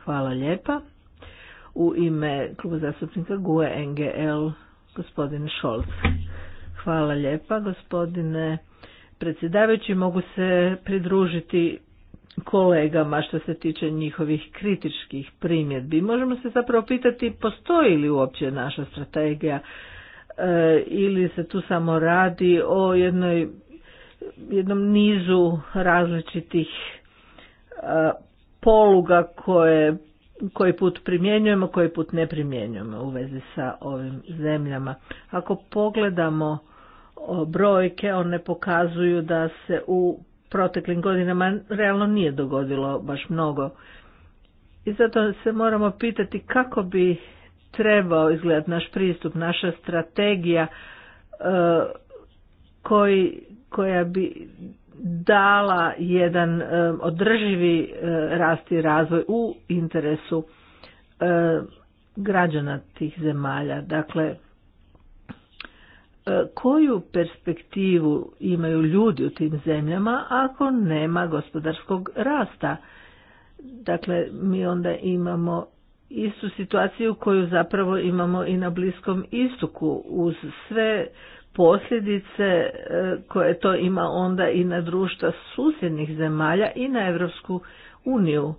Hvala lijepa. U ime kluba zastupnika GUE NGL, gospodin Šolc. Hvala lijepa, gospodine predsjedavajući. Mogu se pridružiti kolegama što se tiče njihovih kritičkih primjedbi. Možemo se zapravo pitati postoji li uopće naša strategija e, ili se tu samo radi o jednoj, jednom nizu različitih e, poluga koje koji put primjenjujemo, koji put ne primjenjujemo u vezi sa ovim zemljama. Ako pogledamo brojke, one pokazuju da se u proteklim godinama realno nije dogodilo baš mnogo. I zato se moramo pitati kako bi trebao izgledati naš pristup, naša strategija e, koji, koja bi dala jedan e, održivi e, rast i razvoj u interesu građana tih zemalja. Dakle, E, koju perspektivu imaju ljudi u tim zemljama ako nema gospodarskog rasta. Dakle, mi onda imamo istu situaciju koju zapravo imamo i na Bliskom istoku uz sve posljedice e, koje to ima onda i na društva susjednih zemalja i na Europsku uniju.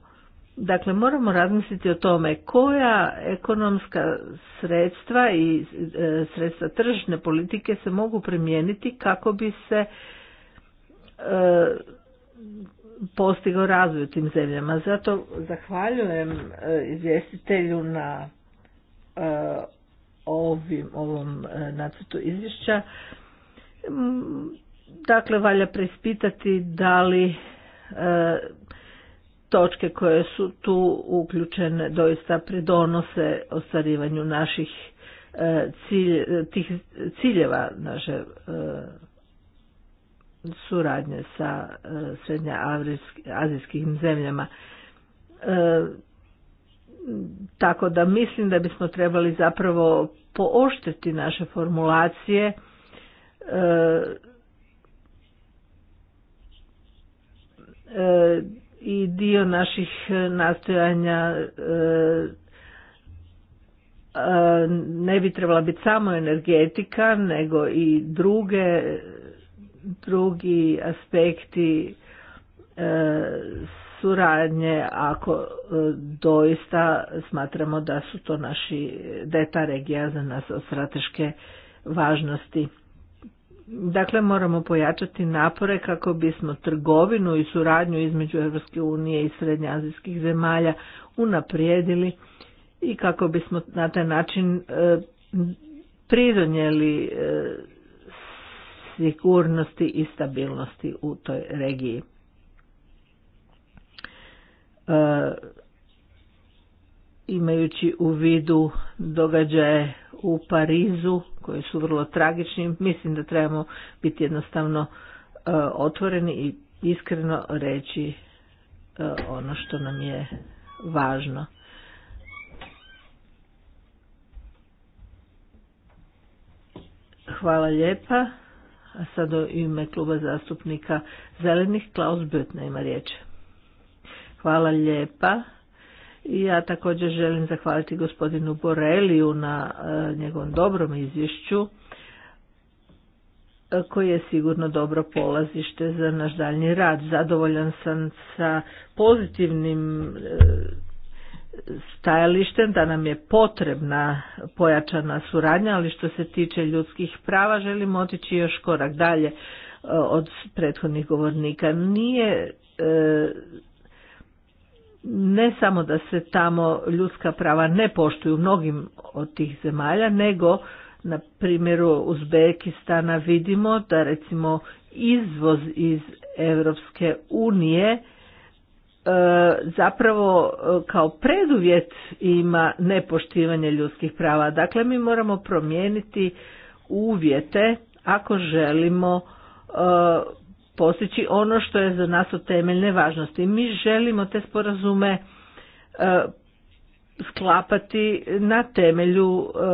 Dakle, moramo razmisliti o tome koja ekonomska sredstva i e, sredstva tržišne politike se mogu primijeniti kako bi se e, postigao razvoj u tim zemljama. Zato zahvaljujem e, izvjestitelju na ovim, ovom nacrtu izvješća. Dakle, valja preispitati da li točke koje su tu uključene doista pridonose ostvarivanju naših e, cilj, tih ciljeva naše e, suradnje sa e, srednja azijskim zemljama. Tako da mislim da bismo trebali zapravo pooštriti naše formulacije i dio naših e, nastojanja e, e, ne bi trebala biti samo energetika nego i druge drugi aspekti suradnje ako doista smatramo da su to naši da je ta regija za nas od strateške važnosti Dakle, moramo pojačati napore kako bismo trgovinu i suradnju između Europske unije i srednjazijskih zemalja unaprijedili i kako bismo na taj način e, pridonijeli e, sigurnosti i stabilnosti u toj regiji. E, imajući u vidu događaje u Parizu koji su vrlo tragični, mislim da trebamo biti jednostavno e, otvoreni i iskreno reći e, ono što nam je važno. Hvala lijepa. A sad u ime kluba zastupnika Zelenih Klaus Bötna ima riječ. Hvala lijepa. I ja također želim zahvaliti gospodinu Boreliju na e, njegovom dobrom izvješću e, koji je sigurno dobro polazište za naš daljnji rad. Zadovoljan sam sa pozitivnim e, stajalištem da nam je potrebna pojačana suradnja, ali što se tiče ljudskih prava želim otići još korak dalje od prethodnih govornika. Nije ne samo da se tamo ljudska prava ne poštuju u mnogim od tih zemalja, nego na primjeru Uzbekistana vidimo da recimo izvoz iz Europske unije e, zapravo e, kao preduvjet ima nepoštivanje ljudskih prava. Dakle, mi moramo promijeniti uvjete ako želimo e, postići ono što je za nas od temeljne važnosti. Mi želimo te sporazume e, sklapati na temelju e,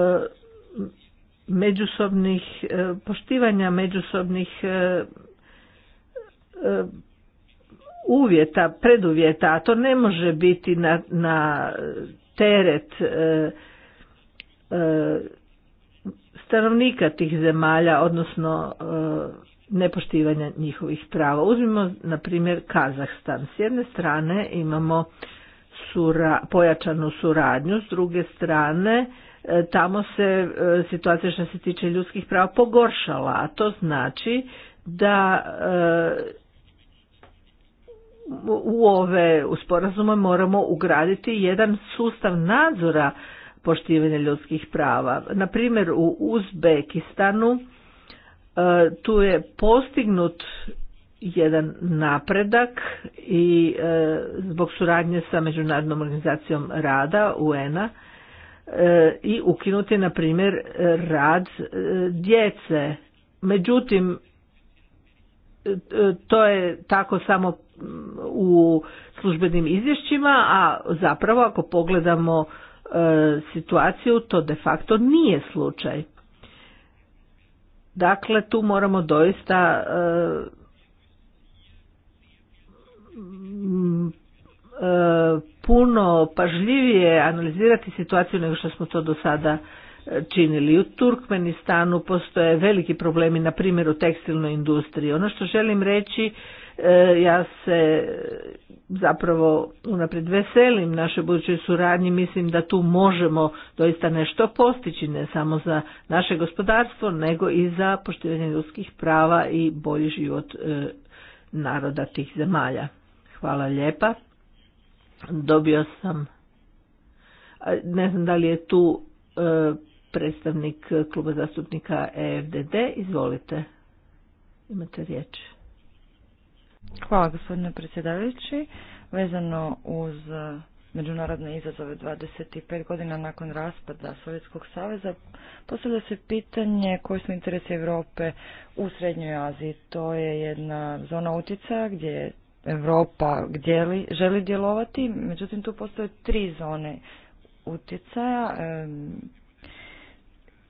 međusobnih e, poštivanja međusobnih uvjeta, preduvjeta, a to ne može biti na, na teret e, stanovnika tih zemalja, odnosno nepoštivanja njihovih prava. Uzmimo, na primjer, Kazahstan. S jedne strane imamo sura, pojačanu suradnju, s druge strane e, tamo se e, situacija što se tiče ljudskih prava pogoršala, a to znači da e, u ove sporazume moramo ugraditi jedan sustav nadzora poštivanja ljudskih prava. Na primjer u Uzbekistanu tu je postignut jedan napredak i e, zbog suradnje sa Međunarodnom organizacijom rada UN-a e, i ukinuti na primjer rad e, djece. Međutim, to je tako samo mm, u službenim izvješćima, a zapravo ako pogledamo situaciju to de facto nije slučaj. Dakle, tu moramo doista e, e, puno pažljivije analizirati situaciju nego što smo to do sada e, činili. U Turkmenistanu postoje veliki problemi, na primjer u tekstilnoj industriji. Ono što želim reći E, ja se zapravo unaprijed veselim naše budućoj suradnji, mislim da tu možemo doista nešto postići, ne samo za naše gospodarstvo, nego i za poštivanje ljudskih prava i bolji život e, naroda tih zemalja. Hvala lijepa. Dobio sam, ne znam da li je tu e, predstavnik kluba zastupnika EFDD, izvolite, imate riječ. Hvala gospodine predsjedavajući.
Vezano uz e, međunarodne izazove 25 godina nakon raspada Sovjetskog saveza, postavlja se pitanje koji su interesi Europe u Srednjoj Aziji. To je jedna zona utjecaja gdje Europa želi djelovati, međutim tu postoje tri zone utjecaja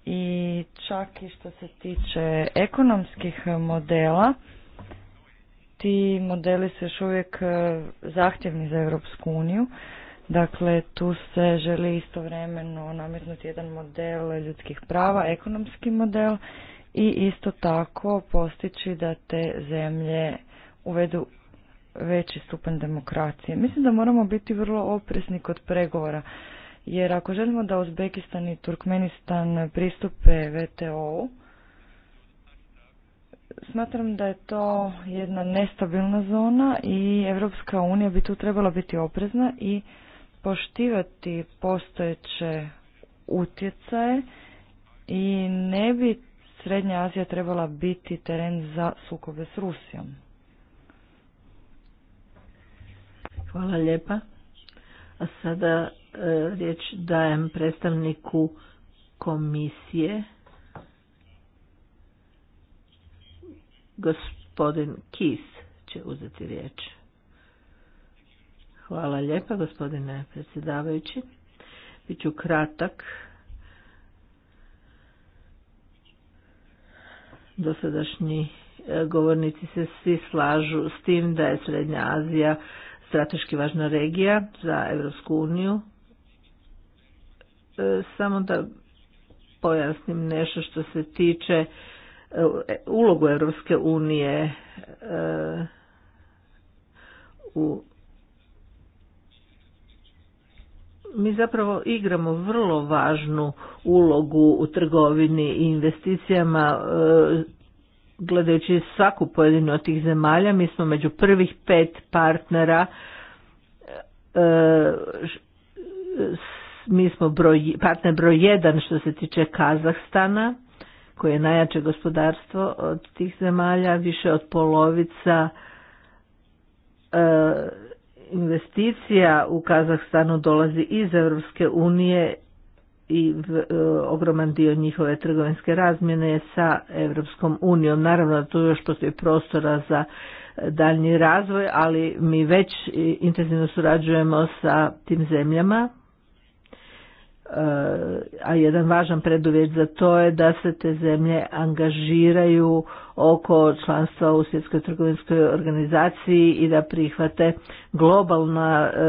i čak i što se tiče ekonomskih modela, ti modeli su još uvijek e, zahtjevni za Europsku uniju. Dakle, tu se želi istovremeno nametnuti jedan model ljudskih prava, ekonomski model i isto tako postići da te zemlje uvedu veći stupanj demokracije. Mislim da moramo biti vrlo opresni kod pregovora, jer ako želimo da Uzbekistan i Turkmenistan pristupe VTO-u, Smatram da je to jedna nestabilna zona i Europska unija bi tu trebala biti oprezna i poštivati postojeće utjecaje i ne bi Srednja Azija trebala biti
teren za sukobe s Rusijom. Hvala lijepa. A sada e, riječ dajem predstavniku komisije. Gospodin Kis će uzeti riječ. Hvala lijepa gospodine predsjedavajući. Biću kratak. Dosadašnji e, govornici se svi slažu s tim da je Srednja Azija strateški važna regija za Evropsku uniju. E, samo da pojasnim nešto što se tiče ulogu Europske unije e, u mi zapravo igramo vrlo važnu ulogu u trgovini i investicijama e, gledajući svaku pojedinu od tih zemalja mi smo među prvih pet partnera e, mi smo broj, partner broj jedan što se tiče Kazahstana koje je najjače gospodarstvo od tih zemalja, više od polovica e, investicija u Kazahstanu dolazi iz Europske unije i e, ogroman dio njihove trgovinske razmjene je sa Europskom unijom. Naravno tu još postoji prostora za daljnji razvoj, ali mi već intenzivno surađujemo sa tim zemljama a jedan važan preduvjet za to je da se te zemlje angažiraju oko članstva u svjetskoj trgovinskoj organizaciji i da prihvate globalna e,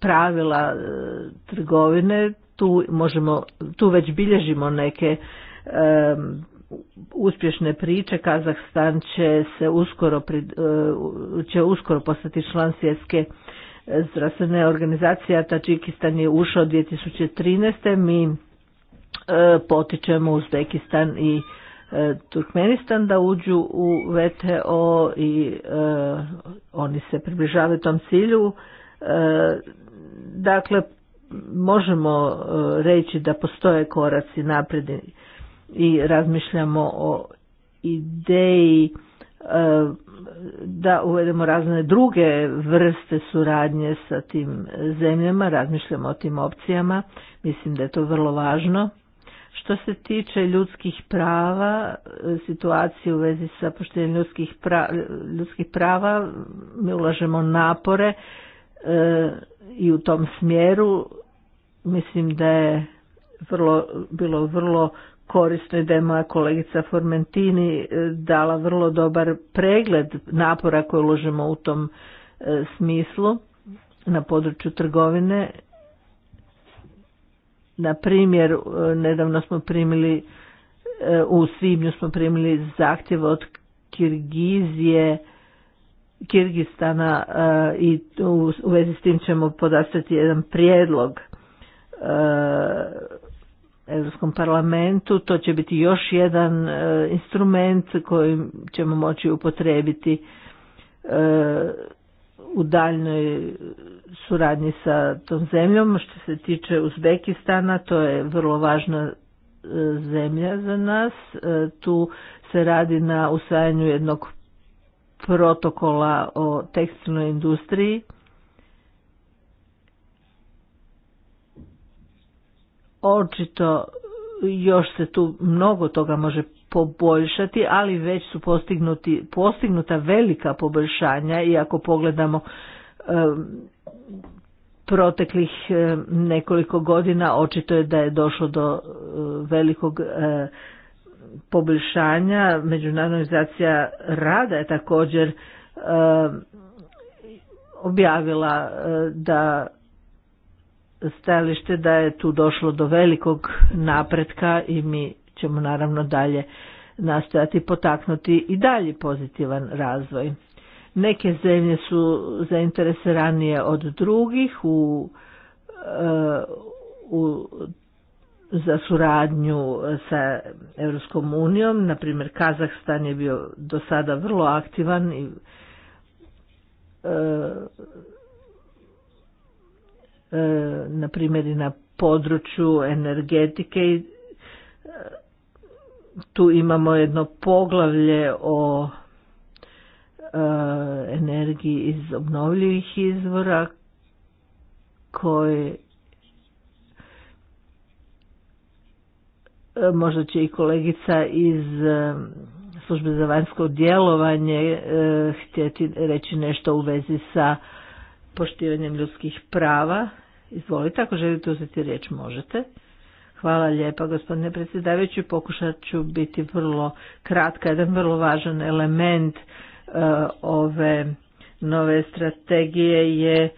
pravila e, trgovine tu možemo tu već bilježimo neke e, uspješne priče Kazahstan će se uskoro će uskoro postati član svjetske zdravstvene organizacije Tadžikistan je ušao 2013. Mi e, potičemo Uzbekistan i e, Turkmenistan da uđu u VTO i e, oni se približavaju tom cilju. Dakle, možemo reći da postoje koraci naprijed i razmišljamo o ideji da uvedemo razne druge vrste suradnje sa tim zemljama, razmišljamo o tim opcijama, mislim da je to vrlo važno. Što se tiče ljudskih prava, situacije u vezi sa poštenjem ljudskih, ljudskih prava, mi ulažemo napore e, i u tom smjeru mislim da je vrlo, bilo vrlo korisno i da je moja kolegica Formentini e, dala vrlo dobar pregled napora koje uložimo u tom e, smislu na području trgovine. Na primjer, e, nedavno smo primili, u svibnju smo primili zahtjev od Kirgizije, Kirgistana i u vezi s tim ćemo podastati jedan prijedlog Europskom parlamentu. To će biti još jedan e, instrument koji ćemo moći upotrebiti e, u daljnoj suradnji sa tom zemljom. Što se tiče Uzbekistana, to je vrlo važna e, zemlja za nas. Tu se radi na usvajanju jednog protokola o tekstilnoj industriji Očito još se tu mnogo toga može poboljšati, ali već su postignuti, postignuta velika poboljšanja i ako pogledamo proteklih nekoliko godina očito je da je došlo do e, velikog e, poboljšanja. Međunarodnizacija rada je također objavila e, da stajalište da je tu došlo do velikog napretka i mi ćemo naravno dalje nastojati potaknuti i dalji pozitivan razvoj. Neke zemlje su zainteresiranije od drugih u, e, u za suradnju sa Europskom unijom, na Kazahstan je bio do sada vrlo aktivan i e, na primjer i na području energetike e, tu imamo jedno poglavlje o e, energiji iz obnovljivih izvora koje e, možda će i kolegica iz službe za vanjsko djelovanje htjeti reći nešto u vezi sa poštivanjem ljudskih prava. Izvolite, ako želite uzeti riječ, možete. Hvala lijepa, gospodine predsjedavajući. Pokušat ću biti vrlo kratka, jedan vrlo važan element e, ove nove strategije je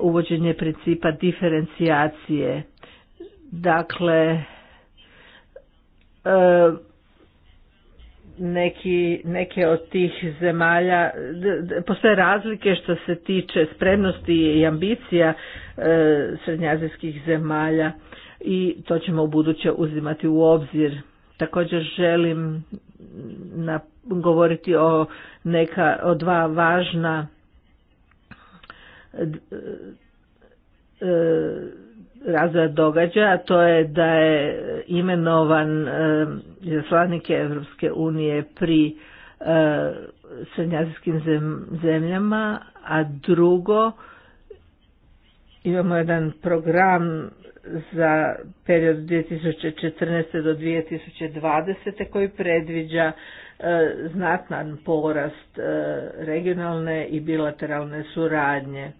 uvođenje principa diferencijacije. Dakle, e, neki, neke od tih zemalja, postoje razlike što se tiče spremnosti i ambicija e, srednjazijskih zemalja i to ćemo u buduće uzimati u obzir. Također želim na, govoriti o neka o dva važna e, razvoja događaja, a to je da je imenovan slavnik Europske unije pri eh, srednjazijskim zemljama, a drugo imamo jedan program za period 2014. do 2020. koji predviđa eh, znatan porast eh, regionalne i bilateralne suradnje.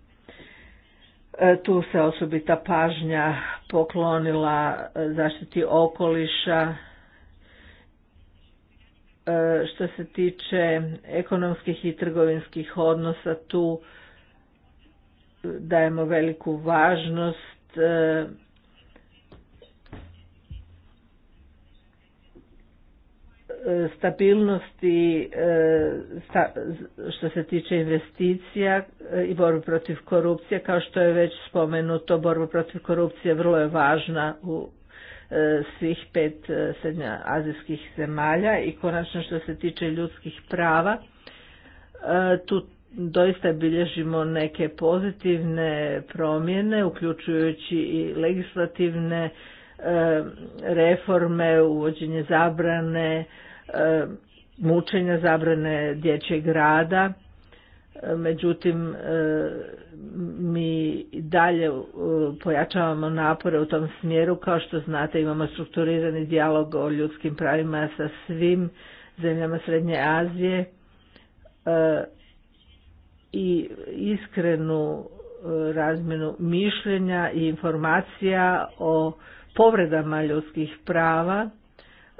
E, tu se osobita pažnja poklonila e, zaštiti okoliša. E, što se tiče ekonomskih i trgovinskih odnosa, tu dajemo veliku važnost stabilnosti e, što se tiče investicija e, i borbu protiv korupcije, kao što je već spomenuto, borba protiv korupcije vrlo je važna u e, svih pet srednjoazijskih zemalja i konačno što se tiče ljudskih prava, tu doista bilježimo neke pozitivne promjene, uključujući i legislativne reforme, uvođenje zabrane, E, mučenja, zabrane dječjeg rada. E, međutim, e, mi dalje pojačavamo napore u tom smjeru. Kao što znate, imamo strukturirani dijalog o ljudskim pravima sa svim zemljama Srednje Azije i iskrenu razmjenu mišljenja i informacija o povredama ljudskih prava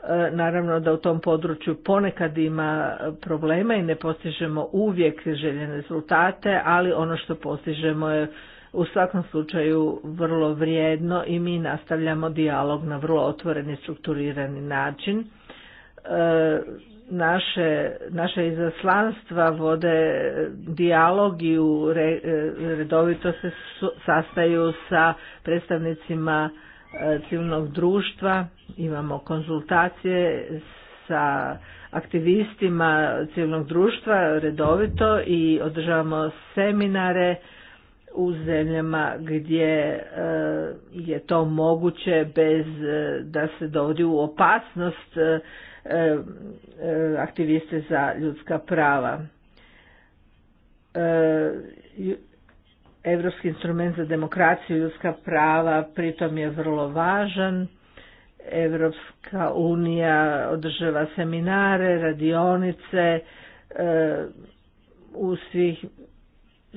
E, naravno da u tom području ponekad ima problema i ne postižemo uvijek željene rezultate, ali ono što postižemo je u svakom slučaju vrlo vrijedno i mi nastavljamo dijalog na vrlo otvoren i strukturirani način. E, naše, naše izaslanstva vode dijalog i u e, redovito se sastaju sa predstavnicima E, civilnog društva, imamo konzultacije sa aktivistima civilnog društva redovito i održavamo seminare u zemljama gdje e, je to moguće bez e, da se dovodi u opasnost aktiviste za ljudska prava Europski instrument za demokraciju i ljudska prava pritom je vrlo važan. Europska unija održava seminare, radionice e, u svih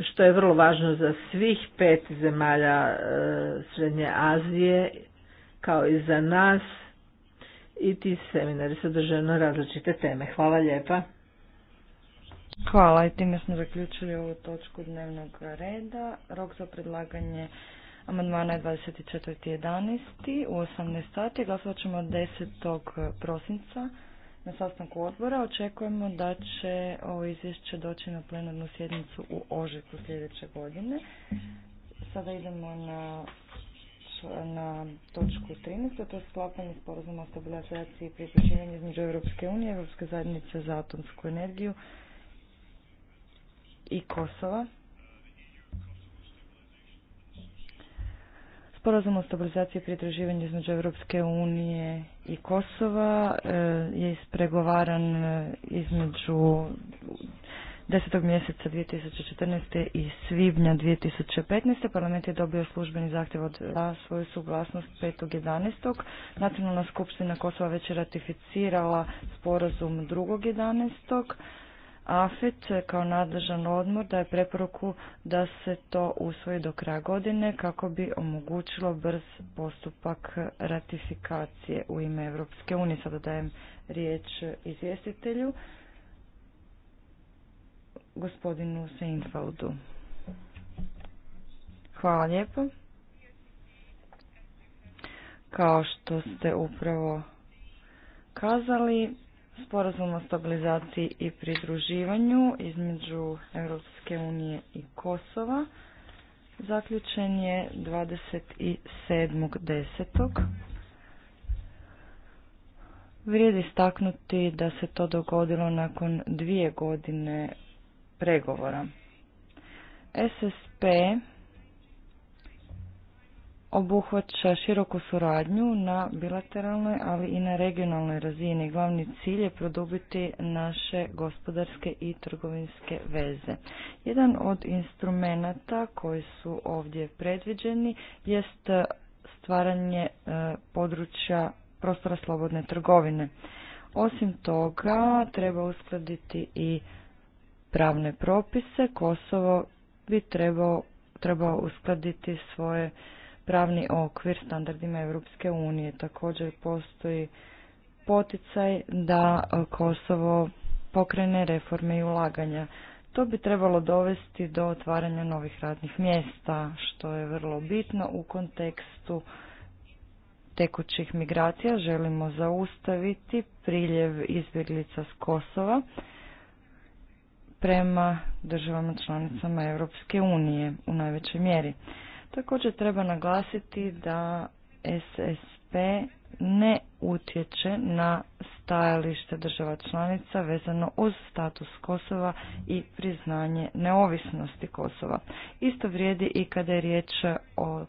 što je vrlo važno za svih pet zemalja e, Srednje Azije kao i za nas i ti seminari sadržaju na različite teme. Hvala lijepa. Hvala i time smo zaključili ovu točku dnevnog reda.
Rok za predlaganje amandmana je 24.11. u 18 sati. Glasovat ćemo 10. prosinca na sastanku odbora. Očekujemo da će ovo izvješće doći na plenarnu sjednicu u ožujku sljedeće godine. Sada idemo na na točku 13, to je sklapanje sporazuma o stabilizaciji i priključivanju između Europske unije i Europske zajednice za atomsku energiju i Kosova. Sporazum o stabilizaciji i pridruživanju između Europske unije i Kosova e, je ispregovaran e, između 10. mjeseca 2014. i svibnja 2015. Parlament je dobio službeni zahtjev od za svoju suglasnost 5.11. Nacionalna skupština Kosova već je ratificirala sporazum 2.11. AFET kao nadležan odmor daje preporuku da se to usvoji do kraja godine kako bi omogućilo brz postupak ratifikacije u ime Europske unije. Sada dajem riječ izvjestitelju, gospodinu Seinfeldu. Hvala lijepo. Kao što ste upravo kazali, sporazum o stabilizaciji i pridruživanju između Europske unije i Kosova zaključen je 27.10. Vrijedi istaknuti da se to dogodilo nakon dvije godine pregovora. SSP obuhvaća široku suradnju na bilateralnoj, ali i na regionalnoj razini. Glavni cilj je produbiti naše gospodarske i trgovinske veze. Jedan od instrumenata koji su ovdje predviđeni jest stvaranje e, područja prostora slobodne trgovine. Osim toga, treba uskladiti i pravne propise. Kosovo bi trebao, trebao uskladiti svoje pravni okvir standardima Europske unije. Također postoji poticaj da Kosovo pokrene reforme i ulaganja. To bi trebalo dovesti do otvaranja novih radnih mjesta, što je vrlo bitno u kontekstu tekućih migracija. Želimo zaustaviti priljev izbjeglica s Kosova prema državama članicama Europske unije u najvećoj mjeri. Također treba naglasiti da SSP ne utječe na stajalište država članica vezano uz status Kosova i priznanje neovisnosti Kosova. Isto vrijedi i kada je riječ o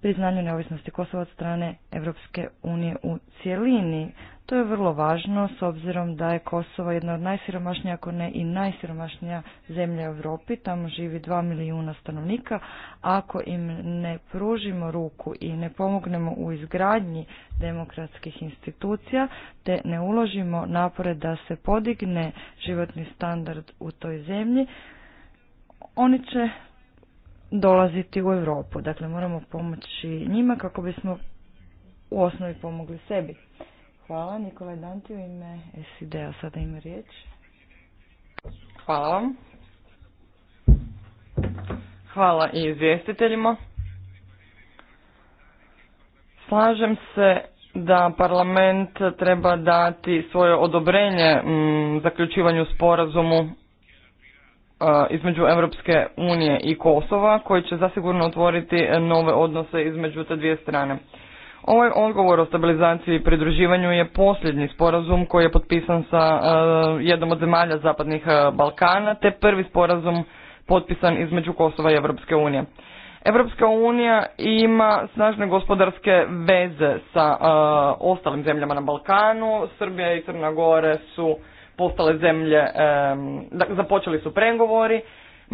priznanju neovisnosti Kosova od strane Europske unije u cjelini, to je vrlo važno s obzirom da je Kosovo jedna od najsiromašnija, ako ne i najsiromašnija zemlja u Europi. Tamo živi dva milijuna stanovnika. Ako im ne pružimo ruku i ne pomognemo u izgradnji demokratskih institucija, te ne uložimo napore da se podigne životni standard u toj zemlji, oni će dolaziti u Europu. Dakle, moramo pomoći njima kako bismo u osnovi pomogli sebi. Hvala. Nikola Danti u ime SID-a sada ima riječ.
Hvala vam. Hvala i izvjestiteljima. Slažem se da parlament treba dati svoje odobrenje mm, zaključivanju sporazumu e, između Europske unije i Kosova koji će zasigurno otvoriti nove odnose između te dvije strane. Ovaj odgovor o stabilizaciji i pridruživanju je posljednji sporazum koji je potpisan sa e, jednom od zemalja Zapadnih e, Balkana, te prvi sporazum potpisan između Kosova i Evropske unije. Evropska unija ima snažne gospodarske veze sa e, ostalim zemljama na Balkanu. Srbija i Crna Gore su postale zemlje, započeli su pregovori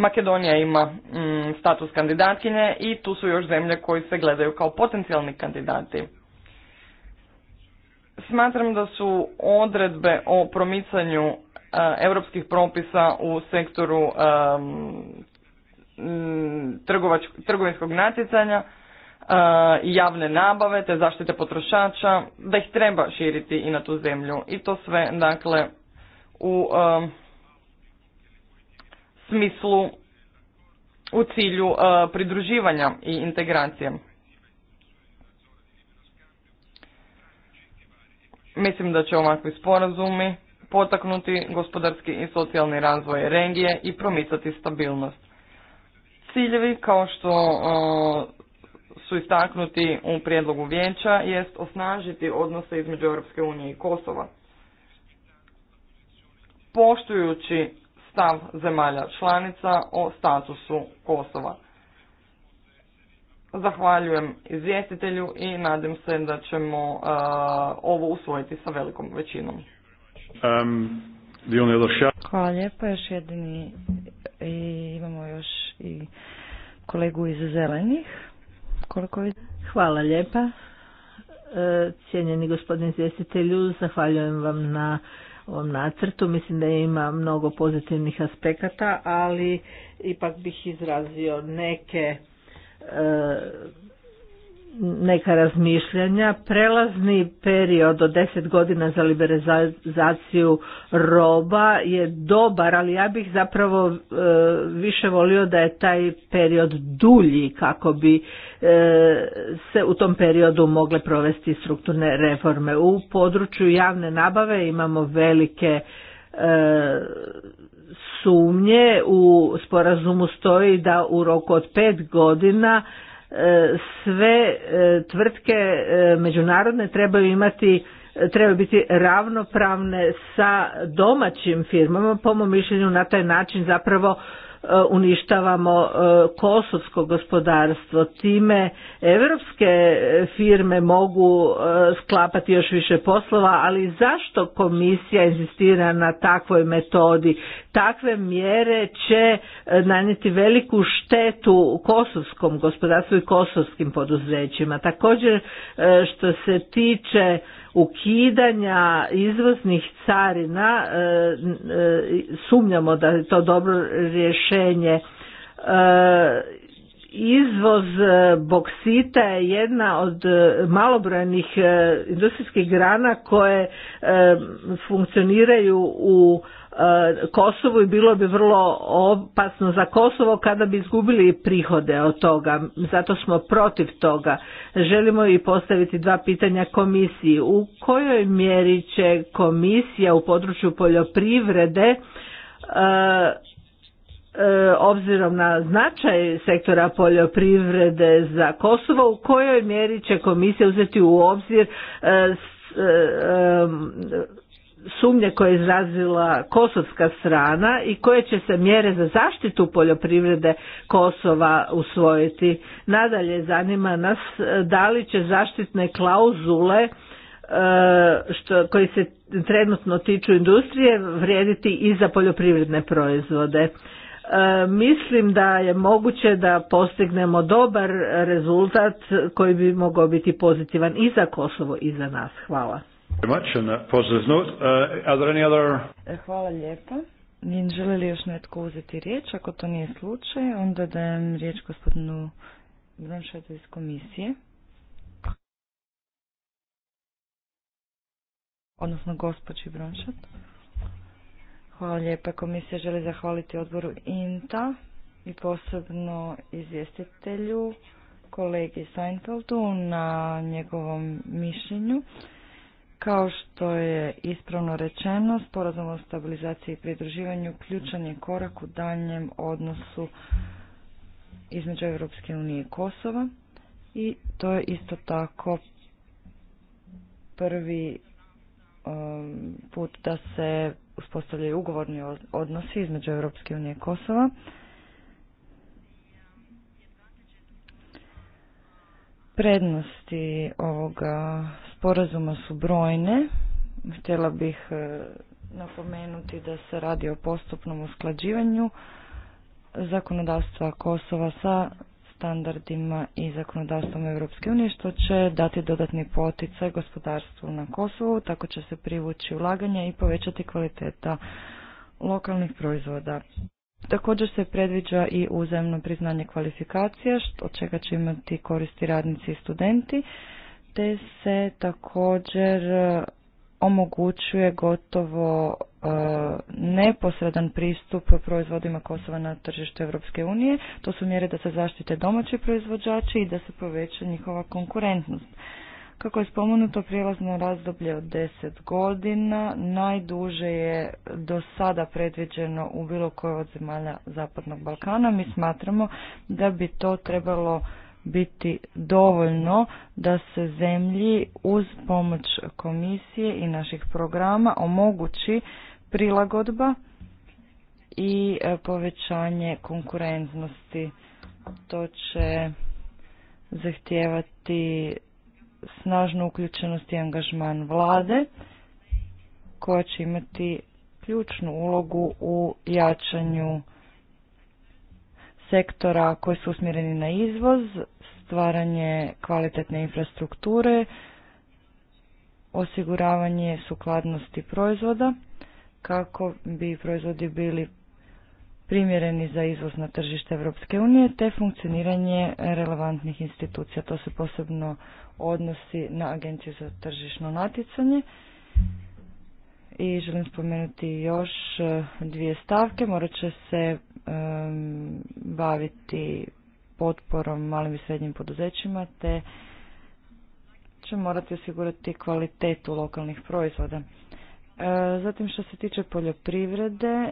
Makedonija ima mm, status kandidatkinje i tu su još zemlje koji se gledaju kao potencijalni kandidati. Smatram da su odredbe o promicanju e, europskih propisa u sektoru e, trgovinskog natjecanja e, i javne nabave te zaštite potrošača, da ih treba širiti i na tu zemlju. I to sve, dakle, u smislu u cilju e, pridruživanja i integracije. Mislim da će ovakvi sporazumi potaknuti gospodarski i socijalni razvoj regije i promicati stabilnost. Ciljevi kao što e, su istaknuti u prijedlogu vijeća jest osnažiti odnose između Europske unije i Kosova. Poštujući stav zemalja članica o statusu Kosova. Zahvaljujem izvjestitelju i nadam se da ćemo uh, ovo usvojiti sa velikom većinom. Um,
Hvala lijepo, još jedini i imamo još i kolegu
iz zelenih. Hvala lijepa. E, cijenjeni gospodin izvjestitelju, zahvaljujem vam na ovom nacrtu. Mislim da ima mnogo pozitivnih aspekata, ali ipak bih izrazio neke e, neka razmišljanja. Prelazni period od deset godina za liberalizaciju roba je dobar, ali ja bih zapravo e, više volio da je taj period dulji kako bi e, se u tom periodu mogle provesti strukturne reforme. U području javne nabave imamo velike e, sumnje. U sporazumu stoji da u roku od pet godina sve e, tvrtke e, međunarodne trebaju imati trebaju biti ravnopravne sa domaćim firmama po mom mišljenju na taj način zapravo E, uništavamo e, kosovsko gospodarstvo. Time evropske firme mogu e, sklapati još više poslova, ali zašto komisija insistira na takvoj metodi? Takve mjere će nanijeti veliku štetu kosovskom gospodarstvu i kosovskim poduzećima. Također što se tiče ukidanja izvoznih carina e, e, sumnjamo da je to dobro rješenje e, izvoz boksita je jedna od malobrojnih industrijskih grana koje funkcioniraju u Kosovu i bilo bi vrlo opasno za Kosovo kada bi izgubili prihode od toga. Zato smo protiv toga. Želimo i postaviti dva pitanja komisiji. U kojoj mjeri će komisija u području poljoprivrede e, e, obzirom na značaj sektora poljoprivrede za Kosovo, u kojoj mjeri će komisija uzeti u obzir e, sumnje koje je izrazila kosovska strana i koje će se mjere za zaštitu poljoprivrede Kosova usvojiti. Nadalje zanima nas e, da li će zaštitne klauzule e, što, koji se trenutno tiču industrije vrijediti i za poljoprivredne proizvode. E, mislim da je moguće da postignemo dobar rezultat koji bi mogao biti pozitivan i za Kosovo i za nas. Hvala.
Hvala lijepa. Želi li još netko uzeti riječ? Ako to nije slučaj, onda dajem riječ gospodinu Blanšetu iz komisije. Odnosno gospođi Bronšat. Hvala lijepa. Komisija želi zahvaliti odboru INTA i posebno izvjestitelju kolegi Seinfeldu na njegovom mišljenju. Kao što je ispravno rečeno, sporazum o stabilizaciji i pridruživanju ključan je korak u daljem odnosu između Europske unije i Kosova i to je isto tako prvi um, put da se uspostavljaju ugovorni odnosi između Europske unije i Kosova. Prednosti ovoga sporazuma su brojne. Htjela bih e, napomenuti da se radi o postupnom usklađivanju zakonodavstva Kosova sa standardima i zakonodavstvom Europske unije što će dati dodatni poticaj gospodarstvu na Kosovu, tako će se privući ulaganja i povećati kvaliteta lokalnih proizvoda. Također se predviđa i uzajemno priznanje kvalifikacija, od čega će imati koristi radnici i studenti se također e, omogućuje gotovo e, neposredan pristup proizvodima Kosova na tržištu Europske unije. To su mjere da se zaštite domaći proizvođači i da se poveća njihova konkurentnost. Kako je spomenuto, prijelazno razdoblje od 10 godina najduže je do sada predviđeno u bilo kojoj od zemalja Zapadnog Balkana. Mi smatramo da bi to trebalo biti dovoljno da se zemlji uz pomoć komisije i naših programa omogući prilagodba i e, povećanje konkurentnosti. To će zahtijevati snažnu uključenost i angažman vlade koja će imati ključnu ulogu u jačanju sektora koji su usmjereni na izvoz, stvaranje kvalitetne infrastrukture, osiguravanje sukladnosti proizvoda kako bi proizvodi bili primjereni za izvoz na tržište Europske unije te funkcioniranje relevantnih institucija. To se posebno odnosi na Agenciju za tržišno natjecanje. I želim spomenuti još eh, dvije stavke. Morat će se baviti potporom malim i srednjim poduzećima te će morati osigurati kvalitetu lokalnih proizvoda. E, zatim što se tiče poljoprivrede,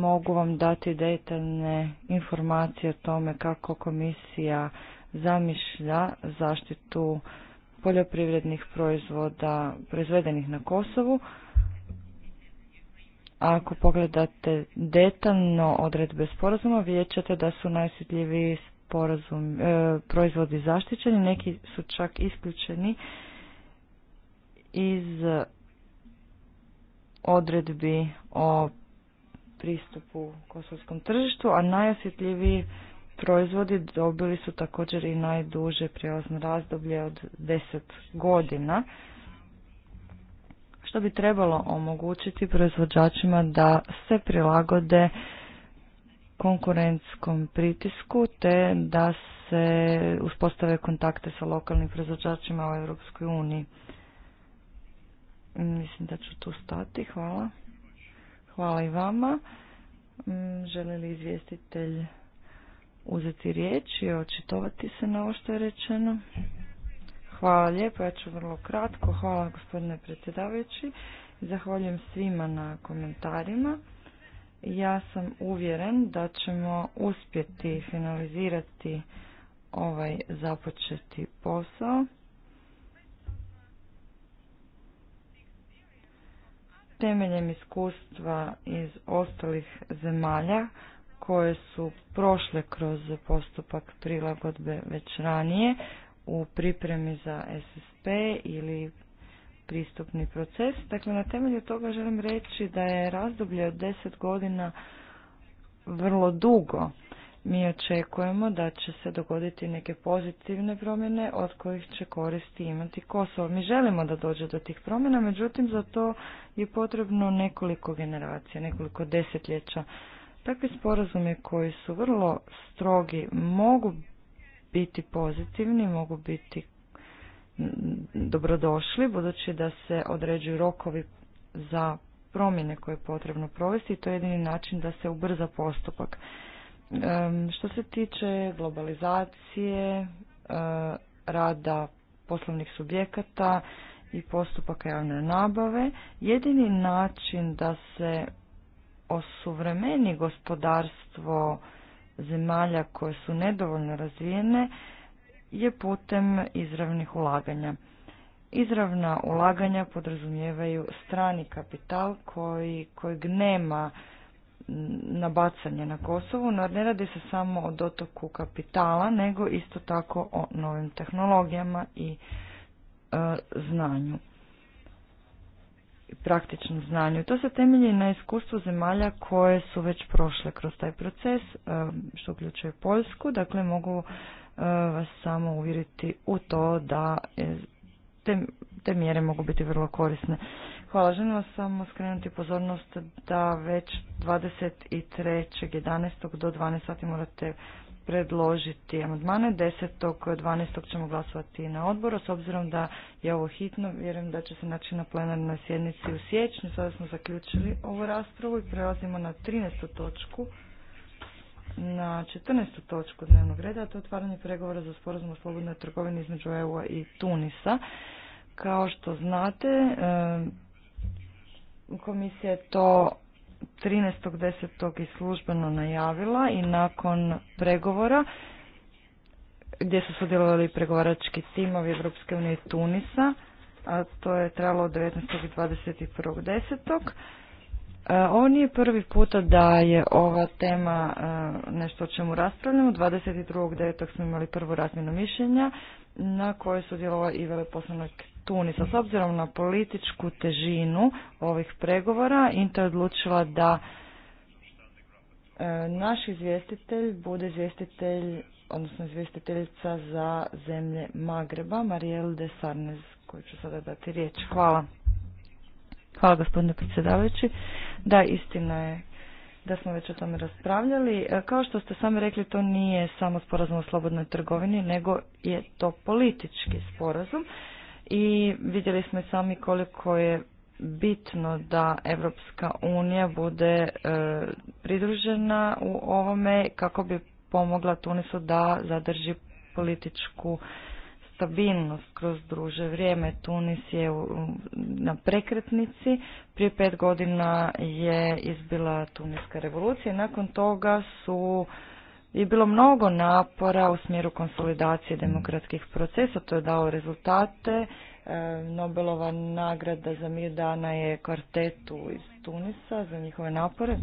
mogu vam dati detaljne informacije o tome kako komisija zamišlja zaštitu poljoprivrednih proizvoda proizvedenih na Kosovu. Ako pogledate detaljno odredbe sporazuma, vidjet ćete da su najosjetljiviji e, proizvodi zaštićeni, neki su čak isključeni iz odredbi o pristupu kosovskom tržištu, a najosjetljiviji proizvodi dobili su također i najduže prijelazno razdoblje od 10 godina što bi trebalo omogućiti proizvođačima da se prilagode konkurentskom pritisku te da se uspostave kontakte sa lokalnim proizvođačima u Europskoj uniji. Mislim da ću tu stati. Hvala. Hvala i vama. Mm, želi li izvjestitelj uzeti riječ i očitovati se na ovo što je rečeno? Hvala lijepo, ja ću vrlo kratko. Hvala gospodine predsjedavajući. Zahvaljujem svima na komentarima. Ja sam uvjeren da ćemo uspjeti finalizirati ovaj započeti posao. Temeljem iskustva iz ostalih zemalja koje su prošle kroz postupak prilagodbe već ranije, u pripremi za SSP ili pristupni proces. Dakle, na temelju toga želim reći da je razdoblje od deset godina vrlo dugo. Mi očekujemo da će se dogoditi neke pozitivne promjene od kojih će koristi imati Kosovo. Mi želimo da dođe do tih promjena, međutim za to je potrebno nekoliko generacija, nekoliko desetljeća. Takvi sporazumi koji su vrlo strogi mogu biti pozitivni, mogu biti dobrodošli, budući da se određuju rokovi za promjene koje je potrebno provesti i to je jedini način da se ubrza postupak. E, što se tiče globalizacije, e, rada poslovnih subjekata i postupaka javne nabave, jedini način da se osuvremeni gospodarstvo zemalja koje su nedovoljno razvijene je putem izravnih ulaganja. Izravna ulaganja podrazumijevaju strani kapital koji, kojeg nema nabacanje na Kosovu, no ne radi se samo o dotoku kapitala, nego isto tako o novim tehnologijama i e, znanju praktičnom znanju. To se temelji na iskustvu zemalja koje su već prošle kroz taj proces, e, što uključuje Poljsku. Dakle, mogu e, vas samo uvjeriti u to da e, te, te mjere mogu biti vrlo korisne. Hvala, želim vas samo skrenuti pozornost da već 23.11. do 12. sati morate predložiti amandmane. 10. 12. ćemo glasovati na odboru. S obzirom da je ovo hitno, vjerujem da će se naći na plenarnoj sjednici u siječnju. Sada smo zaključili ovu raspravu i prelazimo na 13. točku na 14. točku dnevnog reda, a to je otvaranje pregovora za sporazum o slobodnoj trgovini između eu i Tunisa. Kao što znate, komisija je to 13.10. i službeno najavila i nakon pregovora gdje su sudjelovali pregovarački timovi Evropske unije i Tunisa, a to je trajalo od 19. i 21.10. E, ovo nije prvi puta da je ova tema e, nešto o čemu raspravljamo. 22.9. smo imali prvu razmjenu mišljenja na kojoj su i veleposlanik Tunisa. S obzirom na političku težinu ovih pregovora, Inter je odlučila da e, naš izvjestitelj bude izvjestitelj, odnosno izvjestiteljica za zemlje Magreba, Marijel de Sarnez, koju ću sada dati riječ. Hvala. Hvala gospodine predsjedavajući. Da, istina je da smo već o tome raspravljali. E, kao što ste sami rekli, to nije samo sporazum o slobodnoj trgovini, nego je to politički sporazum i vidjeli smo i sami koliko je bitno da Europska unija bude e, pridružena u ovome kako bi pomogla Tunisu da zadrži političku stabilnost kroz druže vrijeme. Tunis je na prekretnici. Prije pet godina je izbila Tuniska revolucija. Nakon toga su je bilo mnogo napora u smjeru konsolidacije demokratskih procesa, to je dao rezultate. E, Nobelova nagrada za mir dana je kvartetu iz Tunisa za njihove napore.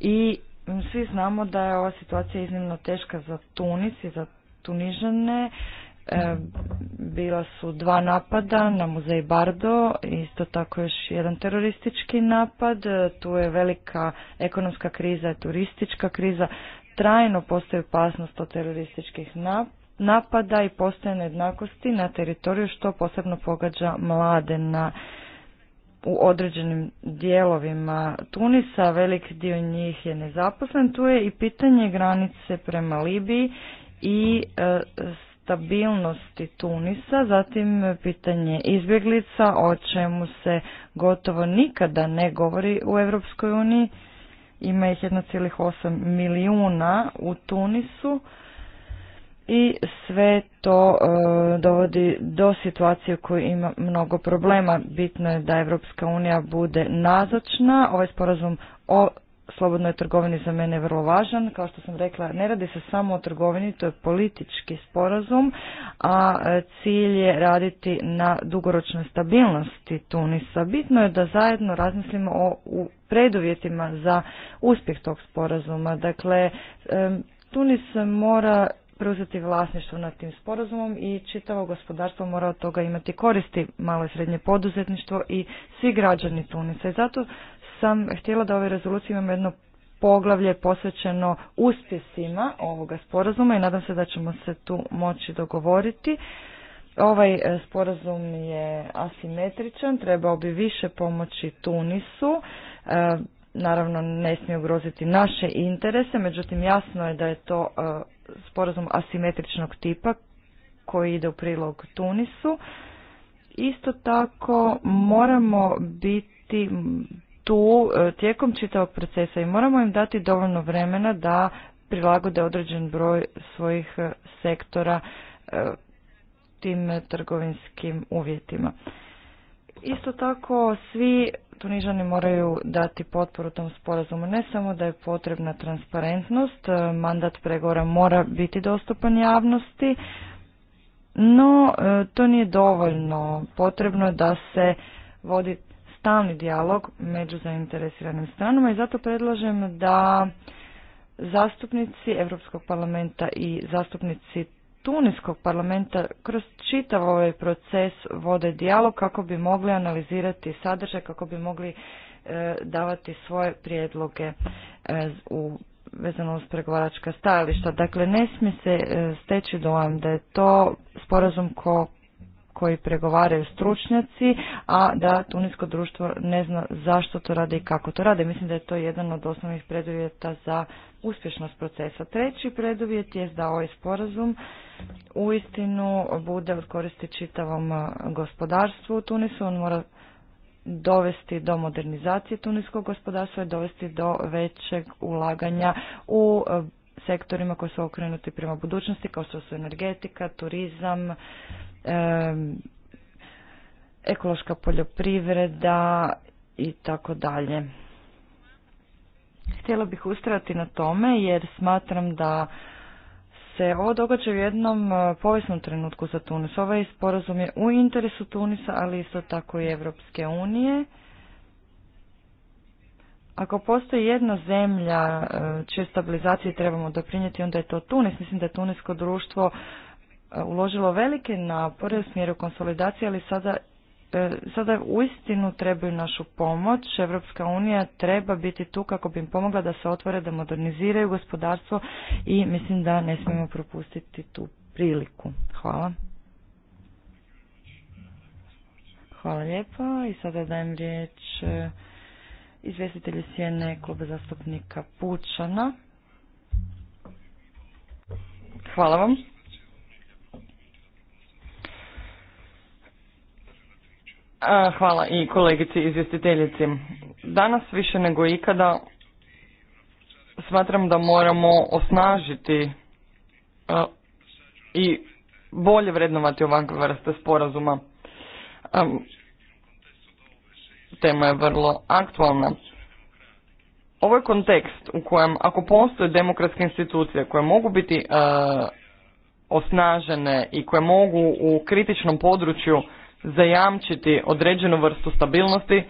I svi znamo da je ova situacija iznimno teška za Tunis i za Tunižane. E, bila su dva napada na muzej Bardo, isto tako još jedan teroristički napad, e, tu je velika ekonomska kriza, turistička kriza, trajno postoji opasnost od terorističkih napada i postoje nejednakosti na teritoriju što posebno pogađa mlade na u određenim dijelovima Tunisa, velik dio njih je nezaposlen, tu je i pitanje granice prema Libiji i e, stabilnosti Tunisa, zatim pitanje izbjeglica, o čemu se gotovo nikada ne govori u Europskoj uniji. Ima ih 1,8 milijuna u Tunisu i sve to e, dovodi do situacije u kojoj ima mnogo problema. Bitno je da Europska unija bude nazočna. Ovaj sporazum o slobodnoj trgovini za mene je vrlo važan. Kao što sam rekla, ne radi se samo o trgovini, to je politički sporazum, a e, cilj je raditi na dugoročnoj stabilnosti Tunisa. Bitno je da zajedno razmislimo o preduvjetima za uspjeh tog sporazuma. Dakle, e, Tunis mora preuzeti vlasništvo nad tim sporazumom i čitavo gospodarstvo mora od toga imati koristi, malo i srednje poduzetništvo i svi građani Tunisa. I zato sam htjela da ovoj rezoluciji imamo jedno poglavlje posvećeno uspjesima ovoga sporazuma i nadam se da ćemo se tu moći dogovoriti. Ovaj e, sporazum je asimetričan, trebao bi više pomoći Tunisu, e, naravno ne smije ugroziti naše interese, međutim jasno je da je to e, sporazum asimetričnog tipa koji ide u prilog Tunisu. Isto tako moramo biti tu e, tijekom čitavog procesa i moramo im dati dovoljno vremena da prilagode određen broj svojih e, sektora e, tim trgovinskim uvjetima. Isto tako, svi Tunižani moraju dati potporu tom sporazumu. Ne samo da je potrebna transparentnost, mandat pregora mora biti dostupan javnosti, no to nije dovoljno. Potrebno je da se vodi stalni dijalog među zainteresiranim stranama i zato predlažem da zastupnici Europskog parlamenta i zastupnici Tuniskog parlamenta kroz čitav ovaj proces vode dijalog kako bi mogli analizirati sadržaj, kako bi mogli e, davati svoje prijedloge e, u vezano uz pregovaračka stajališta. Dakle, ne smije se e, steći dojam da je to sporazum ko, koji pregovaraju stručnjaci, a da tunisko društvo ne zna zašto to rade i kako to rade. Mislim da je to jedan od osnovnih preduvjeta za uspješnost procesa. Treći preduvjet je da ovaj sporazum uistinu bude od čitavom e, gospodarstvu u Tunisu. On mora dovesti do modernizacije tuniskog gospodarstva i dovesti do većeg ulaganja u e, sektorima koji su okrenuti prema budućnosti kao što su energetika, turizam, ekološka poljoprivreda i tako dalje. Htjela bih ustrati na tome jer smatram da se ovo događa u jednom e, povijesnom trenutku za Tunis. Ovaj sporazum je u interesu Tunisa, ali isto tako i Evropske unije. Ako postoji jedna zemlja e, čije stabilizaciji trebamo doprinijeti, onda je to Tunis. Mislim da je tunisko društvo E, uložilo velike napore u smjeru konsolidacije, ali sada e, sada uistinu trebaju našu pomoć. Evropska unija treba biti tu kako bi im pomogla da se otvore, da moderniziraju gospodarstvo i mislim da ne smijemo propustiti tu priliku. Hvala. Hvala lijepa i sada dajem riječ e, izvjestitelju Sjene kluba zastupnika Pučana. Hvala vam.
Hvala i kolegici izvjestiteljici. Danas više nego ikada smatram da moramo osnažiti i bolje vrednovati ovakve vrste sporazuma. Tema je vrlo aktualna. Ovo je kontekst u kojem ako postoje demokratske institucije koje mogu biti osnažene i koje mogu u kritičnom području zajamčiti određenu vrstu stabilnosti,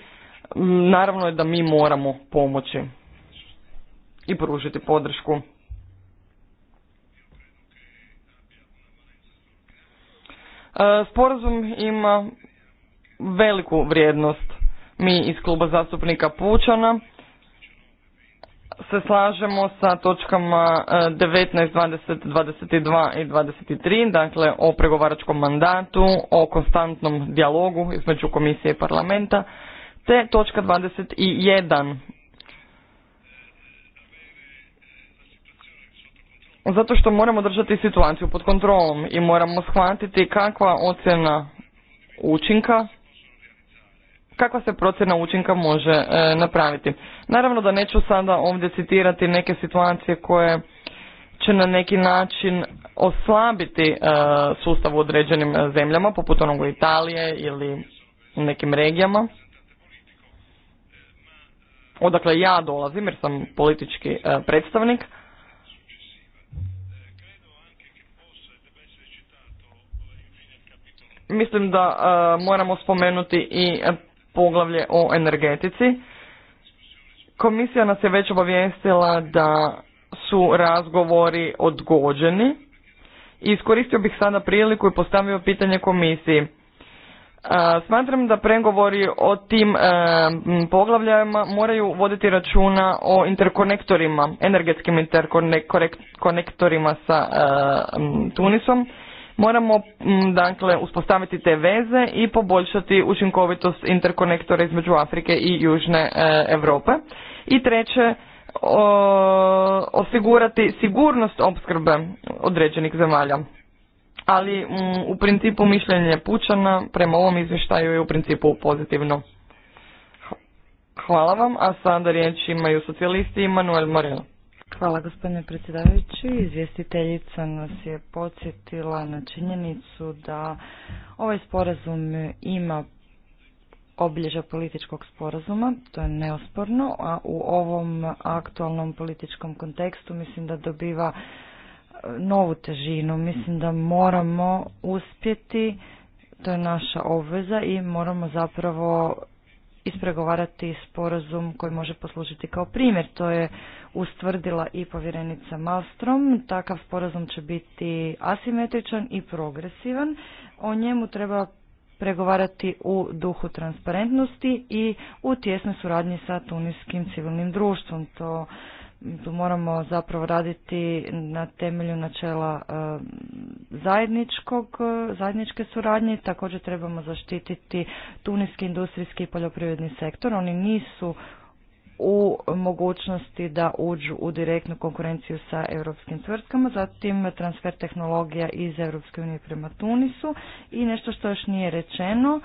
naravno je da mi moramo pomoći i pružiti podršku. E, sporazum ima veliku vrijednost. Mi iz kluba zastupnika Pučana se slažemo sa točkama 19, 20, 22 i 23, dakle o pregovaračkom mandatu, o konstantnom dijalogu između komisije i parlamenta, te točka 21. Zato što moramo držati situaciju pod kontrolom i moramo shvatiti kakva ocjena učinka kakva se procjena učinka može e, napraviti. Naravno da neću sada ovdje citirati neke situacije koje će na neki način oslabiti e, sustav u određenim e, zemljama, poput onog Italije ili nekim regijama. Odakle ja dolazim jer sam politički predstavnik. Mislim da moramo spomenuti i poglavlje o energetici. Komisija nas je već obavijestila da su razgovori odgođeni. Iskoristio bih sada priliku i postavio pitanje komisiji. E, smatram da pregovori o tim e, poglavljajima moraju voditi računa o interkonektorima, energetskim interkonektorima sa e, Tunisom Moramo mm, dakle uspostaviti te veze i poboljšati učinkovitost interkonektora između Afrike i Južne e, Europe. I treće, osigurati sigurnost opskrbe određenih zemalja. Ali mm, u principu mišljenje Pučana prema ovom izvještaju je u principu pozitivno. Hvala vam, a sada riječ imaju socijalisti i Manuel Moreno.
Hvala gospodine predsjedavajući. Izvjestiteljica nas je podsjetila na činjenicu da ovaj sporazum ima obilježja političkog sporazuma, to je neosporno, a u ovom aktualnom političkom kontekstu mislim da dobiva e, novu težinu. Mislim da moramo uspjeti, to je naša obveza i moramo zapravo ispregovarati sporazum koji može poslužiti kao primjer. To je ustvrdila i povjerenica Malstrom. Takav sporazum će biti asimetričan i progresivan. O njemu treba pregovarati u duhu transparentnosti i u tjesnoj suradnji sa tuniskim civilnim društvom. To tu moramo zapravo raditi na temelju načela e, zajedničkog, e, zajedničke suradnje. Također trebamo zaštititi tuniski industrijski i poljoprivredni sektor. Oni nisu u mogućnosti da uđu u direktnu konkurenciju sa europskim tvrtkama, zatim transfer tehnologija iz Europske unije prema Tunisu i nešto što još nije rečeno,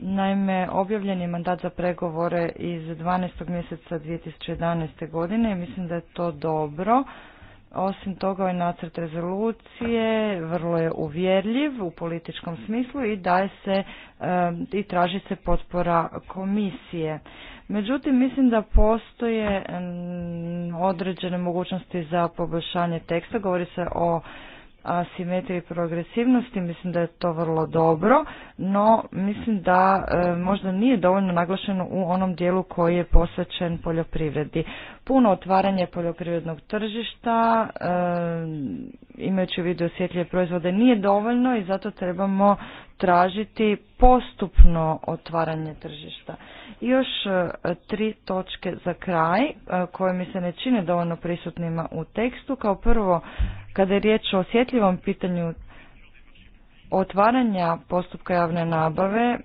Naime, objavljen je mandat za pregovore iz 12. mjeseca 2011. godine i mislim da je to dobro osim toga, ovaj nacrt rezolucije vrlo je uvjerljiv u političkom smislu i daje se i traži se potpora komisije. Međutim, mislim da postoje određene mogućnosti za poboljšanje teksta. Govori se o asimetrije progresivnosti, mislim da je to vrlo dobro, no mislim da e, možda nije dovoljno naglašeno u onom dijelu koji je posvećen poljoprivredi. Puno otvaranje poljoprivrednog tržišta, e, imajući u vidu osjetljive proizvode, nije dovoljno i zato trebamo tražiti postupno otvaranje tržišta. I još e, tri točke za kraj e, koje mi se ne čine dovoljno prisutnima u tekstu. Kao prvo kada je riječ o osjetljivom pitanju otvaranja postupka javne nabave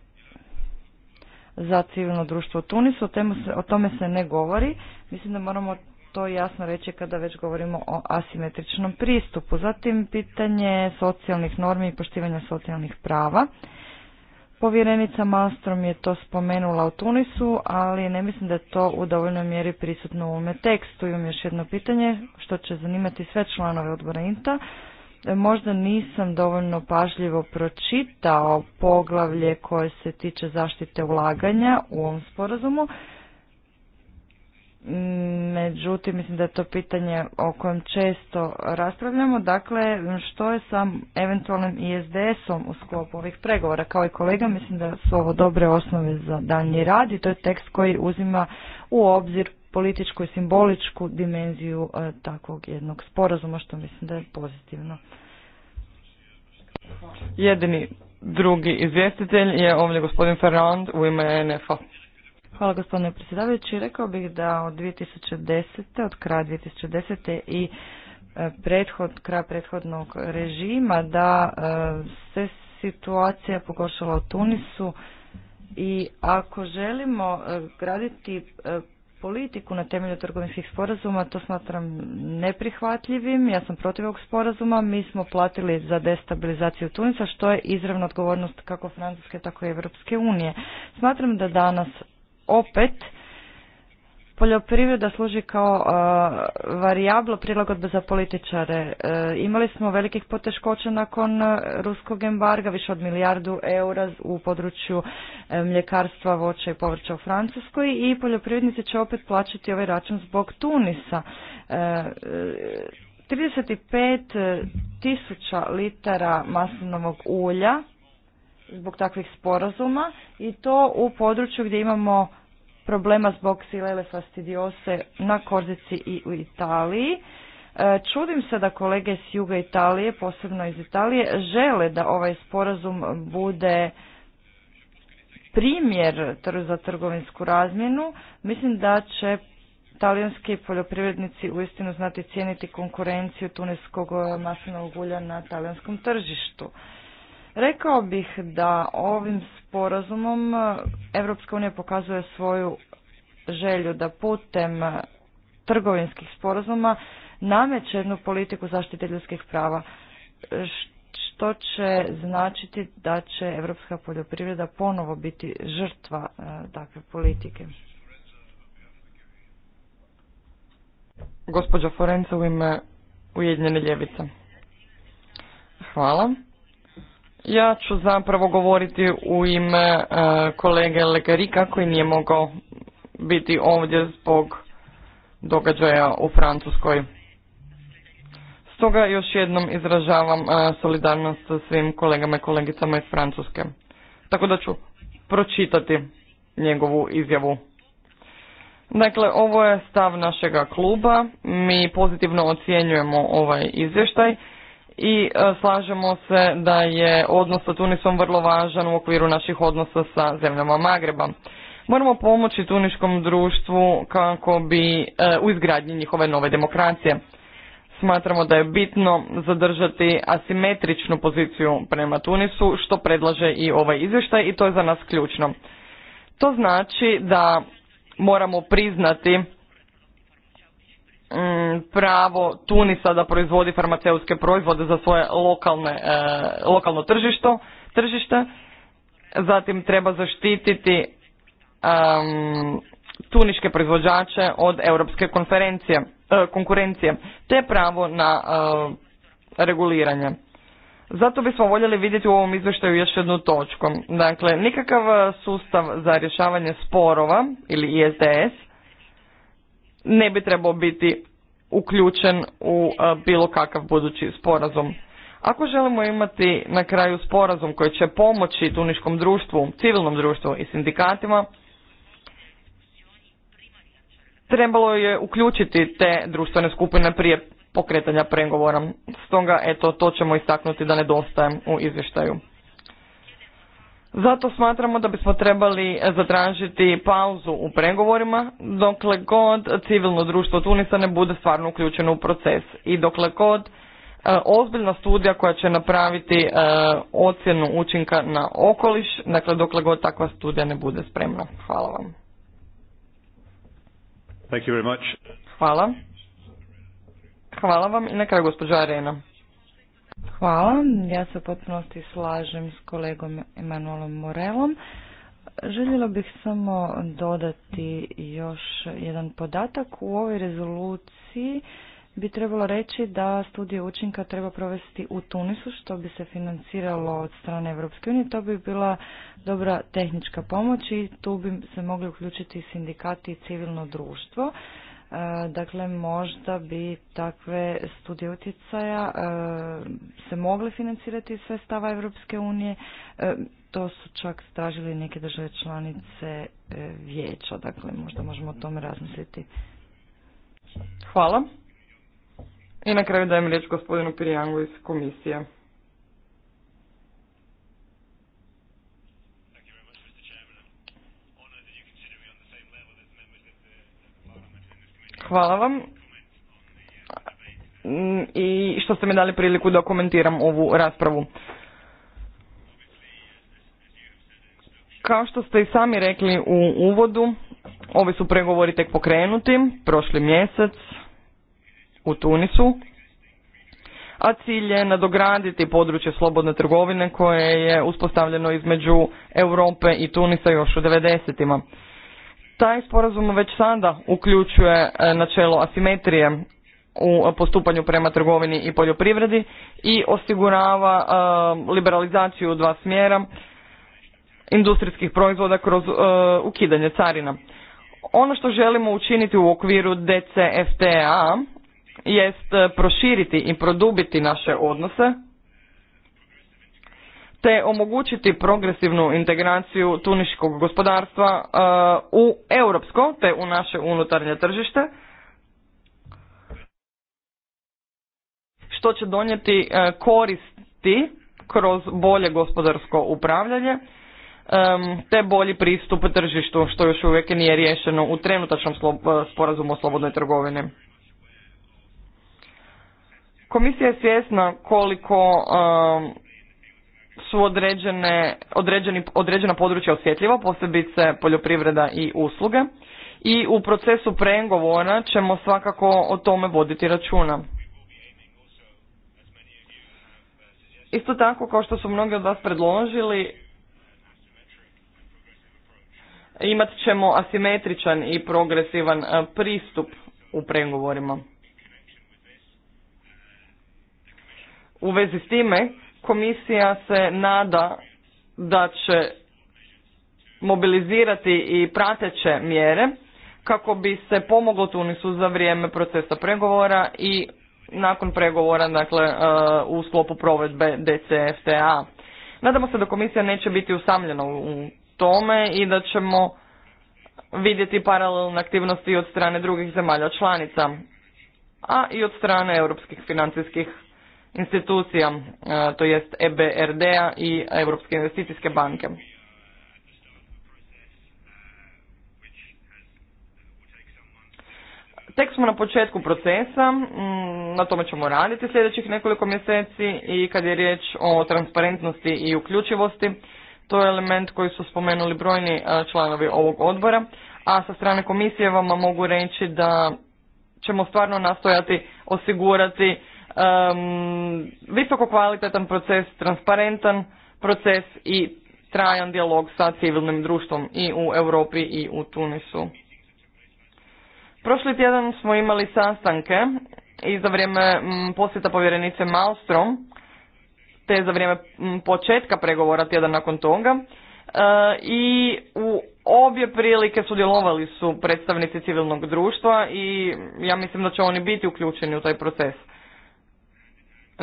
za civilno društvo u Tunisu, o tome se ne govori. Mislim da moramo to jasno reći kada već govorimo o asimetričnom pristupu. Zatim pitanje socijalnih normi i poštivanja socijalnih prava. Povjerenica Malstrom je to spomenula u Tunisu, ali ne mislim da je to u dovoljnoj mjeri prisutno u ovome tekstu. Imam još jedno pitanje što će zanimati sve članove odbora INTA. E, možda nisam dovoljno pažljivo pročitao poglavlje koje se tiče zaštite ulaganja u ovom sporazumu međutim mislim da je to pitanje o kojem često raspravljamo, dakle što je sa eventualnim ISDS-om u sklopu ovih pregovora. Kao i kolega mislim da su ovo dobre osnove za daljnji rad i to je tekst koji uzima u obzir političku i simboličku dimenziju e, takvog jednog sporazuma što mislim da je pozitivno.
Jedini drugi izvjestitelj je ovdje gospodin Ferrand u ime nf
Hvala gospodine predsjedavajući. Rekao bih da od 2010. od kraja 2010. i e, prethod, kraja prethodnog režima da e, se situacija pogoršala u Tunisu i ako želimo e, graditi politiku na temelju trgovinskih sporazuma, to smatram neprihvatljivim. Ja sam protiv ovog sporazuma. Mi smo platili za destabilizaciju Tunisa, što je izravna odgovornost kako Francuske, tako i Evropske unije. Smatram da danas opet poljoprivreda služi kao uh, varijablo prilagodbe za političare. Uh, imali smo velikih poteškoća nakon uh, ruskog embarga, više od milijardu eura u području mljekarstva, voća i povrća u Francuskoj i poljoprivrednici će opet plaćati ovaj račun zbog Tunisa. 35 tisuća litara maslinovog ulja zbog takvih sporazuma i to u području gdje imamo problema zbog silele fastidiose na Korzici i u Italiji. E, čudim se da kolege s juga Italije, posebno iz Italije, žele da ovaj sporazum bude primjer za trgovinsku razmjenu. Mislim da će talijanski poljoprivrednici uistinu znati cijeniti konkurenciju tuneskog e, maslinovog ulja na talijanskom tržištu. Rekao bih da ovim sporazumom Evropska unija pokazuje svoju želju da putem trgovinskih sporazuma nameće jednu politiku zaštite ljudskih prava, što će značiti da će evropska poljoprivreda ponovo biti žrtva e,
takve politike. Gospođo Forenca u ime Ujedinjene ljevice. Hvala. Ja ću zapravo govoriti u ime e, kolege Lekarika koji nije mogao biti ovdje zbog događaja u Francuskoj. Stoga još jednom izražavam e, solidarnost sa svim kolegama i kolegicama iz Francuske. Tako da ću pročitati njegovu izjavu. Dakle, ovo je stav našega kluba. Mi pozitivno ocjenjujemo ovaj izvještaj i e, slažemo se da je odnos sa Tunisom vrlo važan u okviru naših odnosa sa zemljama Magreba. Moramo pomoći tuniškom društvu kako bi e, u izgradnji njihove nove demokracije. Smatramo da je bitno zadržati asimetričnu poziciju prema Tunisu što predlaže i ovaj izvještaj i to je za nas ključno. To znači da moramo priznati Mm, pravo Tunisa da proizvodi farmaceutske proizvode za svoje lokalne, e, lokalno tržišto, tržište. Zatim treba zaštititi um, tuniške proizvođače od europske konferencije, e, konkurencije, te pravo na uh, reguliranje. Zato bismo voljeli vidjeti u ovom izvještaju još jednu točku. Dakle, nikakav sustav za rješavanje sporova ili ISDS ne bi trebao biti uključen u e, bilo kakav budući sporazum. Ako želimo imati na kraju sporazum koji će pomoći tuniškom društvu, civilnom društvu i sindikatima, trebalo je uključiti te društvene skupine prije pokretanja pregovora. Stoga, eto, to ćemo istaknuti da nedostaje u izvještaju. Zato smatramo da bismo trebali zatražiti pauzu u pregovorima dokle god civilno društvo Tunisa ne bude stvarno uključeno u proces i dokle god e, ozbiljna studija koja će napraviti e, ocjenu učinka na okoliš, dakle dokle god takva studija ne bude spremna. Hvala vam. Hvala. Hvala vam i na kraju gospođa Arena. Hvala. Ja se u
potpunosti slažem s kolegom Emanuelom Morelom. Željela bih samo dodati još jedan podatak. U ovoj rezoluciji bi trebalo reći da studije učinka treba provesti u Tunisu što bi se financiralo od strane Europske unije. To bi bila dobra tehnička pomoć i tu bi se mogli uključiti sindikati i civilno društvo. E, dakle, možda bi takve studije utjecaja e, se mogle financirati sve stava Europske unije. E, to su čak stražili neke države članice
vijeća, dakle možda možemo o tome razmisliti. Hvala. I na kraju dajem riječ gospodinu Pirijangu iz komisije. Hvala vam. Mm, I što ste mi dali priliku da komentiram ovu raspravu. Kao što ste i sami rekli u uvodu, ovi su pregovori tek pokrenuti, prošli mjesec u Tunisu, a cilj je nadograditi područje slobodne trgovine koje je uspostavljeno između Europe i Tunisa još u 90 taj sporazum već sada uključuje e, načelo asimetrije u postupanju prema trgovini i poljoprivredi i osigurava e, liberalizaciju dva smjera industrijskih proizvoda kroz e, ukidanje carina. Ono što želimo učiniti u okviru DCFTA jest proširiti i produbiti naše odnose te omogućiti progresivnu integraciju tuniškog gospodarstva uh, u europsko te u naše unutarnje tržište što će donijeti uh, koristi kroz bolje gospodarsko upravljanje um, te bolji pristup tržištu što još uvijek nije riješeno u trenutačnom uh, sporazumu o slobodnoj trgovini. Komisija je svjesna koliko um, su određene, određeni, određena područja osjetljiva, posebice poljoprivreda i usluge. I u procesu pregovora ćemo svakako o tome voditi računa. Isto tako kao što su mnogi od vas predložili, imat ćemo asimetričan i progresivan e, pristup u pregovorima. U vezi s time, Komisija se nada da će mobilizirati i prateće mjere kako bi se pomoglo Tunisu za vrijeme procesa pregovora i nakon pregovora dakle, e, u sklopu provedbe DCFTA. Nadamo se da komisija neće biti usamljena u tome i da ćemo vidjeti paralelne aktivnosti od strane drugih zemalja članica, a i od strane europskih financijskih institucija, e, to jest EBRD-a i Europske investicijske banke. Tek smo na početku procesa, na tome ćemo raditi sljedećih nekoliko mjeseci i kad je riječ o transparentnosti i uključivosti, to je element koji su spomenuli brojni e, članovi ovog odbora, a sa strane komisije vam mogu reći da ćemo stvarno nastojati osigurati um, visoko kvalitetan proces, transparentan proces i trajan dijalog sa civilnim društvom i u Europi i u Tunisu. Prošli tjedan smo imali sastanke i za vrijeme posjeta povjerenice Malstrom, te za vrijeme početka pregovora tjedan nakon toga. E, I u obje prilike sudjelovali su predstavnici civilnog društva i ja mislim da će oni biti uključeni u taj proces.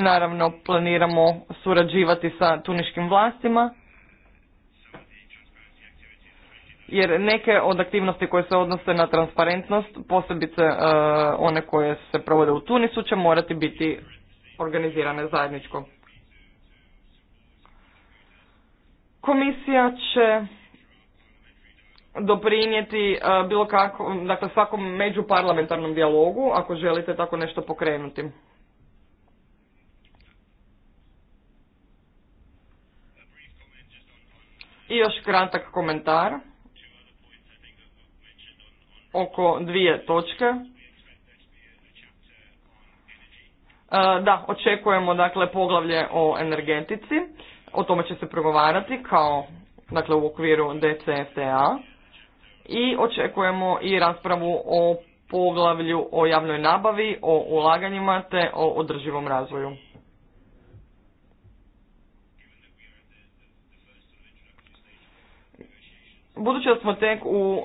Naravno, planiramo surađivati sa tuniškim vlastima, jer neke od aktivnosti koje se odnose na transparentnost, posebice e, one koje se provode u Tunisu, će morati biti organizirane zajedničko. Komisija će doprinijeti e, bilo kako, dakle svakom međuparlamentarnom dijalogu, ako želite tako nešto pokrenuti. I još kratak komentar oko dvije točke. E, da, očekujemo dakle poglavlje o energetici, o tome će se progovarati kao dakle u okviru DCFTA i očekujemo i raspravu o poglavlju o javnoj nabavi, o ulaganjima te o održivom razvoju. budući da smo tek u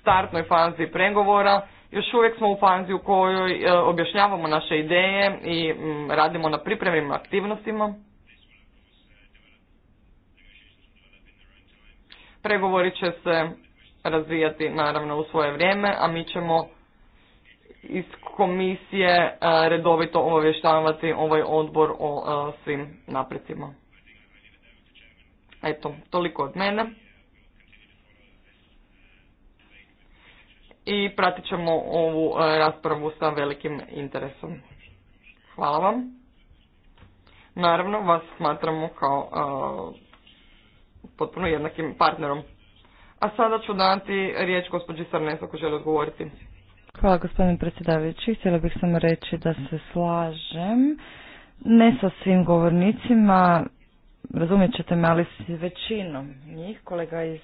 startnoj fazi pregovora, još uvijek smo u fazi u kojoj e, objašnjavamo naše ideje i radimo na pripremnim aktivnostima. Pregovori će se razvijati naravno u svoje vrijeme, a mi ćemo iz komisije e, redovito obavještavati ovaj odbor o e, svim napretima. Eto, toliko od mene. i pratit ćemo ovu e, raspravu sa velikim interesom. Hvala vam. Naravno, vas smatramo kao e, potpuno jednakim partnerom. A sada ću dati riječ gospođi Sarnes ako želi odgovoriti.
Hvala gospodine predsjedavajući. Htjela bih samo reći da se slažem. Ne sa svim govornicima, razumjet ćete me, ali s većinom njih. Kolega iz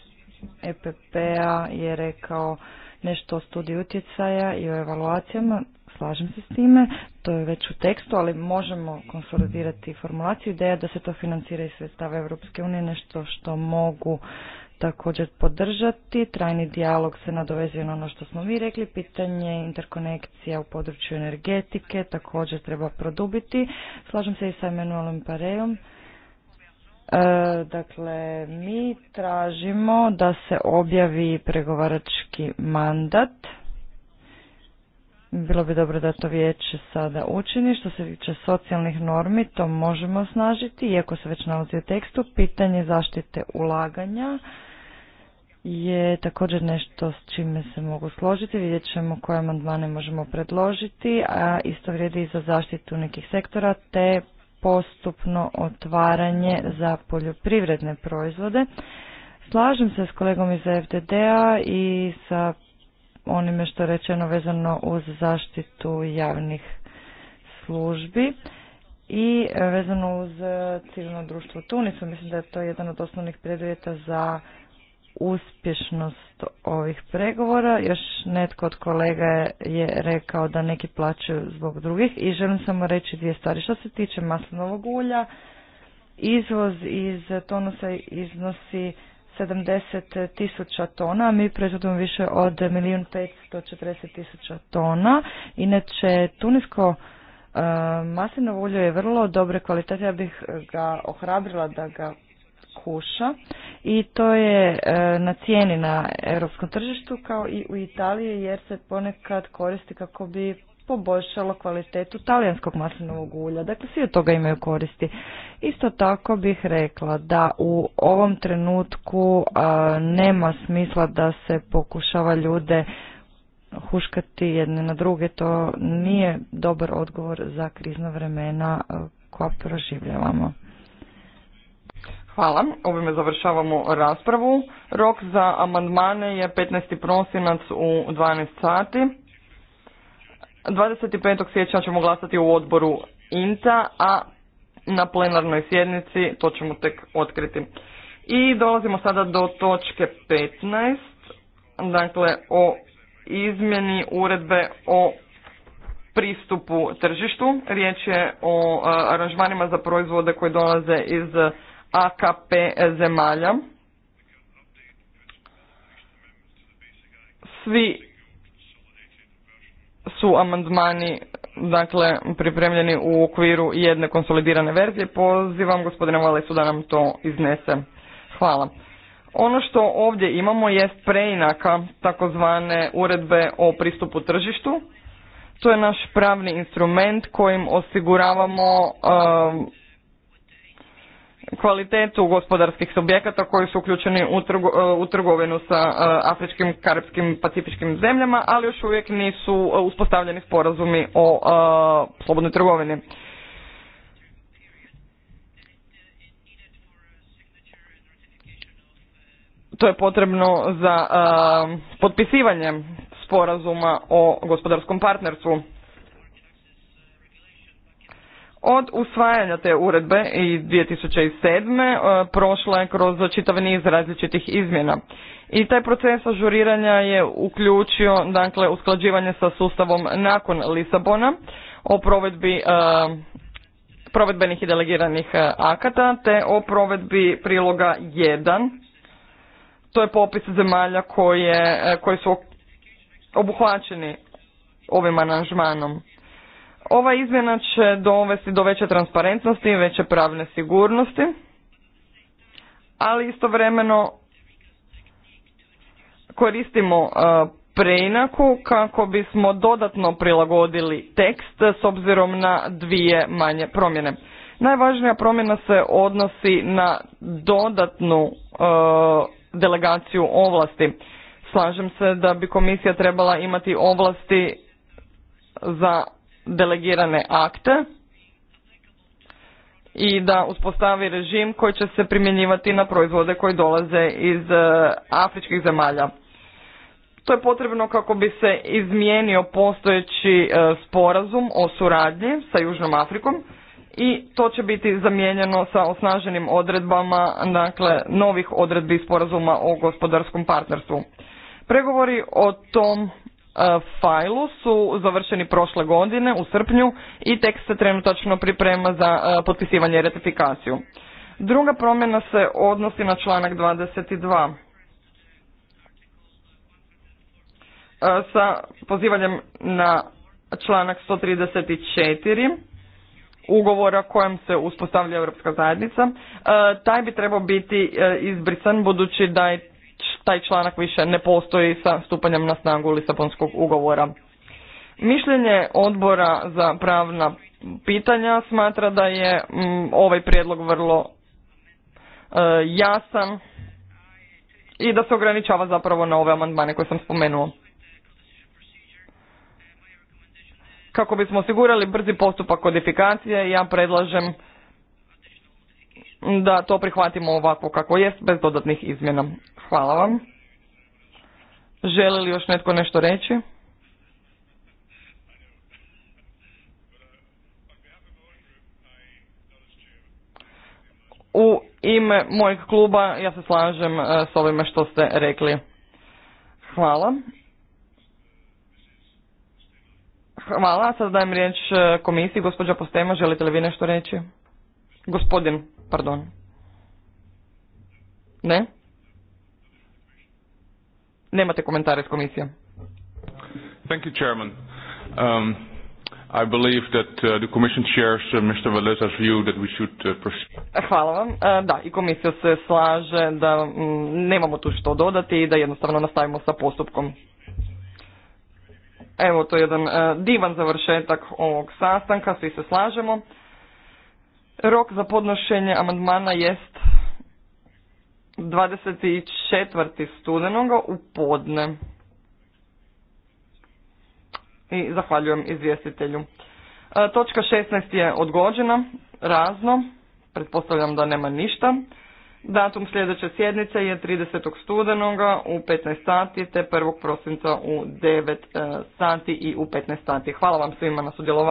EPP-a je rekao nešto o studiju utjecaja i o evaluacijama, slažem se s time, to je već u tekstu, ali možemo konsolidirati formulaciju. Ideja da se to financira iz sredstava Europske unije, nešto što mogu također podržati. Trajni dijalog se nadovezuje na ono što smo vi rekli. Pitanje interkonekcija u području energetike također treba produbiti. Slažem se i sa Emanuelom Parejom E, dakle, mi tražimo da se objavi pregovarački mandat. Bilo bi dobro da to vijeće sada učini. Što se tiče socijalnih normi, to možemo snažiti. iako se već nalazi u tekstu. Pitanje zaštite ulaganja je također nešto s čime se mogu složiti. Vidjet ćemo koje amandmane možemo predložiti, a isto vrijedi i za zaštitu nekih sektora, te postupno otvaranje za poljoprivredne proizvode. Slažem se s kolegom iz FDD-a i sa onime što je rečeno vezano uz zaštitu javnih službi i vezano uz civilno društvo Tunisu. Mislim da je to jedan od osnovnih preduvjeta za uspješnost ovih pregovora. Još netko od kolega je rekao da neki plaćaju zbog drugih i želim samo reći dvije stvari. Što se tiče maslinovog ulja, izvoz iz tonusa iznosi 70 tisuća tona, a mi proizvodimo više od 1.540.000 tisuća tona. Inače, tunisko e, maslinovo ulje je vrlo dobre kvalitete, ja bih ga ohrabrila da ga kuša i to je e, na cijeni na europskom tržištu kao i u Italiji jer se ponekad koristi kako bi poboljšalo kvalitetu talijanskog maslinovog ulja. Dakle, svi od toga imaju koristi. Isto tako bih rekla da u ovom trenutku e, nema smisla da se pokušava ljude huškati jedne na druge. To nije dobar odgovor za krizna vremena e, koja proživljavamo.
Hvala. Ovime završavamo raspravu. Rok za amandmane je 15. prosinac u 12 sati. 25. siječnja ćemo glasati u odboru INTA, a na plenarnoj sjednici to ćemo tek otkriti. I dolazimo sada do točke 15, dakle o izmjeni uredbe o pristupu tržištu. Riječ je o e, aranžmanima za proizvode koji dolaze iz AKP zemalja. Svi su amandmani dakle pripremljeni u okviru jedne konsolidirane verzije. Pozivam gospodina Valesu da nam to iznese. Hvala. Ono što ovdje imamo jest preinaka takozvane uredbe o pristupu tržištu. To je naš pravni instrument kojim osiguravamo um, kvalitetu gospodarskih subjekata koji su uključeni u, trgo, e, u trgovinu sa e, afričkim, karipskim, pacifičkim zemljama, ali još uvijek nisu e, uspostavljeni sporazumi o slobodnoj trgovini. To je potrebno za a, potpisivanje sporazuma o gospodarskom partnerstvu. Od usvajanja te uredbe iz 2007. E, prošla je kroz čitav niz različitih izmjena. I taj proces ažuriranja je uključio dakle, usklađivanje sa sustavom nakon Lisabona o provedbi e, provedbenih i delegiranih e, akata te o provedbi priloga 1. To je popis zemalja koje, koje su obuhvaćeni ovim aranžmanom. Ova izmjena će dovesti do veće transparentnosti i veće pravne sigurnosti, ali istovremeno koristimo e, preinaku kako bismo dodatno prilagodili tekst s obzirom na dvije manje promjene. Najvažnija promjena se odnosi na dodatnu e, delegaciju ovlasti. Slažem se da bi komisija trebala imati ovlasti za delegirane akte i da uspostavi režim koji će se primjenjivati na proizvode koji dolaze iz e, afričkih zemalja. To je potrebno kako bi se izmijenio postojeći e, sporazum o suradnji sa Južnom Afrikom i to će biti zamijenjeno sa osnaženim odredbama dakle, novih odredbi sporazuma o gospodarskom partnerstvu. Pregovori o tom E, fajlu su završeni prošle godine u srpnju i tekst se trenutačno priprema za e, potpisivanje i ratifikaciju. Druga promjena se odnosi na članak 22. E, sa pozivanjem na članak 134 ugovora kojem se uspostavlja Europska zajednica. Taj bi trebao biti izbrisan budući da je taj članak više ne postoji sa stupanjem na snagu Lisabonskog ugovora. Mišljenje odbora za pravna pitanja smatra da je mm, ovaj prijedlog vrlo e, jasan i da se ograničava zapravo na ove amandmane koje sam spomenuo. Kako bismo osigurali brzi postupak kodifikacije, ja predlažem da to prihvatimo ovako kako jest, bez dodatnih izmjena. Hvala vam. Želi li još netko nešto reći? U ime mojeg kluba ja se slažem e, s ovime što ste rekli. Hvala. Hvala, sad dajem riječ e, komisiji. Gospođa Postema, želite li vi nešto reći? Gospodin, pardon. Ne? Nemate komentare s komisijom.
Thank you, Chairman. Um, I believe that uh, the Commission shares uh, Mr. view that we should uh, proceed.
Hvala vam. Uh, da, i komisija se slaže da mm, nemamo tu što dodati i da jednostavno nastavimo sa postupkom. Evo, to je jedan uh, divan završetak ovog sastanka, svi se slažemo. Rok za podnošenje amandmana jest 24. studenoga u podne. I zahvaljujem izvjestitelju. E, točka 16 je odgođena, razno, pretpostavljam da nema ništa. Datum sljedeće sjednice je 30. studenoga u 15 sati te 1. prosinca u 9 e, sati i u 15 sati. Hvala vam svima
na sudjelovanju.